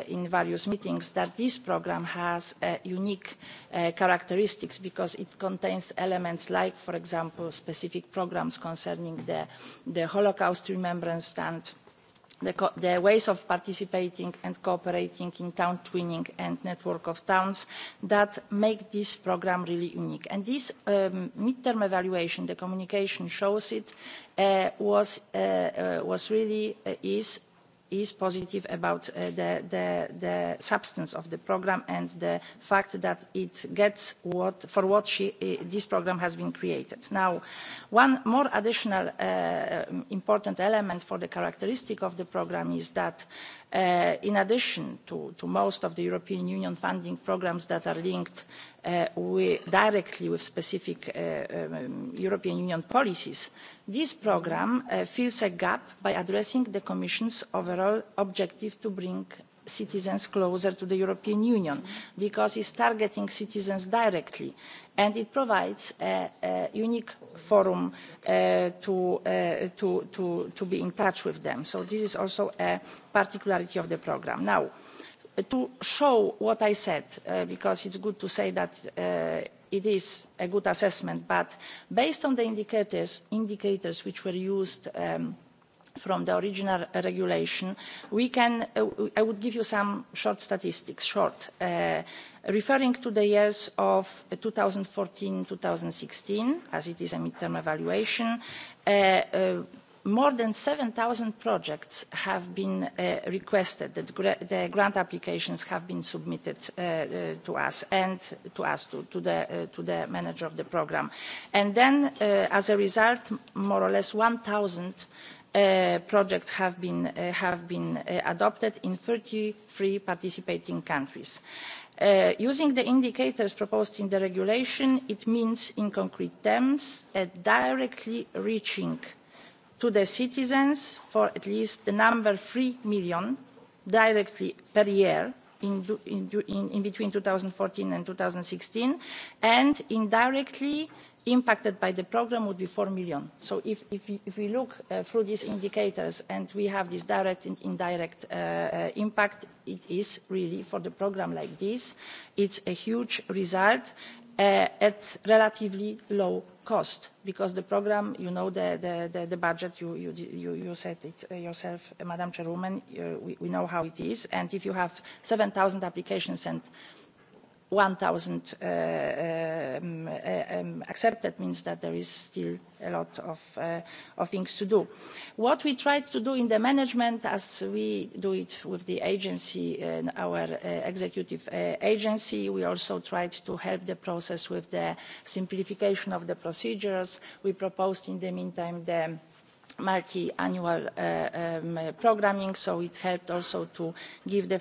Speaker 5: in various meetings that this programme has uh, unique uh, characteristics because it contains elements like for example specific programmes concerning the, holocaust remembrance the, ways of participating and cooperating in town twinning and network of towns that make this programme really unique. And this um, mid-term evaluation, the communication shows it, uh, uh, uh, was really is is positive about uh, the, the, the substance of the programme and the fact that it gets what, for what she, uh, this programme has been created. Now, one more additional uh, important element for the characteristic of the programme is that Uh, in addition to, to most of the european union funding programmes that are linked uh, with, directly with specific uh, um, european union policies this programme uh, fills a gap by addressing the commission's overall objective to bring citizens closer to the European Union because it's targeting citizens directly and it provides a, unique forum uh, uh, to, be in touch with them. So this is also a particularity of the programme. Now, to show what I said, because uh, because it's good to say that it is a good assessment, but based on the indicators, indicators which were used um, from the original regulation uh, i would give you some short statistics uh, referring to the years of 2014 uh, 2016 as it is a midterm evaluation more than 7,000 projects have been requested, the grant applications have been submitted to us and to us, to, the, manager of the programme. And then, as a result, more or less 1,000 Uh, projects have been, uh, have been uh, adopted in 33 participating countries. Uh, using the indicators proposed in the regulation, it means in concrete terms uh, directly reaching to the citizens for at least the number 3 million directly per year in, in, in between 2014 and 2016 and indirectly impacted by the programme would be four million. so if, we look uh, through these indicators and we have this direct and indirect uh, uh, impact it is really for a programme like this it's a huge result at relatively low cost because the programme you know the, budget you, said it yourself madam chairwoman we, know how it is and if you have seven zero applications and 1,000 uh, um, uh, um, accepted means that there is still a lot of, uh, of things to do. What we tried to do in the management, as we do it with the agency, and our uh, executive uh, agency, we also tried to help the process with the simplification of the procedures. We proposed in the meantime the Multiannual uh, um, programming, so it helped also to give the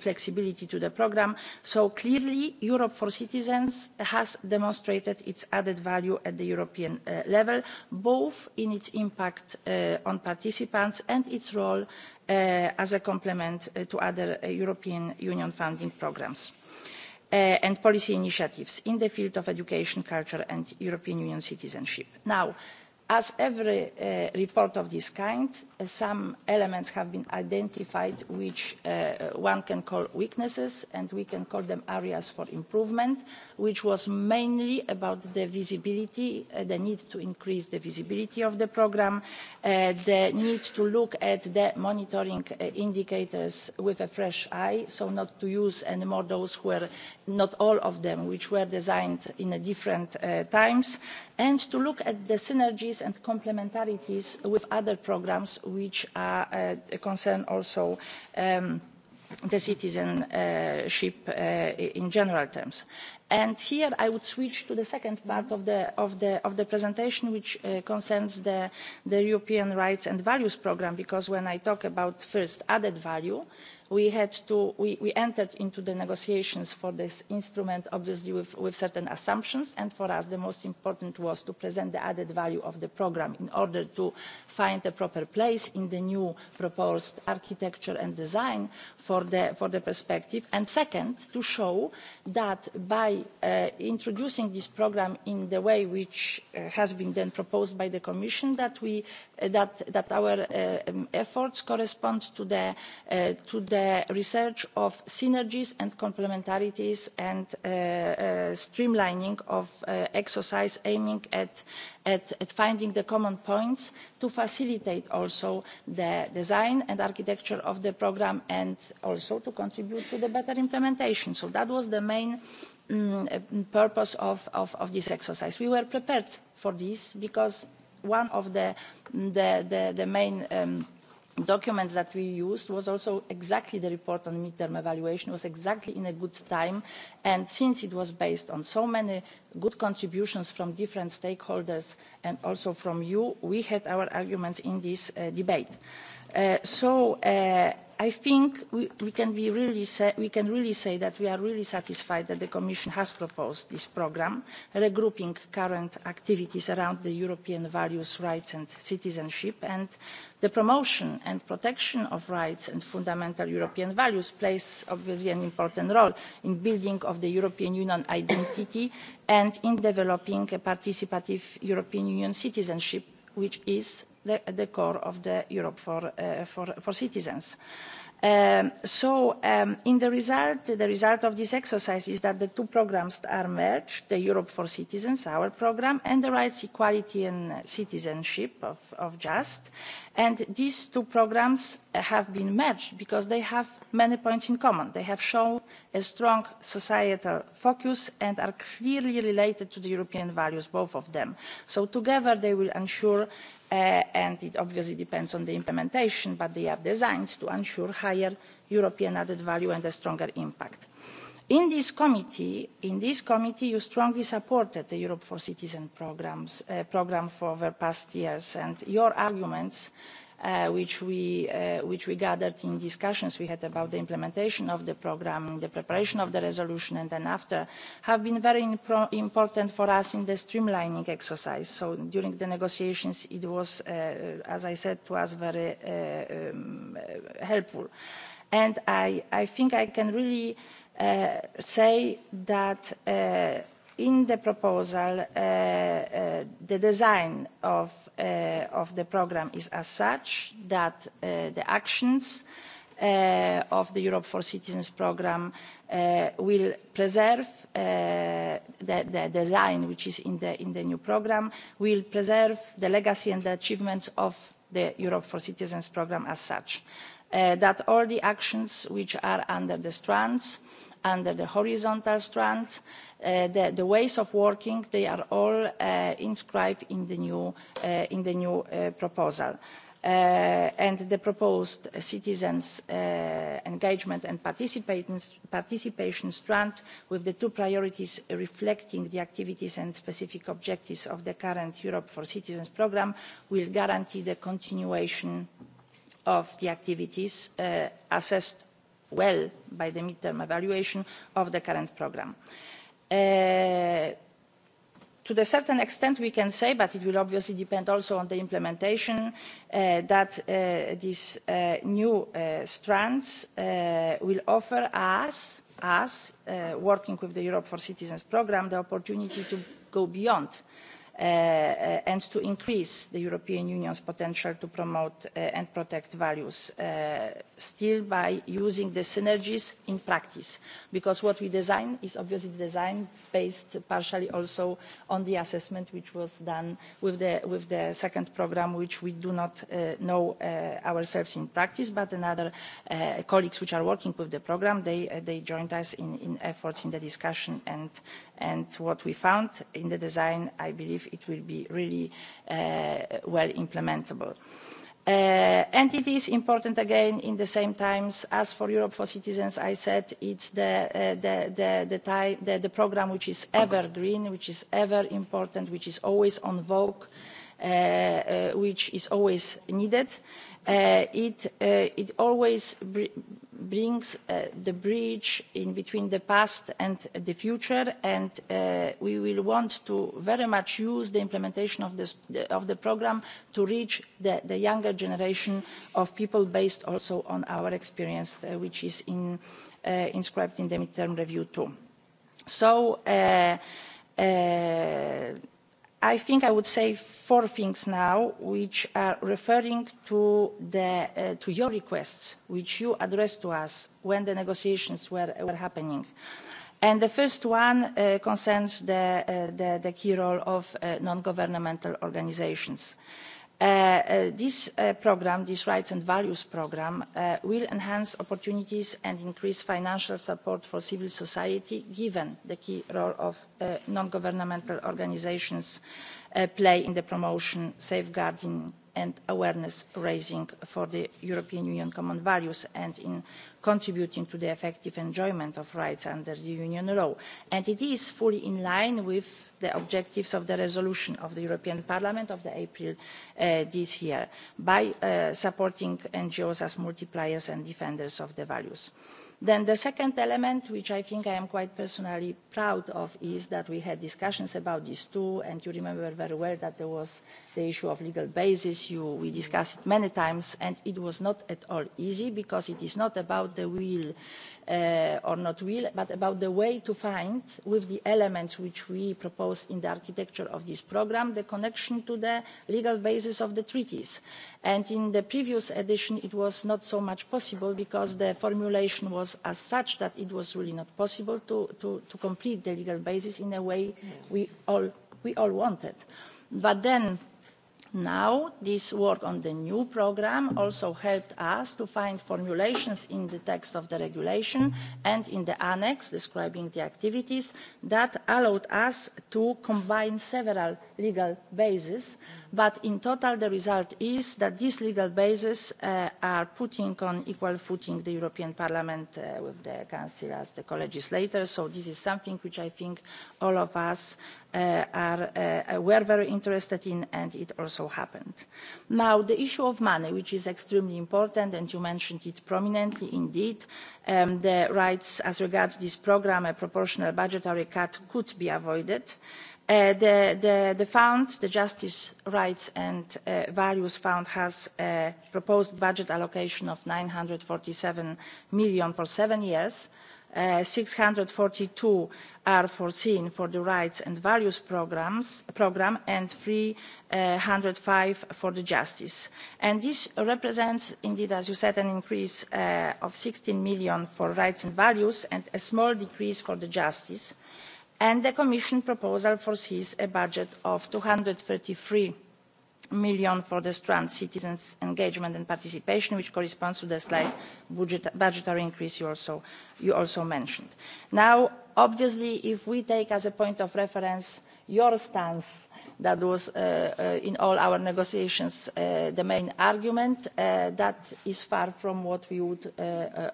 Speaker 5: flexibility to the programme. So clearly, Europe for citizens has demonstrated its added value at the European uh, level, both in its impact uh, on participants and its role as a complement to other European Union funding programmes. and policy initiatives in the field of education, culture and European Union citizenship. Now, as every eh, report of this kind some elements have been identified which uh, uh, one can call weaknesses and we can call them areas for improvement which was mainly about the visibility uh, the need to increase the visibility of the programme uh, the need to look at the monitoring uh, indicators with a fresh eye so not to use anymore those who were not all of them which were designed in different uh, times and to look at the synergies and complementarities with other programmes which are, uh, concern also um, the citizenship uh, in general terms. And here I would switch to the second part of the, of the, of the presentation, which uh, concerns the, the European Rights and Values Programme, because when I talk about first added value, we entered into the negotiations for this instrument obviously with, certain assumptions and for us the most important was to present the added value of the programme in order to find a proper place in the new proposed architecture and design for the perspective and second to show that by uh, introducing this programme in the way which uh, has been then proposed by the commission that uh, our um, efforts correspond to the the research of synergies and complementarities and uh, uh, streamlining of uh, exercise aiming at, finding the common points to facilitate also the design and architecture of the programme and also to contribute to the better implementation. so that was the main mm, uh, purpose of, this exercise. we were prepared for this because one of the, main um, documents that we used was also exactly the report on mid term evaluation was exactly in a good time and since it was based on so many good contributions from different stakeholders and also from you. We had our arguments in this uh, debate. Uh, so uh, I think we, we, can be really say, we can really say that we are really satisfied that the Commission has proposed this programme, regrouping current activities around the European values, rights and citizenship. And the promotion and protection of rights and fundamental European values plays obviously an important role in building of the European Union identity and and in developing a participative european union citizenship which is the, at the core of the europe for uh, citizens. Um, so um, in the result, the result of this exercise is that the two programmes are merged, the Europe for Citizens, our programme, and the Rights, Equality and Citizenship of, of JUST. And these two programmes have been merged because they have many points in common. They have shown a strong societal focus and are clearly related to the European values, both of them. So together they will ensure Uh, and it obviously depends on the implementation but they are designed to ensure higher european added value and a stronger impact. In this, committee, in this committee you strongly supported the europe for citizens programme uh, for the past years and your arguments Uh, uh, which, we, gathered in discussions we had about the implementation of the programme the preparation of the resolution and then after have been very important for us in the streamlining exercise. so during the negotiations it was uh, as i said to us very um, helpful. and i think i can really say that in the proposal uh, uh, the design of, uh, the programme is as such that the actions of the europe for citizens programme will preserve the, design which is in the, in the new programme will preserve the legacy and the achievements of the europe for citizens programme as such that all the actions which are under the strands under the horizontal strands uh, the, ways of working they are all uh, inscribed in the new uh, proposal. and the proposed citizens' engagement and participation strand with the two priorities reflecting the activities and specific objectives of the current europe for citizens programme will guarantee the continuation of the activities assessed well by the midterm evaluation of the current programme. Uh, to a certain extent we can say but it will obviously depend also on the implementation uh, that uh, these new strands will offer us, us working with the europe for citizens programme the opportunity to go beyond Uh, uh, and to increase the European Union's potential to promote uh, and protect values uh, still by using the synergies in practice because what we design is obviously designed based partially also on the assessment which was done with the, with the second programme which we do not know ourselves in practice but another colleagues which are working with the programme they, they joined us in, in efforts in the discussion and, and what we found in the design i believe it will be really uh, well implementable. Uh, and it is important again in the same times as for europe for citizens i said it's the, uh, the, the, the, time, the, the program which is evergreen which is ever important which is always on vogue uh, uh, which is always needed. Uh, uh, it, always brings uh, the bridge in between the past and the future and we will want to very much use the implementation of, the programme to reach the, younger generation of people based also on our experience which is inscribed in the mid term review too. so I think I would say four things now, which are referring to, the, uh, to your requests, which you addressed to us when the negotiations were, were happening. And the first one uh, concerns the, uh, the, the key role of uh, non-governmental organisations. Uh, E, e, this e, programme this rights and values programme will enhance opportunities and increase financial support for civil society given the key role of non governmental organisations play in the promotion safeguarding and awareness raising for the european union common values and in contributing to the effective enjoyment of rights under the union law and it is fully in line with the objectives of the resolution of the european parliament of april uh, this year by uh, supporting ngos as multipliers and defenders of the values. Then the second element which i think i am quite personally proud of is that we had discussions about this too and you remember very well that there was the issue of legal basis we discussed it many times and it was not at all easy because it is not about the will uh, or not will but about the way to find with the elements which we propose in the architecture of this programme the connection to the legal basis of the treaties and in the previous edition it was not so much possible because the formulation was as such that it was really not possible to, complete the legal basis in a way we all wanted. but then now this work on the new programme also helped us to find formulations in the text of the regulation and in the annex describing the activities that allowed us to combine several legal bases but in total the result is that these legal bases uh, are putting on equal footing the european parliament uh, with the council as the colegislator so this is something which i think all of us were uh, uh, very interested in and it also happened. now the issue of money which is extremely important and you mentioned it prominently indeed um, the rights as regards this programme a proportional budgetary cut could be avoided. Uh, the, the, the fund, the Justice, Rights and uh, Values Fund has a uh, proposed budget allocation of 947 million for seven years. Uh, 642 are foreseen for the Rights and Values programs, program and 305 uh, for the Justice. And this represents, indeed, as you said, an increase of 16 million for Rights and Values and a small decrease for the Justice and the commission proposal foresees a budget of eur two hundred and thirty three million for the strand citizens' engagement and participation which corresponds to the slight budgetary increase you also mentioned. now obviously if we take as a point of reference your stance that was uh, uh, in all our negotiations uh, the main argument. that is far from what we would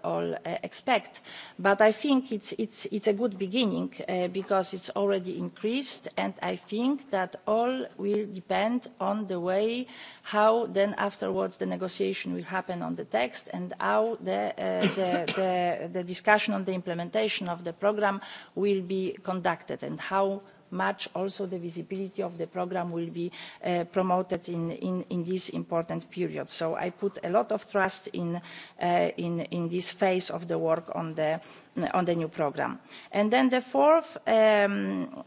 Speaker 5: all expect. But I think it's, a good beginning because it's already increased and I think that all will depend on the way how then afterwards the negotiation will happen on the text and how the discussion on the implementation of the programme will be conducted and how much also the visibility of the programme will be uh, promoted in, this important period. so i put a lot of trust in, uh, this phase of the work on the, new programme. and then the fourth um,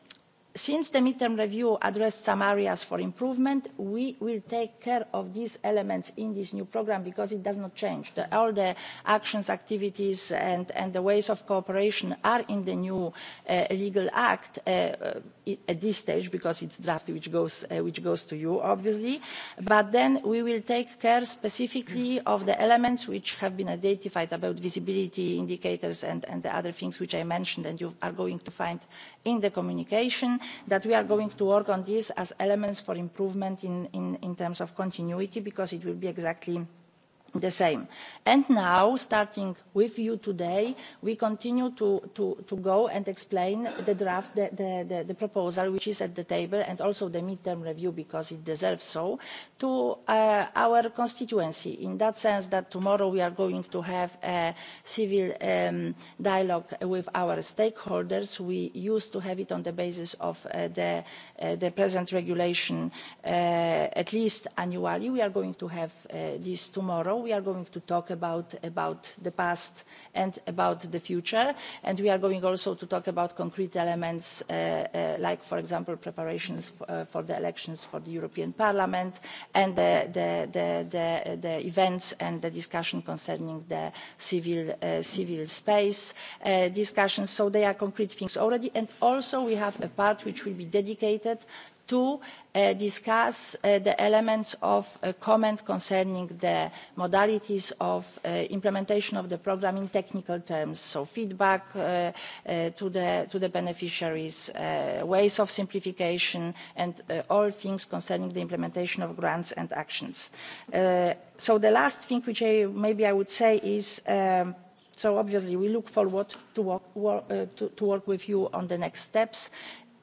Speaker 5: since the midterm review addressed some areas for improvement we will take care of these elements in this new programme because it does not change the, all the actions activities and, the ways of cooperation are in the new uh, legal act uh, uh, at this stage because it's draft which goes, which goes to you obviously but then we will take care specifically of the elements which have been identified about visibility indicators and the other things which i mentioned and you are going to find in the communication that we are going to work on these as elements for improvement in, in terms of continuity because it will be exactly the same. And now, starting with you today, we continue to, go and explain the draft, the, proposal which is at the table and also the midterm review because it deserves so, to uh, our constituency in that sense that tomorrow we are going to have a civil um, dialogue with our stakeholders. We used to have it on the basis of uh, uh, the, present regulation at least annually. We are going to have this tomorrow we are going to talk about, about the past and about the future and we are going also to talk about concrete elements uh, uh, like for example preparations uh, for the elections for the european parliament and the, events and the discussion concerning the civil, civil space discussions so they are concrete things already and also we have a part which will be dedicated to uh, discuss uh, the elements of a uh, comment concerning the modalities of implementation of the programme in technical terms so feedback to the, beneficiaries ways of simplification and all things concerning the implementation of grants and actions. so the last thing which I, maybe i would say is um, so obviously we look forward to working with you on the next steps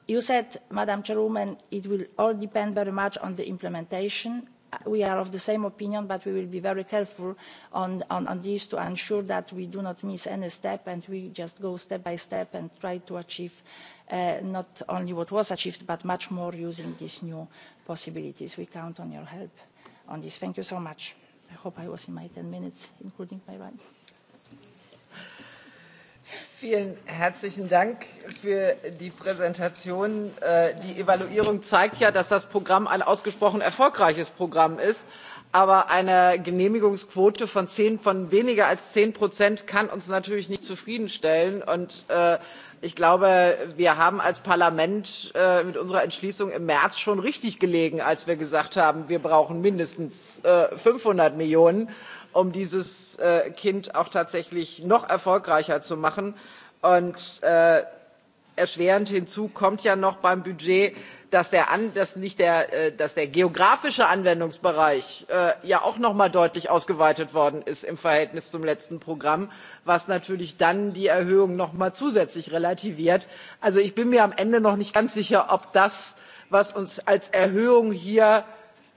Speaker 5: you said madam president it will all depend very much on the implementation. we are of the same opinion but we will be very careful on, this to ensure that we do not miss any step and we just go step by step and try to achieve uh, not only what was achieved but much more using these new possibilities. we count on your help on this. thank you so much. i hope i was in my ten minutes including my
Speaker 6: Vielen herzlichen Dank für die Präsentation. Äh, die Evaluierung zeigt ja, dass das Programm ein ausgesprochen erfolgreiches Programm ist. Aber eine Genehmigungsquote von, zehn, von weniger als zehn Prozent kann uns natürlich nicht zufriedenstellen. Und äh, ich glaube, wir haben als Parlament äh, mit unserer Entschließung im März schon richtig gelegen, als wir gesagt haben, wir brauchen mindestens 500 Millionen um dieses äh, Kind auch tatsächlich noch erfolgreicher zu machen. Und äh, erschwerend hinzu kommt ja noch beim Budget, dass der, An dass nicht der, äh, dass der geografische Anwendungsbereich äh, ja auch noch mal deutlich ausgeweitet worden ist im Verhältnis zum letzten Programm, was natürlich dann die Erhöhung noch mal zusätzlich relativiert. Also ich bin mir am Ende noch nicht ganz sicher, ob das, was uns als Erhöhung hier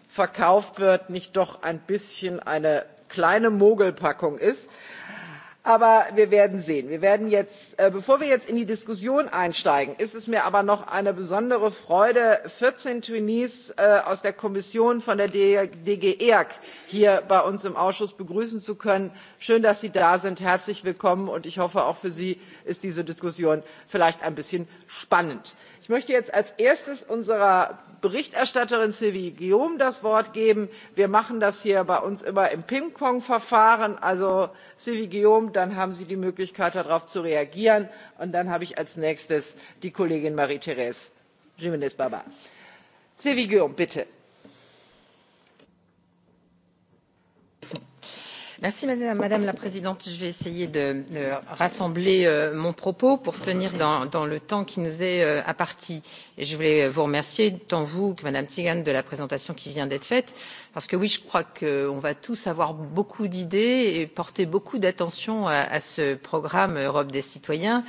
Speaker 6: verkauft wird, nicht doch ein bisschen eine kleine mogelpackung ist. aber wir werden sehen. Wir werden jetzt, äh, bevor wir jetzt in die diskussion einsteigen ist es mir aber noch eine besondere freude vierzehn trainees äh, aus der kommission von der dg eag hier bei uns im ausschuss begrüßen zu können. schön dass sie da sind herzlich willkommen und ich hoffe auch für sie ist diese diskussion vielleicht ein bisschen spannend. ich möchte jetzt als erstes unserer berichterstatterin sylvie guillaume das wort geben. wir machen das hier bei uns immer im ping pong verfahren also sylvie guillaume dann haben sie die möglichkeit darauf zu reagieren und dann habe ich als nächstes die kollegin marie therese jiménez barbar. sylvie guillaume bitte.
Speaker 15: Merci madame, la présidente. Je vais essayer de, de rassembler euh, mon propos pour tenir dans, dans le temps qui nous est euh, imparti. Et je voulais vous remercier, tant vous que madame Tigane, de la présentation qui vient d'être faite. Parce que oui, je crois qu'on va tous avoir beaucoup d'idées et porter beaucoup d'attention à, à ce programme Europe des citoyens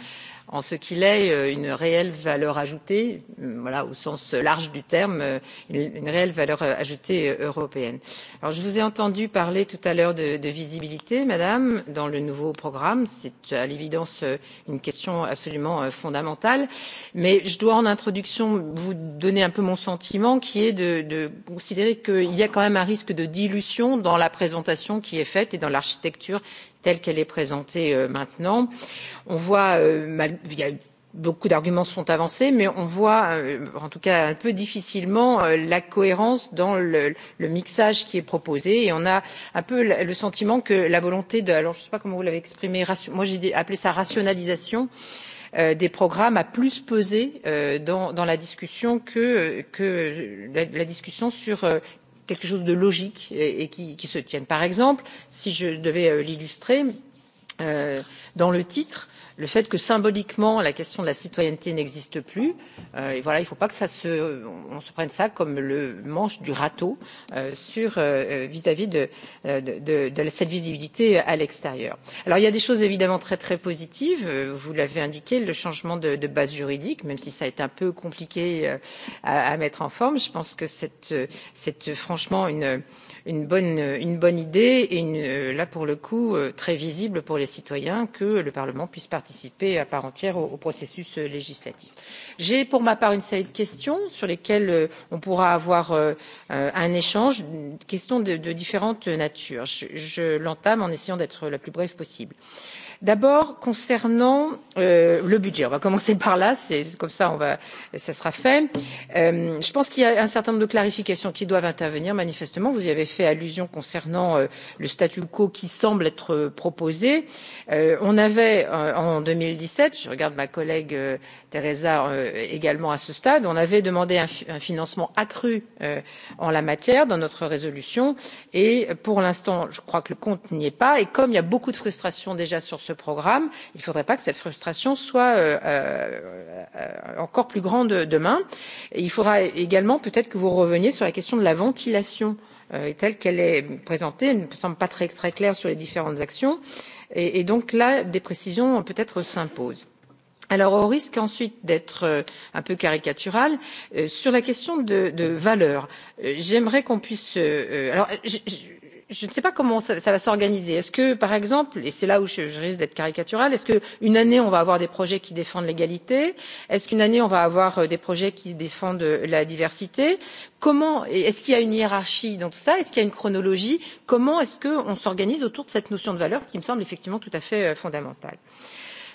Speaker 15: en ce qu'il est euh, une réelle valeur ajoutée, euh, voilà, au sens large du terme, euh, une réelle valeur ajoutée européenne. Alors, je vous ai entendu parler tout à l'heure de, de visibilité, Madame, dans le nouveau programme. C'est à l'évidence une question absolument fondamentale. Mais je dois en introduction vous donner un peu mon sentiment qui est de, de considérer qu'il y a quand même un risque de dilution dans la présentation qui est faite et dans l'architecture telle qu'elle est présentée euh, maintenant. On voit, euh, il y a beaucoup d'arguments sont avancés, mais on voit, euh, en tout cas un peu difficilement, la cohérence dans le, le mixage qui est proposé. Et on a un peu le sentiment que la volonté de, alors je ne sais pas comment vous l'avez exprimé, moi j'ai appelé ça rationalisation, euh, des programmes a plus pesé euh, dans, dans la discussion que, que la, la discussion sur euh, quelque chose de logique et, qui, qui se tienne. par exemple si je devais euh, l'illustrer euh, dans le titre le fait que symboliquement la question de la citoyenneté n'existe plus. Euh, et voilà, il ne faut pas que ça se, on se prenne ça comme le manche du râteau euh, sur euh, euh, vis-à-vis euh, -vis de, euh, de, de, de cette visibilité à l'extérieur. Alors il y a des choses évidemment très très positives. Euh, vous l'avez indiqué, le changement de, de base juridique, même si ça a été un peu compliqué euh, à, à mettre en forme. Je pense que c'est franchement une une bonne, une bonne idée et une, là pour le coup euh, très visible pour les citoyens que le Parlement puisse participer à part entière au, au processus euh, législatif. J'ai pour ma part une série de questions sur lesquelles euh, on pourra avoir un échange, questions de, de différentes natures. Je, je l'entame en essayant d'être la plus brève possible. Euh, d'abord concernant euh, le budget on va commencer par là c'est comme ça on va, ça sera fait euh, je pense qu'il y a un certain nombre de clarifications qui doivent intervenir manifestement vous y avez fait allusion concernant euh, le statu quo qui semble être proposé on avait en deux mille dix sept je regarde ma collègue teresa également à ce stade on avait demandé un, financement accru en la matière dans notre résolution et pour l'instant je crois que le compte n'y est pas et comme il y a beaucoup de frustration déjà sur ce programme il ne faudrait pas que cette frustration soit euh, euh, encore plus grande demain. il faudra également peut être que vous reveniez sur la question de la ventilation euh, telle qu'elle est présentée elle ne me semble pas très, claire sur les différentes actions et, donc là des précisions peut être s'imposent. Alors, au risque ensuite d'être un peu caricatural, sur la question des valeurs j'aimerais qu'on puisse. Alors, j, j, je ne sais pas comment ça, ça va s'organiser. Est-ce que, par exemple, et c'est là où je, je risque d'être caricatural, est-ce qu'une année, on va avoir des projets qui défendent l'égalité Est-ce qu'une année, on va avoir euh, des projets qui défendent euh, la diversité Comment Est-ce qu'il y a une hiérarchie dans tout ça Est-ce qu'il y a une chronologie Comment est-ce qu'on s'organise autour de cette notion de valeur qui me semble effectivement tout à fait euh, fondamentale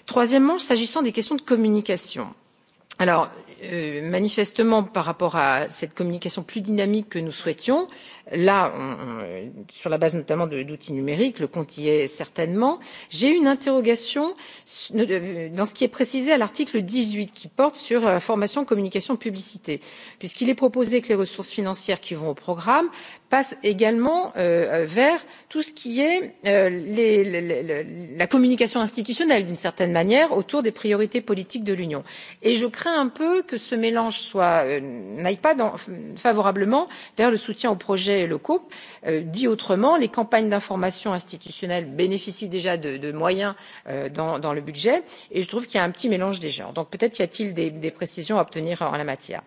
Speaker 15: Troisièmement, s'agissant des questions de communication. Alors, euh, manifestement, par rapport à cette communication plus dynamique que nous souhaitions, là on, sur la base notamment d'outils numériques le compte y est certainement. j'ai une interrogation euh, dans ce qui est précisé à l'article dix huit qui porte sur la euh, formation communication publicité puisqu'il est proposé que les ressources financières qui vont au programme passent également euh, euh vers tout ce qui est euh, les, les, les, la communication institutionnelle d'une certaine manière autour des priorités politiques de l'union et je crains un peu que ce mélange n'aille pas dans, favorablement vers le soutien aux projets budgets locaux. Euh, dit autrement les campagnes d'information institutionnelle bénéficient déjà de, de moyens euh, dans, dans le budget et je trouve qu'il y a un petit mélange des genres. donc peut être y a t il des, des précisions à obtenir en la matière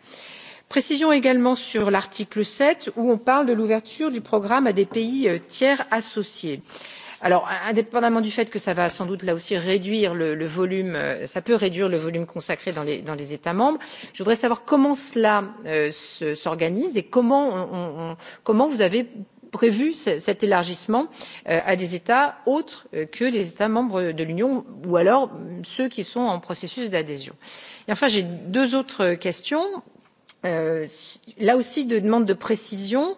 Speaker 15: précision également sur l'article sept où on parle de l'ouverture du programme à des pays euh, tiers associés. il Alors, indépendamment du fait que ça va sans doute là aussi réduire le, le volume, euh, ça peut réduire le volume consacré dans les, dans les États membres, je voudrais savoir comment cela euh, s'organise et comment, on, on, comment vous avez prévu cet élargissement euh, à des états autres euh, que les états membres de l'union ou alors mm, ceux qui sont en processus d'adhésion. Et enfin j'ai deux autres questions Euh, là aussi de demande de précision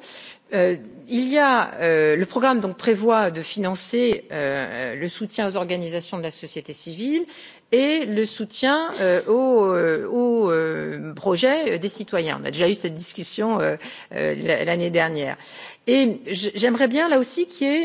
Speaker 15: Euh, Euh, le programme prévoit de financer euh, le soutien aux organisations de la société civile et le soutien euh, aux, projets des citoyens. On a déjà eu cette discussion l'année dernière. Et j'aimerais bien là aussi qu'il y ait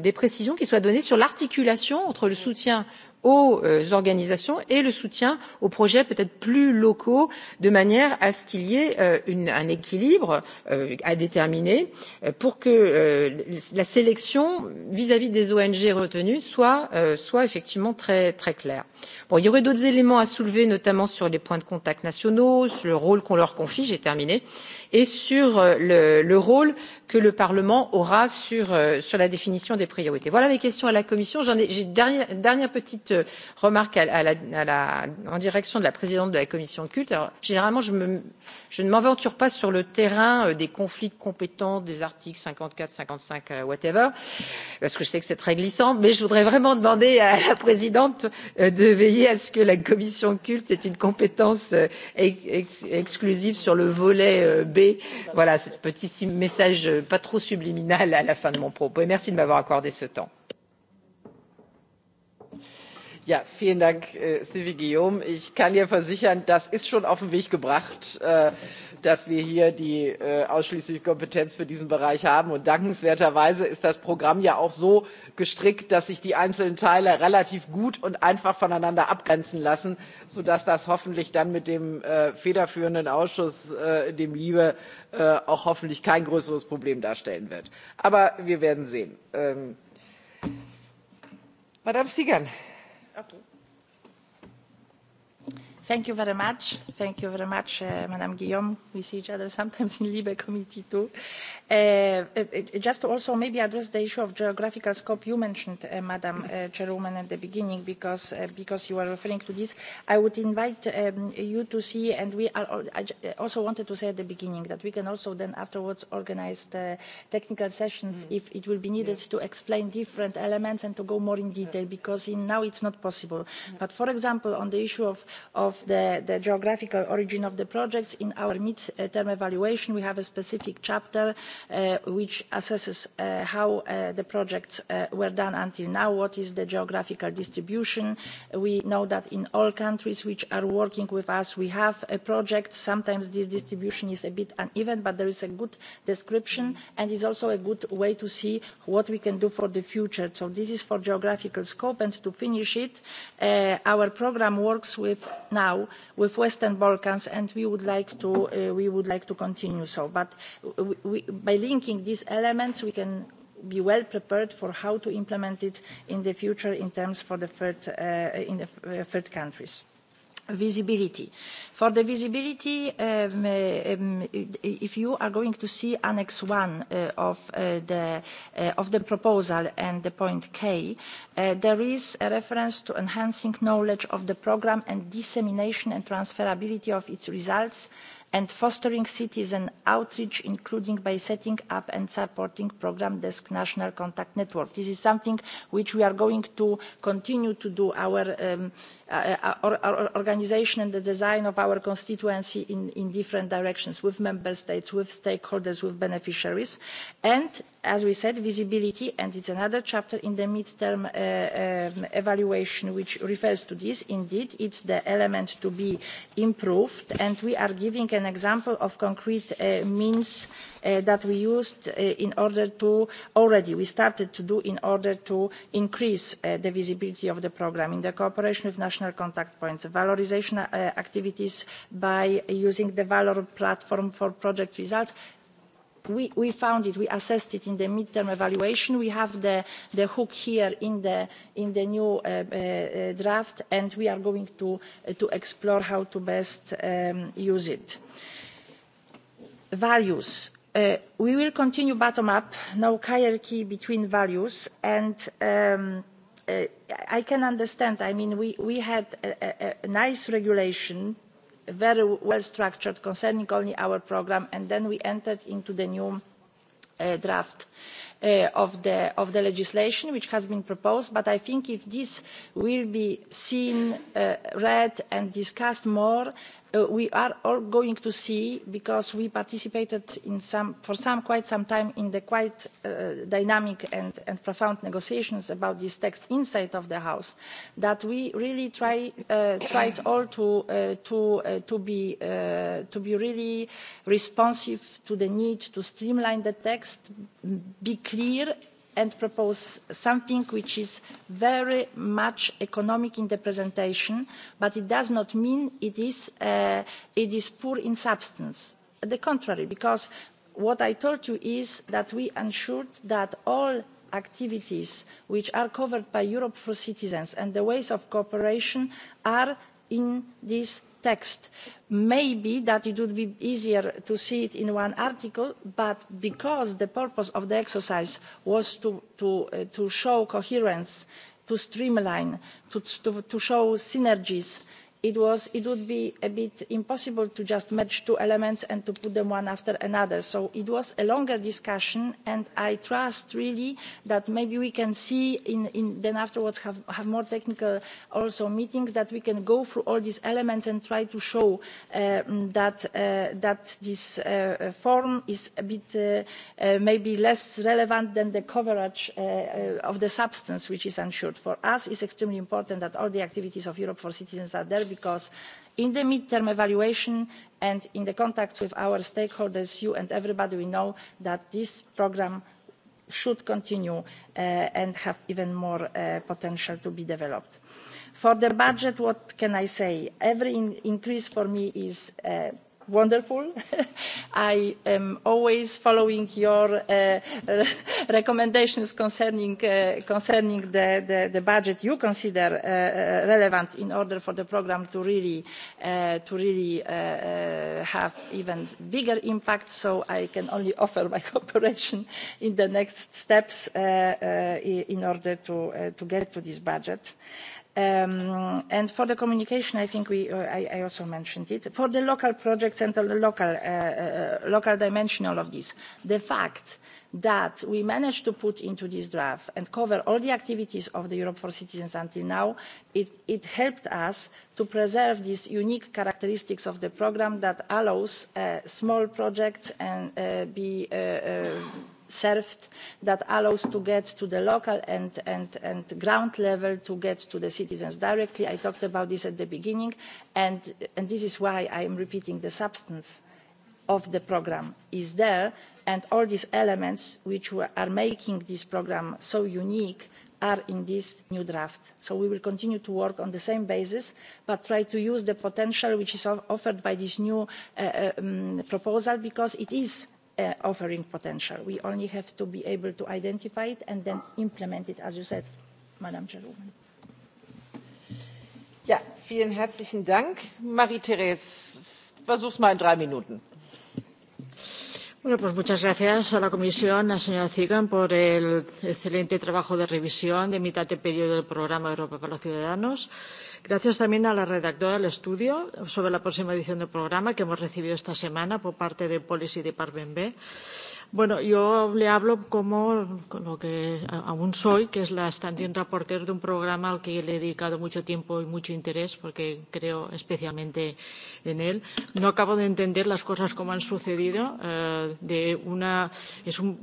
Speaker 15: des précisions qui soient données sur l'articulation entre le soutien aux euh, organisations et le soutien aux projets peut être plus locaux de manière à ce qu'il y ait euh, un équilibre euh, à déterminer pour que la sélection vis à vis des ong retenues soit, soit effectivement très, très claire. Bon, il y aurait d'autres éléments à soulever notamment sur les points de contact nationaux sur le rôle qu'on leur confie j'ai terminé et sur le, le rôle que le parlement aura sur, sur la définition des priorités. voilà mes questions à la commission. j'ai une dernière, dernière petite petite remarque à, la, à la, en direction de la présidente de la commission culte. Alors, généralement, je, me, je ne m'aventure pas sur le terrain euh, des conflits de compétences des articles 54, 55, euh, whatever, parce que je sais que c'est très glissant, mais je voudrais vraiment demander à la présidente euh, de veiller à ce que la commission culte ait une compétence ex- ex exclusive sur le volet B. Voilà, ce petit message pas trop subliminal à la fin de mon propos. Et merci de m'avoir accordé ce temps
Speaker 6: vielen Dank, äh, Sylvie Guillaume. Ich kann dir versichern, das ist schon auf den Weg gebracht, äh, dass wir hier die äh, ausschließliche Kompetenz für diesen Bereich haben. Und dankenswerterweise ist das Programm ja auch so gestrickt, dass sich die einzelnen Teile relativ gut und einfach voneinander abgrenzen lassen, sodass das hoffentlich dann mit dem federführenden Ausschuss, dem LIBE, auch hoffentlich kein größeres Problem darstellen wird. Aber wir werden sehen. Ähm, Madame Siegern
Speaker 5: Okay. Thank you very much. Thank you very much, uh, Madam Guillaume. We see each other sometimes in Libe committee too. Uh, uh, uh just to also maybe address the issue of geographical scope you mentioned, uh, Madam uh, Chairwoman, at the beginning, because uh, because you are referring to this. I would invite um, you to see, and we are. I uh, also wanted to say at the beginning that we can also then afterwards organize the technical sessions mm. if it will be needed to explain different elements and to go more in detail, because now it's not possible. But for example, on the issue of the, the geographical origin of the projects in our mid term evaluation we have a specific chapter uh, which assesses uh, how uh, the projects were done until now what is the geographical distribution. we know that in all countries which are working with us we have a project sometimes this distribution is a bit uneven but there is a good description and it is also a good way to see what we can do for the future. so this is for geographical scope and to finish it our programme works now with the western balkans and we would like to uh, we would like to continue so but by linking these elements we can be well prepared for how to implement it in the future in terms for the third, uh, in the uh, third countries visibility. For the visibility, um, um, if you are going to see Annex 1 uh, of, uh, the, uh, of the proposal and the point K, uh, there is a reference to enhancing knowledge of the program and dissemination and transferability of its results and fostering citizen outreach, including by setting up and supporting program Desk National Contact Network. This is something which we are going to continue to do. Our um, Uh, uh, organisation and the design of our constituency in, different directions with member states, with stakeholders, with beneficiaries. And as we said, visibility, and it's another chapter in the mid-term uh, um, evaluation which refers to this. Indeed, it's the element to be improved, and we are giving an example of concrete means Uh, that we used uh, in order to already we started to do in order to increase uh, the visibility of the programme in the cooperation with national contact points valorisation activities by using the valor platform for project results We, found it we assessed it in the mid term evaluation we have the, hook here in the, in the new draft and we are going to, to explore how to best um, use it. values Uh, we will continue bottom up no hierarchy between values and um, uh, i can understand i mean we, had a, nice regulation very well structured concerning only our programme and then we entered into the new uh, draft of the legislation which has been proposed but i think if this will be seen read and discussed more Uh, we are all going to see because we participated for quite some time in the quite uh, dynamic and, profound negotiations about this text inside the house that we really tried uh, all to be really responsive to the need to streamline the text be clear and propose something which is very much economic in the presentation but it does not mean it is, uh, poor in substance. on the contrary because what i told you is that we ensured that all activities which are covered by europe for citizens and the ways of cooperation are in this text maybe that it would be easier to see it in one article but because the purpose of the exercise was to, uh, show coherence to streamline to, to show synergies it, would be a bit impossible to just match two elements and to put them one after another. So it was a longer discussion, and I trust really that maybe we can see in, then afterwards have, have more technical also meetings that we can go through all these elements and try to show uh, that, uh, that this uh, form is a bit maybe less relevant than the coverage of the substance, which is ensured. For us, it's extremely important that all the activities of Europe for citizens are there because in the mid term evaluation and in the contacts with our stakeholders you and everybody we know that this programme should continue uh, and have even more uh, potential to be developed. for the budget what can i say? every increase for me uh, wonderful. I am always following your uh, recommendations concerning, uh, concerning the, the, the budget you consider uh, uh relevant in order for the programme to really, uh, to really uh, uh, have even bigger impact. So I can only offer my cooperation in the next steps uh, uh, in order to, uh, to get to this budget. Um, and for the communication, I think uh, I, also mentioned it. For the local projects and the local, uh, uh, dimension of this, the fact that we managed to put into this draft and cover all the activities of the Europe for Citizens until now, it, helped us to preserve these unique characteristics of the programme that allows small projects to be served that allows to get to the local and, ground level to get to the citizens directly. I talked about this at the beginning and, this is why I am repeating the substance of the programme is there and all these elements which are making this programme so unique are in this new draft. So we will continue to work on the same basis, but try to use the potential which is offered by this new uh, uh, um, proposal because it is uh, offering potential. We only have to be able to identify it and then implement it, as you said, Madam Chairwoman. Ja, vielen herzlichen Dank.
Speaker 6: Marie-Therese, versuch's mal in drei Minuten.
Speaker 16: Bueno, pues muchas gracias a la Comisión, a la señora Zigan, por el excelente trabajo de revisión de mitad de periodo del programa Europa para los Ciudadanos. Gracias también a la redactora del estudio sobre la próxima edición del programa que hemos recibido esta semana por parte del Policy Department B Bueno, yo le hablo como lo que aún soy, que es la standing reporter de un programa al que le he dedicado mucho tiempo y mucho interés, porque creo especialmente en él. No acabo de entender las cosas como han sucedido. Eh, de una, es un,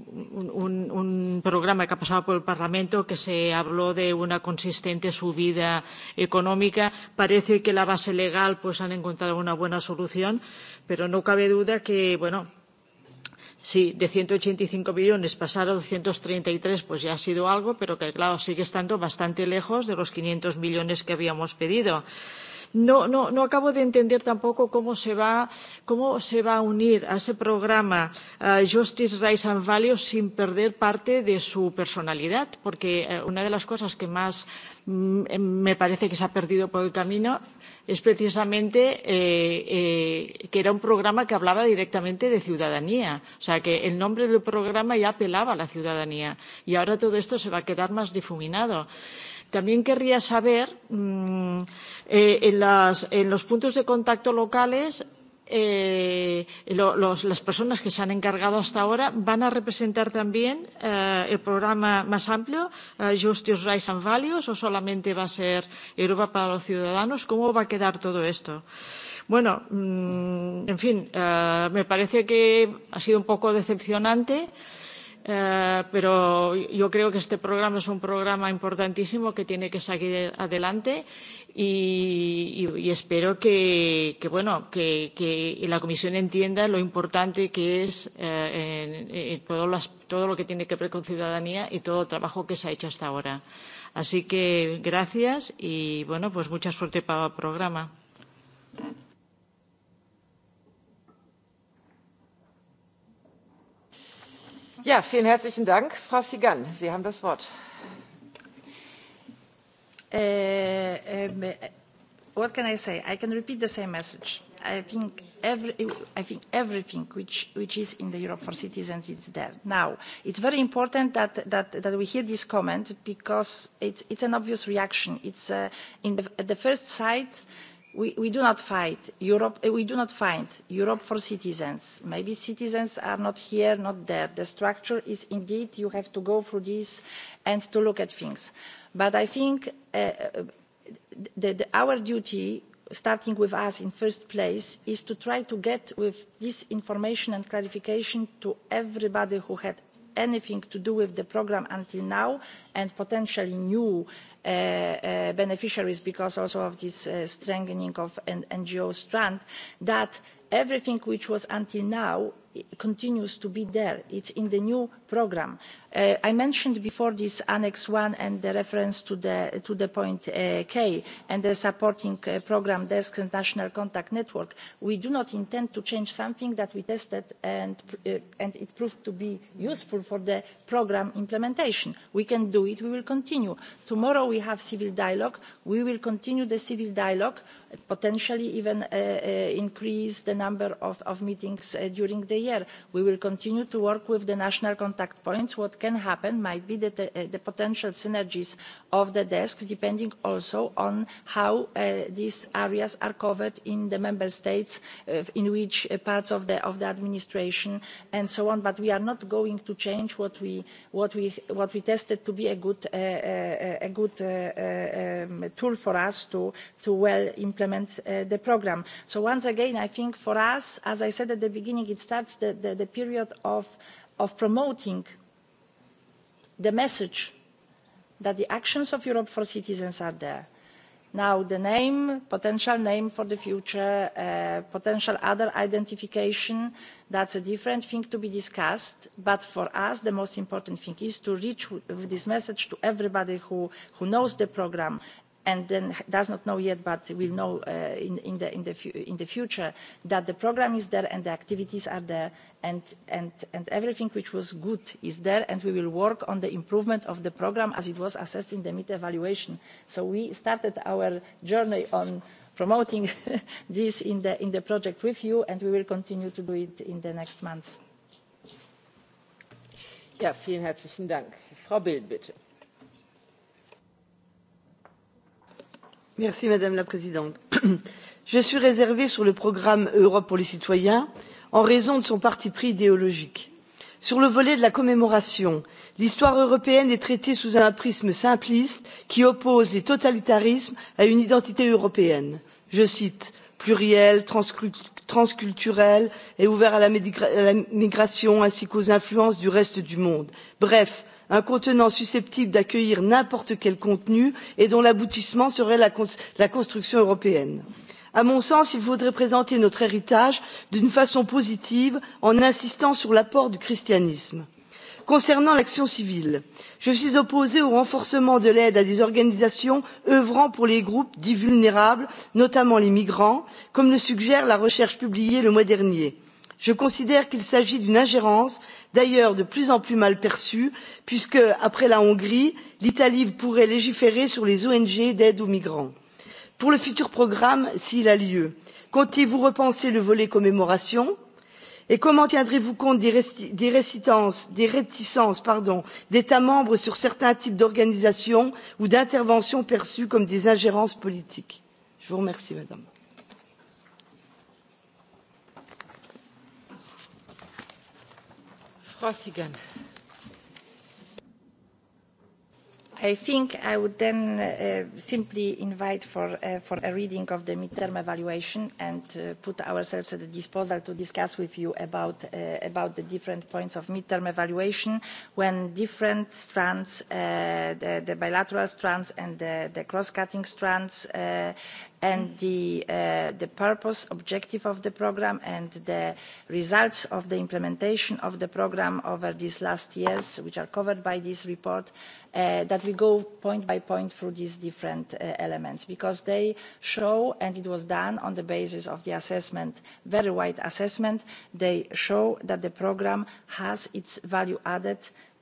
Speaker 16: un, un programa que ha pasado por el Parlamento que se habló de una consistente subida económica. Parece que la base legal pues han encontrado una buena solución, pero no cabe duda que, bueno, Sí, de 185 millones pasar a 233 pues ya ha sido algo, pero que claro, sigue estando bastante lejos de los 500 millones que habíamos pedido. Eh, No, no, no acabo de entender tampoco cómo se va, cómo se va a unir a ese programa uh, Justice, Rights and Values sin perder parte de su personalidad, porque uh, una de las cosas que más mm, me parece que se ha perdido por el camino es precisamente eh, eh, que era un programa que hablaba directamente de ciudadanía. O sea, que el nombre del programa ya apelaba a la ciudadanía. Y ahora todo esto se va a quedar más difuminado. Eh, También querría saber, mmm, eh, en, las, en los puntos de contacto locales, eh, lo, los, las personas que se han encargado hasta ahora van a representar también eh, el programa más amplio, eh, Justice, Rights and Values, o solamente va a ser Europa para los Ciudadanos? ¿Cómo va a quedar todo esto? Bueno, mmm, en fin, eh, me parece que ha sido un poco decepcionante. Eh, Eh, pero yo creo que este programa es un programa importantísimo que tiene que seguir adelante y, y, y espero que, que, bueno, que, que la Comisión entienda lo importante que es eh, en, en todo, las, todo lo que tiene que ver con ciudadanía y todo el trabajo que se ha hecho hasta ahora. Así que gracias y bueno, pues mucha suerte para el programa.
Speaker 6: vielen herzlichen Dank.
Speaker 5: Frau Sigan, Sie haben das Wort. Uh, um, uh, what can I say? I can repeat the same message. I think, every, I think everything which, which is in the Europe for citizens is there. Now, it's very important that, that, that we hear this comment because it's, it's an obvious reaction. It's uh, in the, at the first sight, We, do not fight Europe. Eh, we do not find Europe for citizens. Maybe citizens are not here, not there. The structure is indeed you have to go through this and to look at things. But I think eh, that our duty, starting with us in first place, is to try to get with this information and clarification to everybody who had anything to do with the programme until now and potentially new uh, uh, beneficiaries because also of this uh, strengthening of an ngo strand that everything which was until now continues to be there. It's in the new programme. Uh, I mentioned before this Annex I and the reference to the, point uh, K and the supporting uh, programme desks and national contact network. We do not intend to change something that we tested and, it proved to be useful for the programme implementation. We can do it. We will continue. Tomorrow we have civil dialogue. We will continue the civil dialogue, potentially even increase the number of, meetings during the year. we will continue to work with the national contact points. what can happen might be that eh, the potential synergies of the desks depending also on how eh, these areas are covered in the member states eh, in which parts of the, administration and so on but we are not going to change what we, tested to be a good, um, tool for us to, to well implement the programme. so once again i think for us as i said at the beginning it starts that's the, period of, promoting the message that the actions of Europe for citizens are there. Now, the name, potential name for the future, uh, potential other identification, that's a different thing to be discussed. But for us, the most important thing is to reach with this message to everybody who, who knows the program and then does not know yet but will know uh, in, the, future that the programme is there and the activities are there and, everything which was good is there and we will work on the improvement of the programme as it was assessed in the mid evaluation. so we started our journey on promoting this in the, project with you and we will continue to do it in the next months.
Speaker 7: Madame la Présidente. Je suis réservée sur le programme Europe pour les citoyens en raison de son parti pris idéologique. Sur le volet de la commémoration, l'histoire européenne est traitée sous un prisme simpliste qui oppose les totalitarismes à une identité européenne. Je cite plurielle transculturelle et ouverte à la migration ainsi qu'aux influences du reste du monde. Bref, un contenant susceptible d'accueillir n'importe quel contenu et dont l'aboutissement serait la, cons la construction européenne. à mon sens il faudrait présenter notre héritage d'une façon positive en insistant sur l'apport du christianisme. concernant l'action civile je suis opposée au renforcement de l'aide à des organisations œuvrant pour les groupes dits vulnérables notamment les migrants comme le suggère la recherche publiée le mois dernier je considère qu'il s'agit d'une ingérence d'ailleurs de plus en plus mal perçue puisque après la hongrie l'italie pourrait légiférer sur les ong d'aide aux migrants. pour le futur programme s'il a lieu comptez vous repenser le volet commémoration et comment tiendrez vous compte des réticences d'états membres sur certains types d'organisations ou d'interventions perçues comme des ingérences politiques? je vous remercie madame.
Speaker 5: I think I would then uh, simply invite for, uh, for a reading of the midterm evaluation and uh, put ourselves at the disposal to discuss with you about, uh, about the different points of midterm evaluation when different strands, uh, the, the bilateral strands and the, the cross-cutting strands uh, and the, uh, the purpose, objective of the programme and the results of the implementation of the programme over these last years, which are covered by this report, uh, that we go point by point through these different uh, elements because they show, and it was done on the basis of the assessment, very wide assessment, they show that the programme has its value added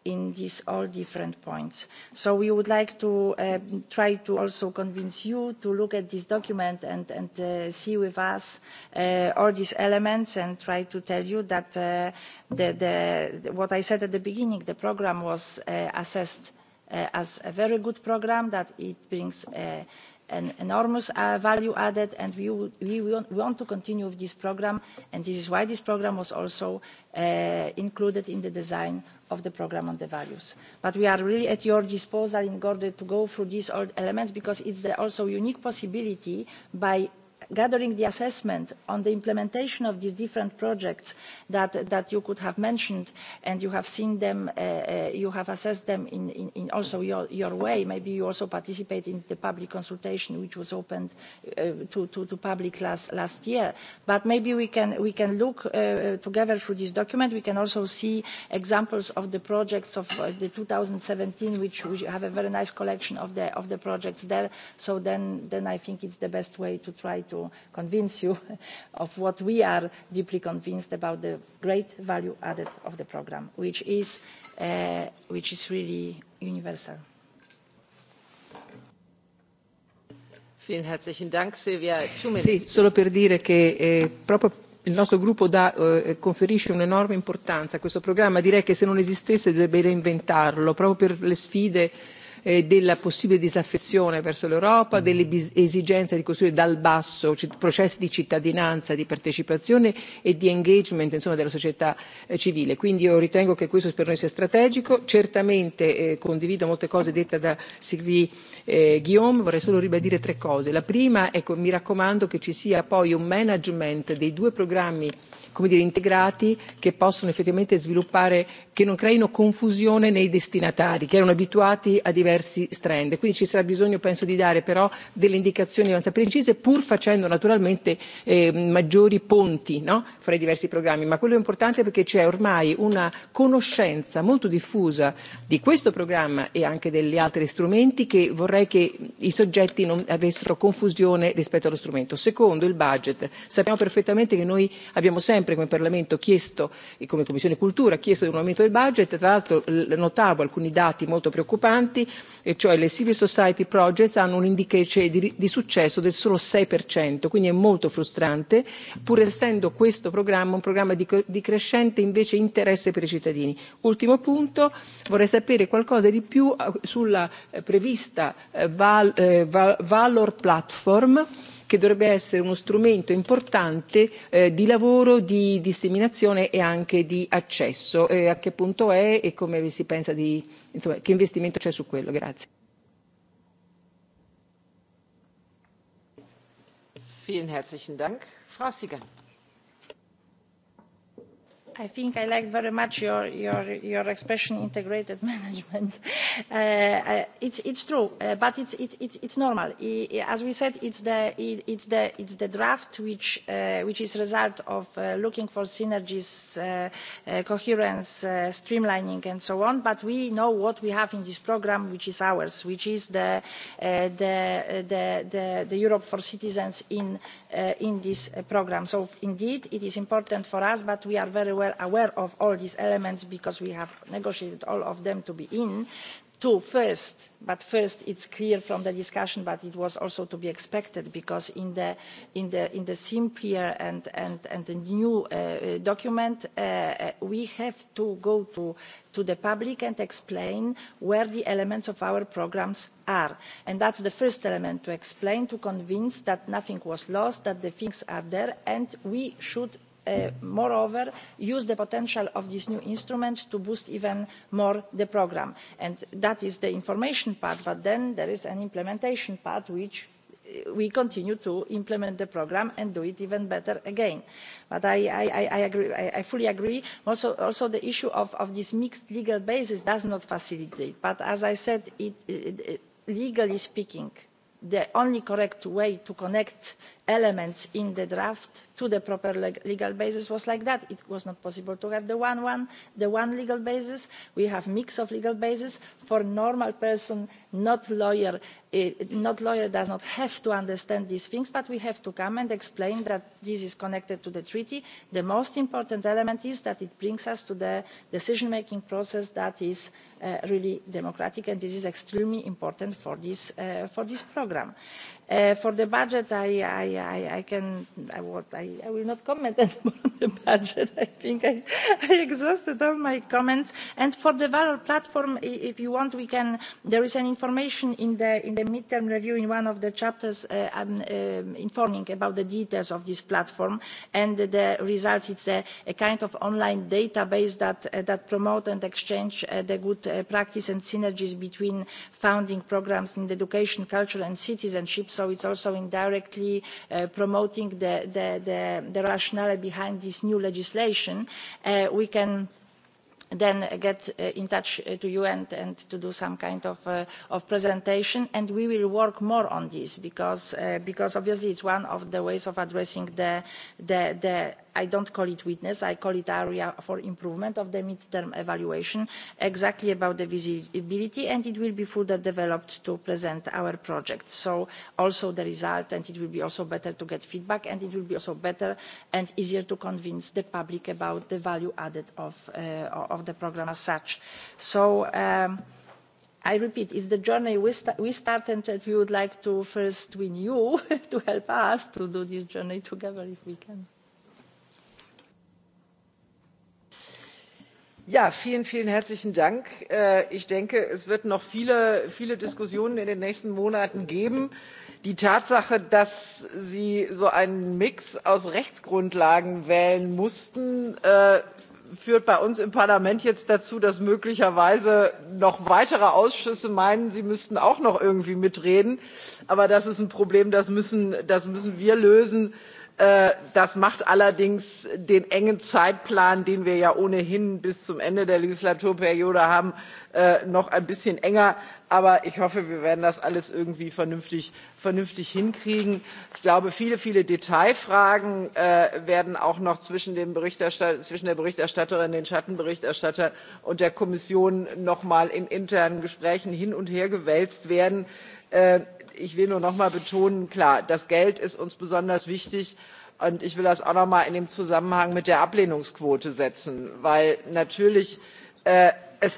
Speaker 5: in these all different points. So we would like to um, try to also convince you to look at this document and, and uh, see with us uh, all these elements and try to tell you that uh, the, the, what I said at the beginning, the program was uh, assessed uh, as a very good program, that it brings uh, an enormous uh, value added and we, we, we want to continue with this programme and this is why this programme was also uh, included in the design of the programme on the values. But we are really at your disposal in order to go through these elements because it's the also unique possibility by gathering the assessment on the implementation of these different projects that, you could have mentioned and you have seen them, uh, uh, you have assessed them in, also your, way. Maybe you also participate in the public consultation which was opened uh, to, the public last, year. But maybe we can, we can look together through this document. We can also see examples of the projects of thousand the 2017 which we have a very nice collection of the, of the projects there. So then, then I think it's the best way to try to to convince you of what we are deeply convinced about the great value added of the programme which is, uh, which is really universal.
Speaker 6: Sì,
Speaker 8: solo per dire che eh, proprio il nostro gruppo dà, eh, conferisce un'enorme importanza a questo programma. Direi che se non esistesse dovrebbe reinventarlo, proprio per le sfide Eh, della possibile disaffezione verso l'Europa, mm. dell'esigenza di costruire dal basso processi di cittadinanza, di partecipazione e di engagement insomma, della società eh, civile. Quindi io ritengo che questo per noi sia strategico. Certamente eh, condivido molte cose dette da Sylvie eh, Guillaume, vorrei solo ribadire tre cose. La prima, che mi raccomando che ci sia poi un management dei due programmi come dire, integrati che possono effettivamente sviluppare, che non creino confusione nei destinatari che erano abituati a diversi strand. Quindi ci sarà bisogno, penso, di dare però delle indicazioni abbastanza precise pur facendo naturalmente eh, maggiori ponti no? fra i diversi programmi. Ma quello è importante perché c'è ormai una conoscenza molto diffusa di questo programma e anche degli altri strumenti che vorrei che i soggetti non avessero confusione rispetto allo strumento. Secondo, il budget. Sappiamo perfettamente che noi abbiamo sempre sempre come Parlamento chiesto e come Commissione Cultura chiesto un aumento del budget, tra l'altro notavo alcuni dati molto preoccupanti, e cioè le civil society projects hanno un indice di, di successo del solo 6%, quindi è molto frustrante, pur essendo questo programma un programma di, di crescente invece interesse per i cittadini. Ultimo punto, vorrei sapere qualcosa di più eh, sulla eh, prevista eh, val, val, Valor Platform, che dovrebbe essere uno strumento importante eh, di lavoro, di disseminazione e anche di accesso. Eh, a che punto è e come si pensa di, insomma, che investimento c'è su quello? Grazie.
Speaker 6: Vielen herzlichen Dank. Frau Siegand.
Speaker 5: I think I like very much your, your, your expression, integrated management. Uh, uh, it's, it's true, uh, but it's, it, it, it's normal. as we said, it's the, it, it's the, it's the draft which, uh, which is result of uh, looking for synergies, uh, uh, coherence, uh, streamlining, and so on. But we know what we have in this program, which is ours, which is the, uh, the, uh, the, the, the Europe for citizens in Uh, in this uh, programme. so indeed it is important for us but we are very well aware of all these elements because we have negotiated all of them to be in two first but first it's clear from the discussion but it was also to be expected because in the in simpler and the new uh, uh, document uh, we have to go to to the public and explain where the elements of our programmes are and that's the first element to explain to convince that nothing was lost that the things are there and we should E, moreover use the potential of this new instrument to boost even more the programme and that is the information part but then there is an implementation part which eh, we continue to implement the programme and do it even better again. But I, fully agree. Also, the issue of, this mixed legal basis does not facilitate. But as I said, legally speaking, the only correct way to connect elements in the draft to the proper legal basis was like that. It was not possible to have the one, legal basis. We have a mix of legal bases for a normal person, not a lawyer. It, eh, not lawyer does not have to understand these things, but we have to come and explain that this is connected to the treaty. The most important element is that it brings us to the decision-making process that is eh, really democratic, and this is extremely important for this, eh, programme. Uh, for the budget, I, I, I, I can, I, will, I, I will not comment anymore on the budget. I think I, I exhausted all my comments. And for the Valor platform, if you want, we can. There is an information in the in the midterm review in one of the chapters uh, um, uh, informing about the details of this platform and the results. It's a, a kind of online database that uh, that promote and exchange uh, the good uh, practice and synergies between founding programs in education, culture, and citizenship so it's also indirectly uh, promoting the, the, the, rationale behind this new legislation uh, we can then get uh, in touch to you and, and to do some kind of, of presentation and we will work more on this because, obviously because obviously it's one of the ways of addressing the, the, the i don't call it weakness i call it area for improvement of the mid term evaluation exactly about the visibility and it will be further developed to present our project so also the result and it will be also better to get feedback and it will be also better and easier to convince the public about the value added of, uh, of the programme as such. so um, I repeat, it's the journey we, st we started that we would like to first win you to help us to do this journey together if we can.
Speaker 6: Ja, vielen, vielen herzlichen Dank. Äh, ich denke, es wird noch viele, viele Diskussionen in den nächsten Monaten geben. Die Tatsache, dass Sie so einen Mix aus Rechtsgrundlagen wählen mussten, äh, führt bei uns im Parlament jetzt dazu, dass möglicherweise noch weitere Ausschüsse meinen, sie müssten auch noch irgendwie mitreden. Aber das ist ein Problem, das müssen, das müssen wir lösen Äh, das macht allerdings den engen Zeitplan, den wir ja ohnehin bis zum Ende der Legislaturperiode haben, äh, noch ein bisschen enger. Aber ich hoffe, wir werden das alles irgendwie vernünftig, vernünftig hinkriegen. Ich glaube, viele, viele Detailfragen äh, werden auch noch zwischen, dem Berichterstatter, zwischen der Berichterstatterin, den Schattenberichterstattern und der Kommission noch mal in internen Gesprächen hin und her gewälzt werden ich will nur noch mal betonen klar das geld ist uns besonders wichtig und ich will das auch noch mal in den zusammenhang mit der ablehnungsquote setzen weil äh, es natürlich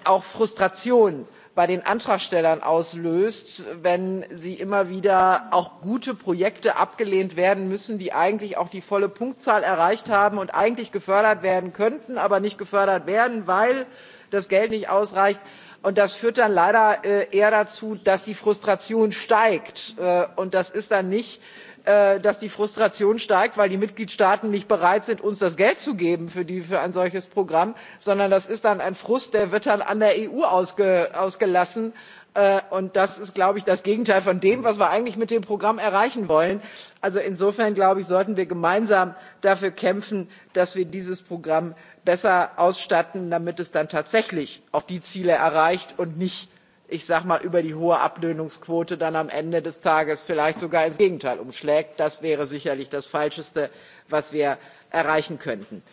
Speaker 6: auch frustration bei den antragstellern auslöst wenn sie immer wieder auch gute projekte abgelehnt werden müssen die eigentlich auch die volle punktzahl erreicht haben und eigentlich gefördert werden könnten aber nicht gefördert werden weil das geld nicht ausreicht und das führt dann leider äh, eher dazu dass die frustration steigt äh, und das ist dann nicht äh, dass die frustration steigt weil die mitgliedstaaten nicht bereit sind uns das geld zu geben für, ein solches programm sondern das ist dann ein frust der wird dann an der eu ausgelassen Äh, und das ist, glaube ich, das Gegenteil von dem, was wir eigentlich mit dem Programm erreichen wollen. Also insofern, glaube ich, sollten wir gemeinsam dafür kämpfen, dass wir dieses Programm besser ausstatten, damit es dann tatsächlich auch die Ziele erreicht und nicht, ich sage mal, über die hohe Ablehnungsquote dann am Ende des Tages vielleicht sogar ins Gegenteil umschlägt. Das wäre sicherlich das Falscheste, was wir erreichen könnten.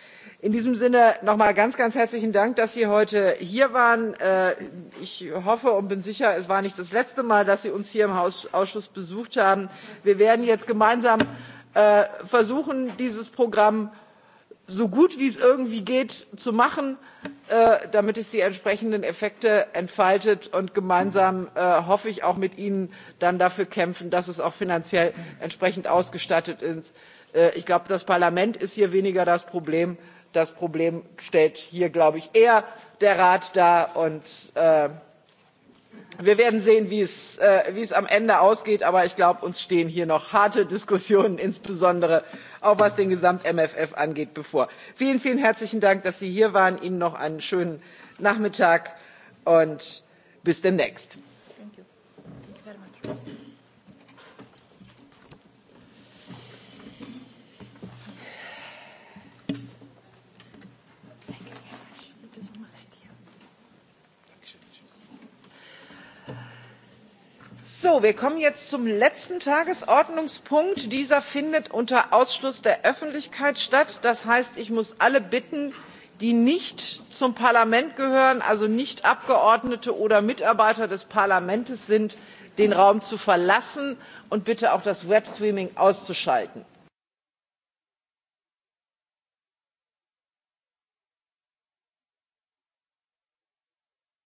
Speaker 6: In diesem Sinne nochmal ganz, ganz herzlichen Dank, dass Sie heute hier waren. Äh, ich hoffe und bin sicher, es war nicht das letzte Mal, dass Sie uns hier im Ausschuss besucht haben. Wir werden jetzt gemeinsam äh, versuchen, dieses Programm so gut wie es irgendwie geht zu machen äh, damit es die entsprechenden effekte entfaltet und gemeinsam hoffe ich auch mit ihnen dann dafür kämpfen dass es auch finanziell entsprechend ausgestattet ist. ich glaube das parlament ist hier weniger das problem das problem stellt hier glaube ich eher der rat dar und äh, wir werden sehen äh, wie es, am ende ausgeht aber ich glaube uns stehen hier noch harte diskussionen insbesondere auch was den gesamt mfr angeht bevor. vielen vielen herzlichen dank dass sie hier waren ihnen noch einen schönen nachmittag und bis demnächst. Thank you. Thank you So, wir kommen jetzt zum letzten Tagesordnungspunkt. Dieser findet unter Ausschluss der Öffentlichkeit statt. Das heißt, ich muss alle bitten, die nicht zum Parlament gehören, also nicht Abgeordnete oder Mitarbeiter des Parlaments sind, den Raum zu verlassen und bitte auch das Webstreaming auszuschalten.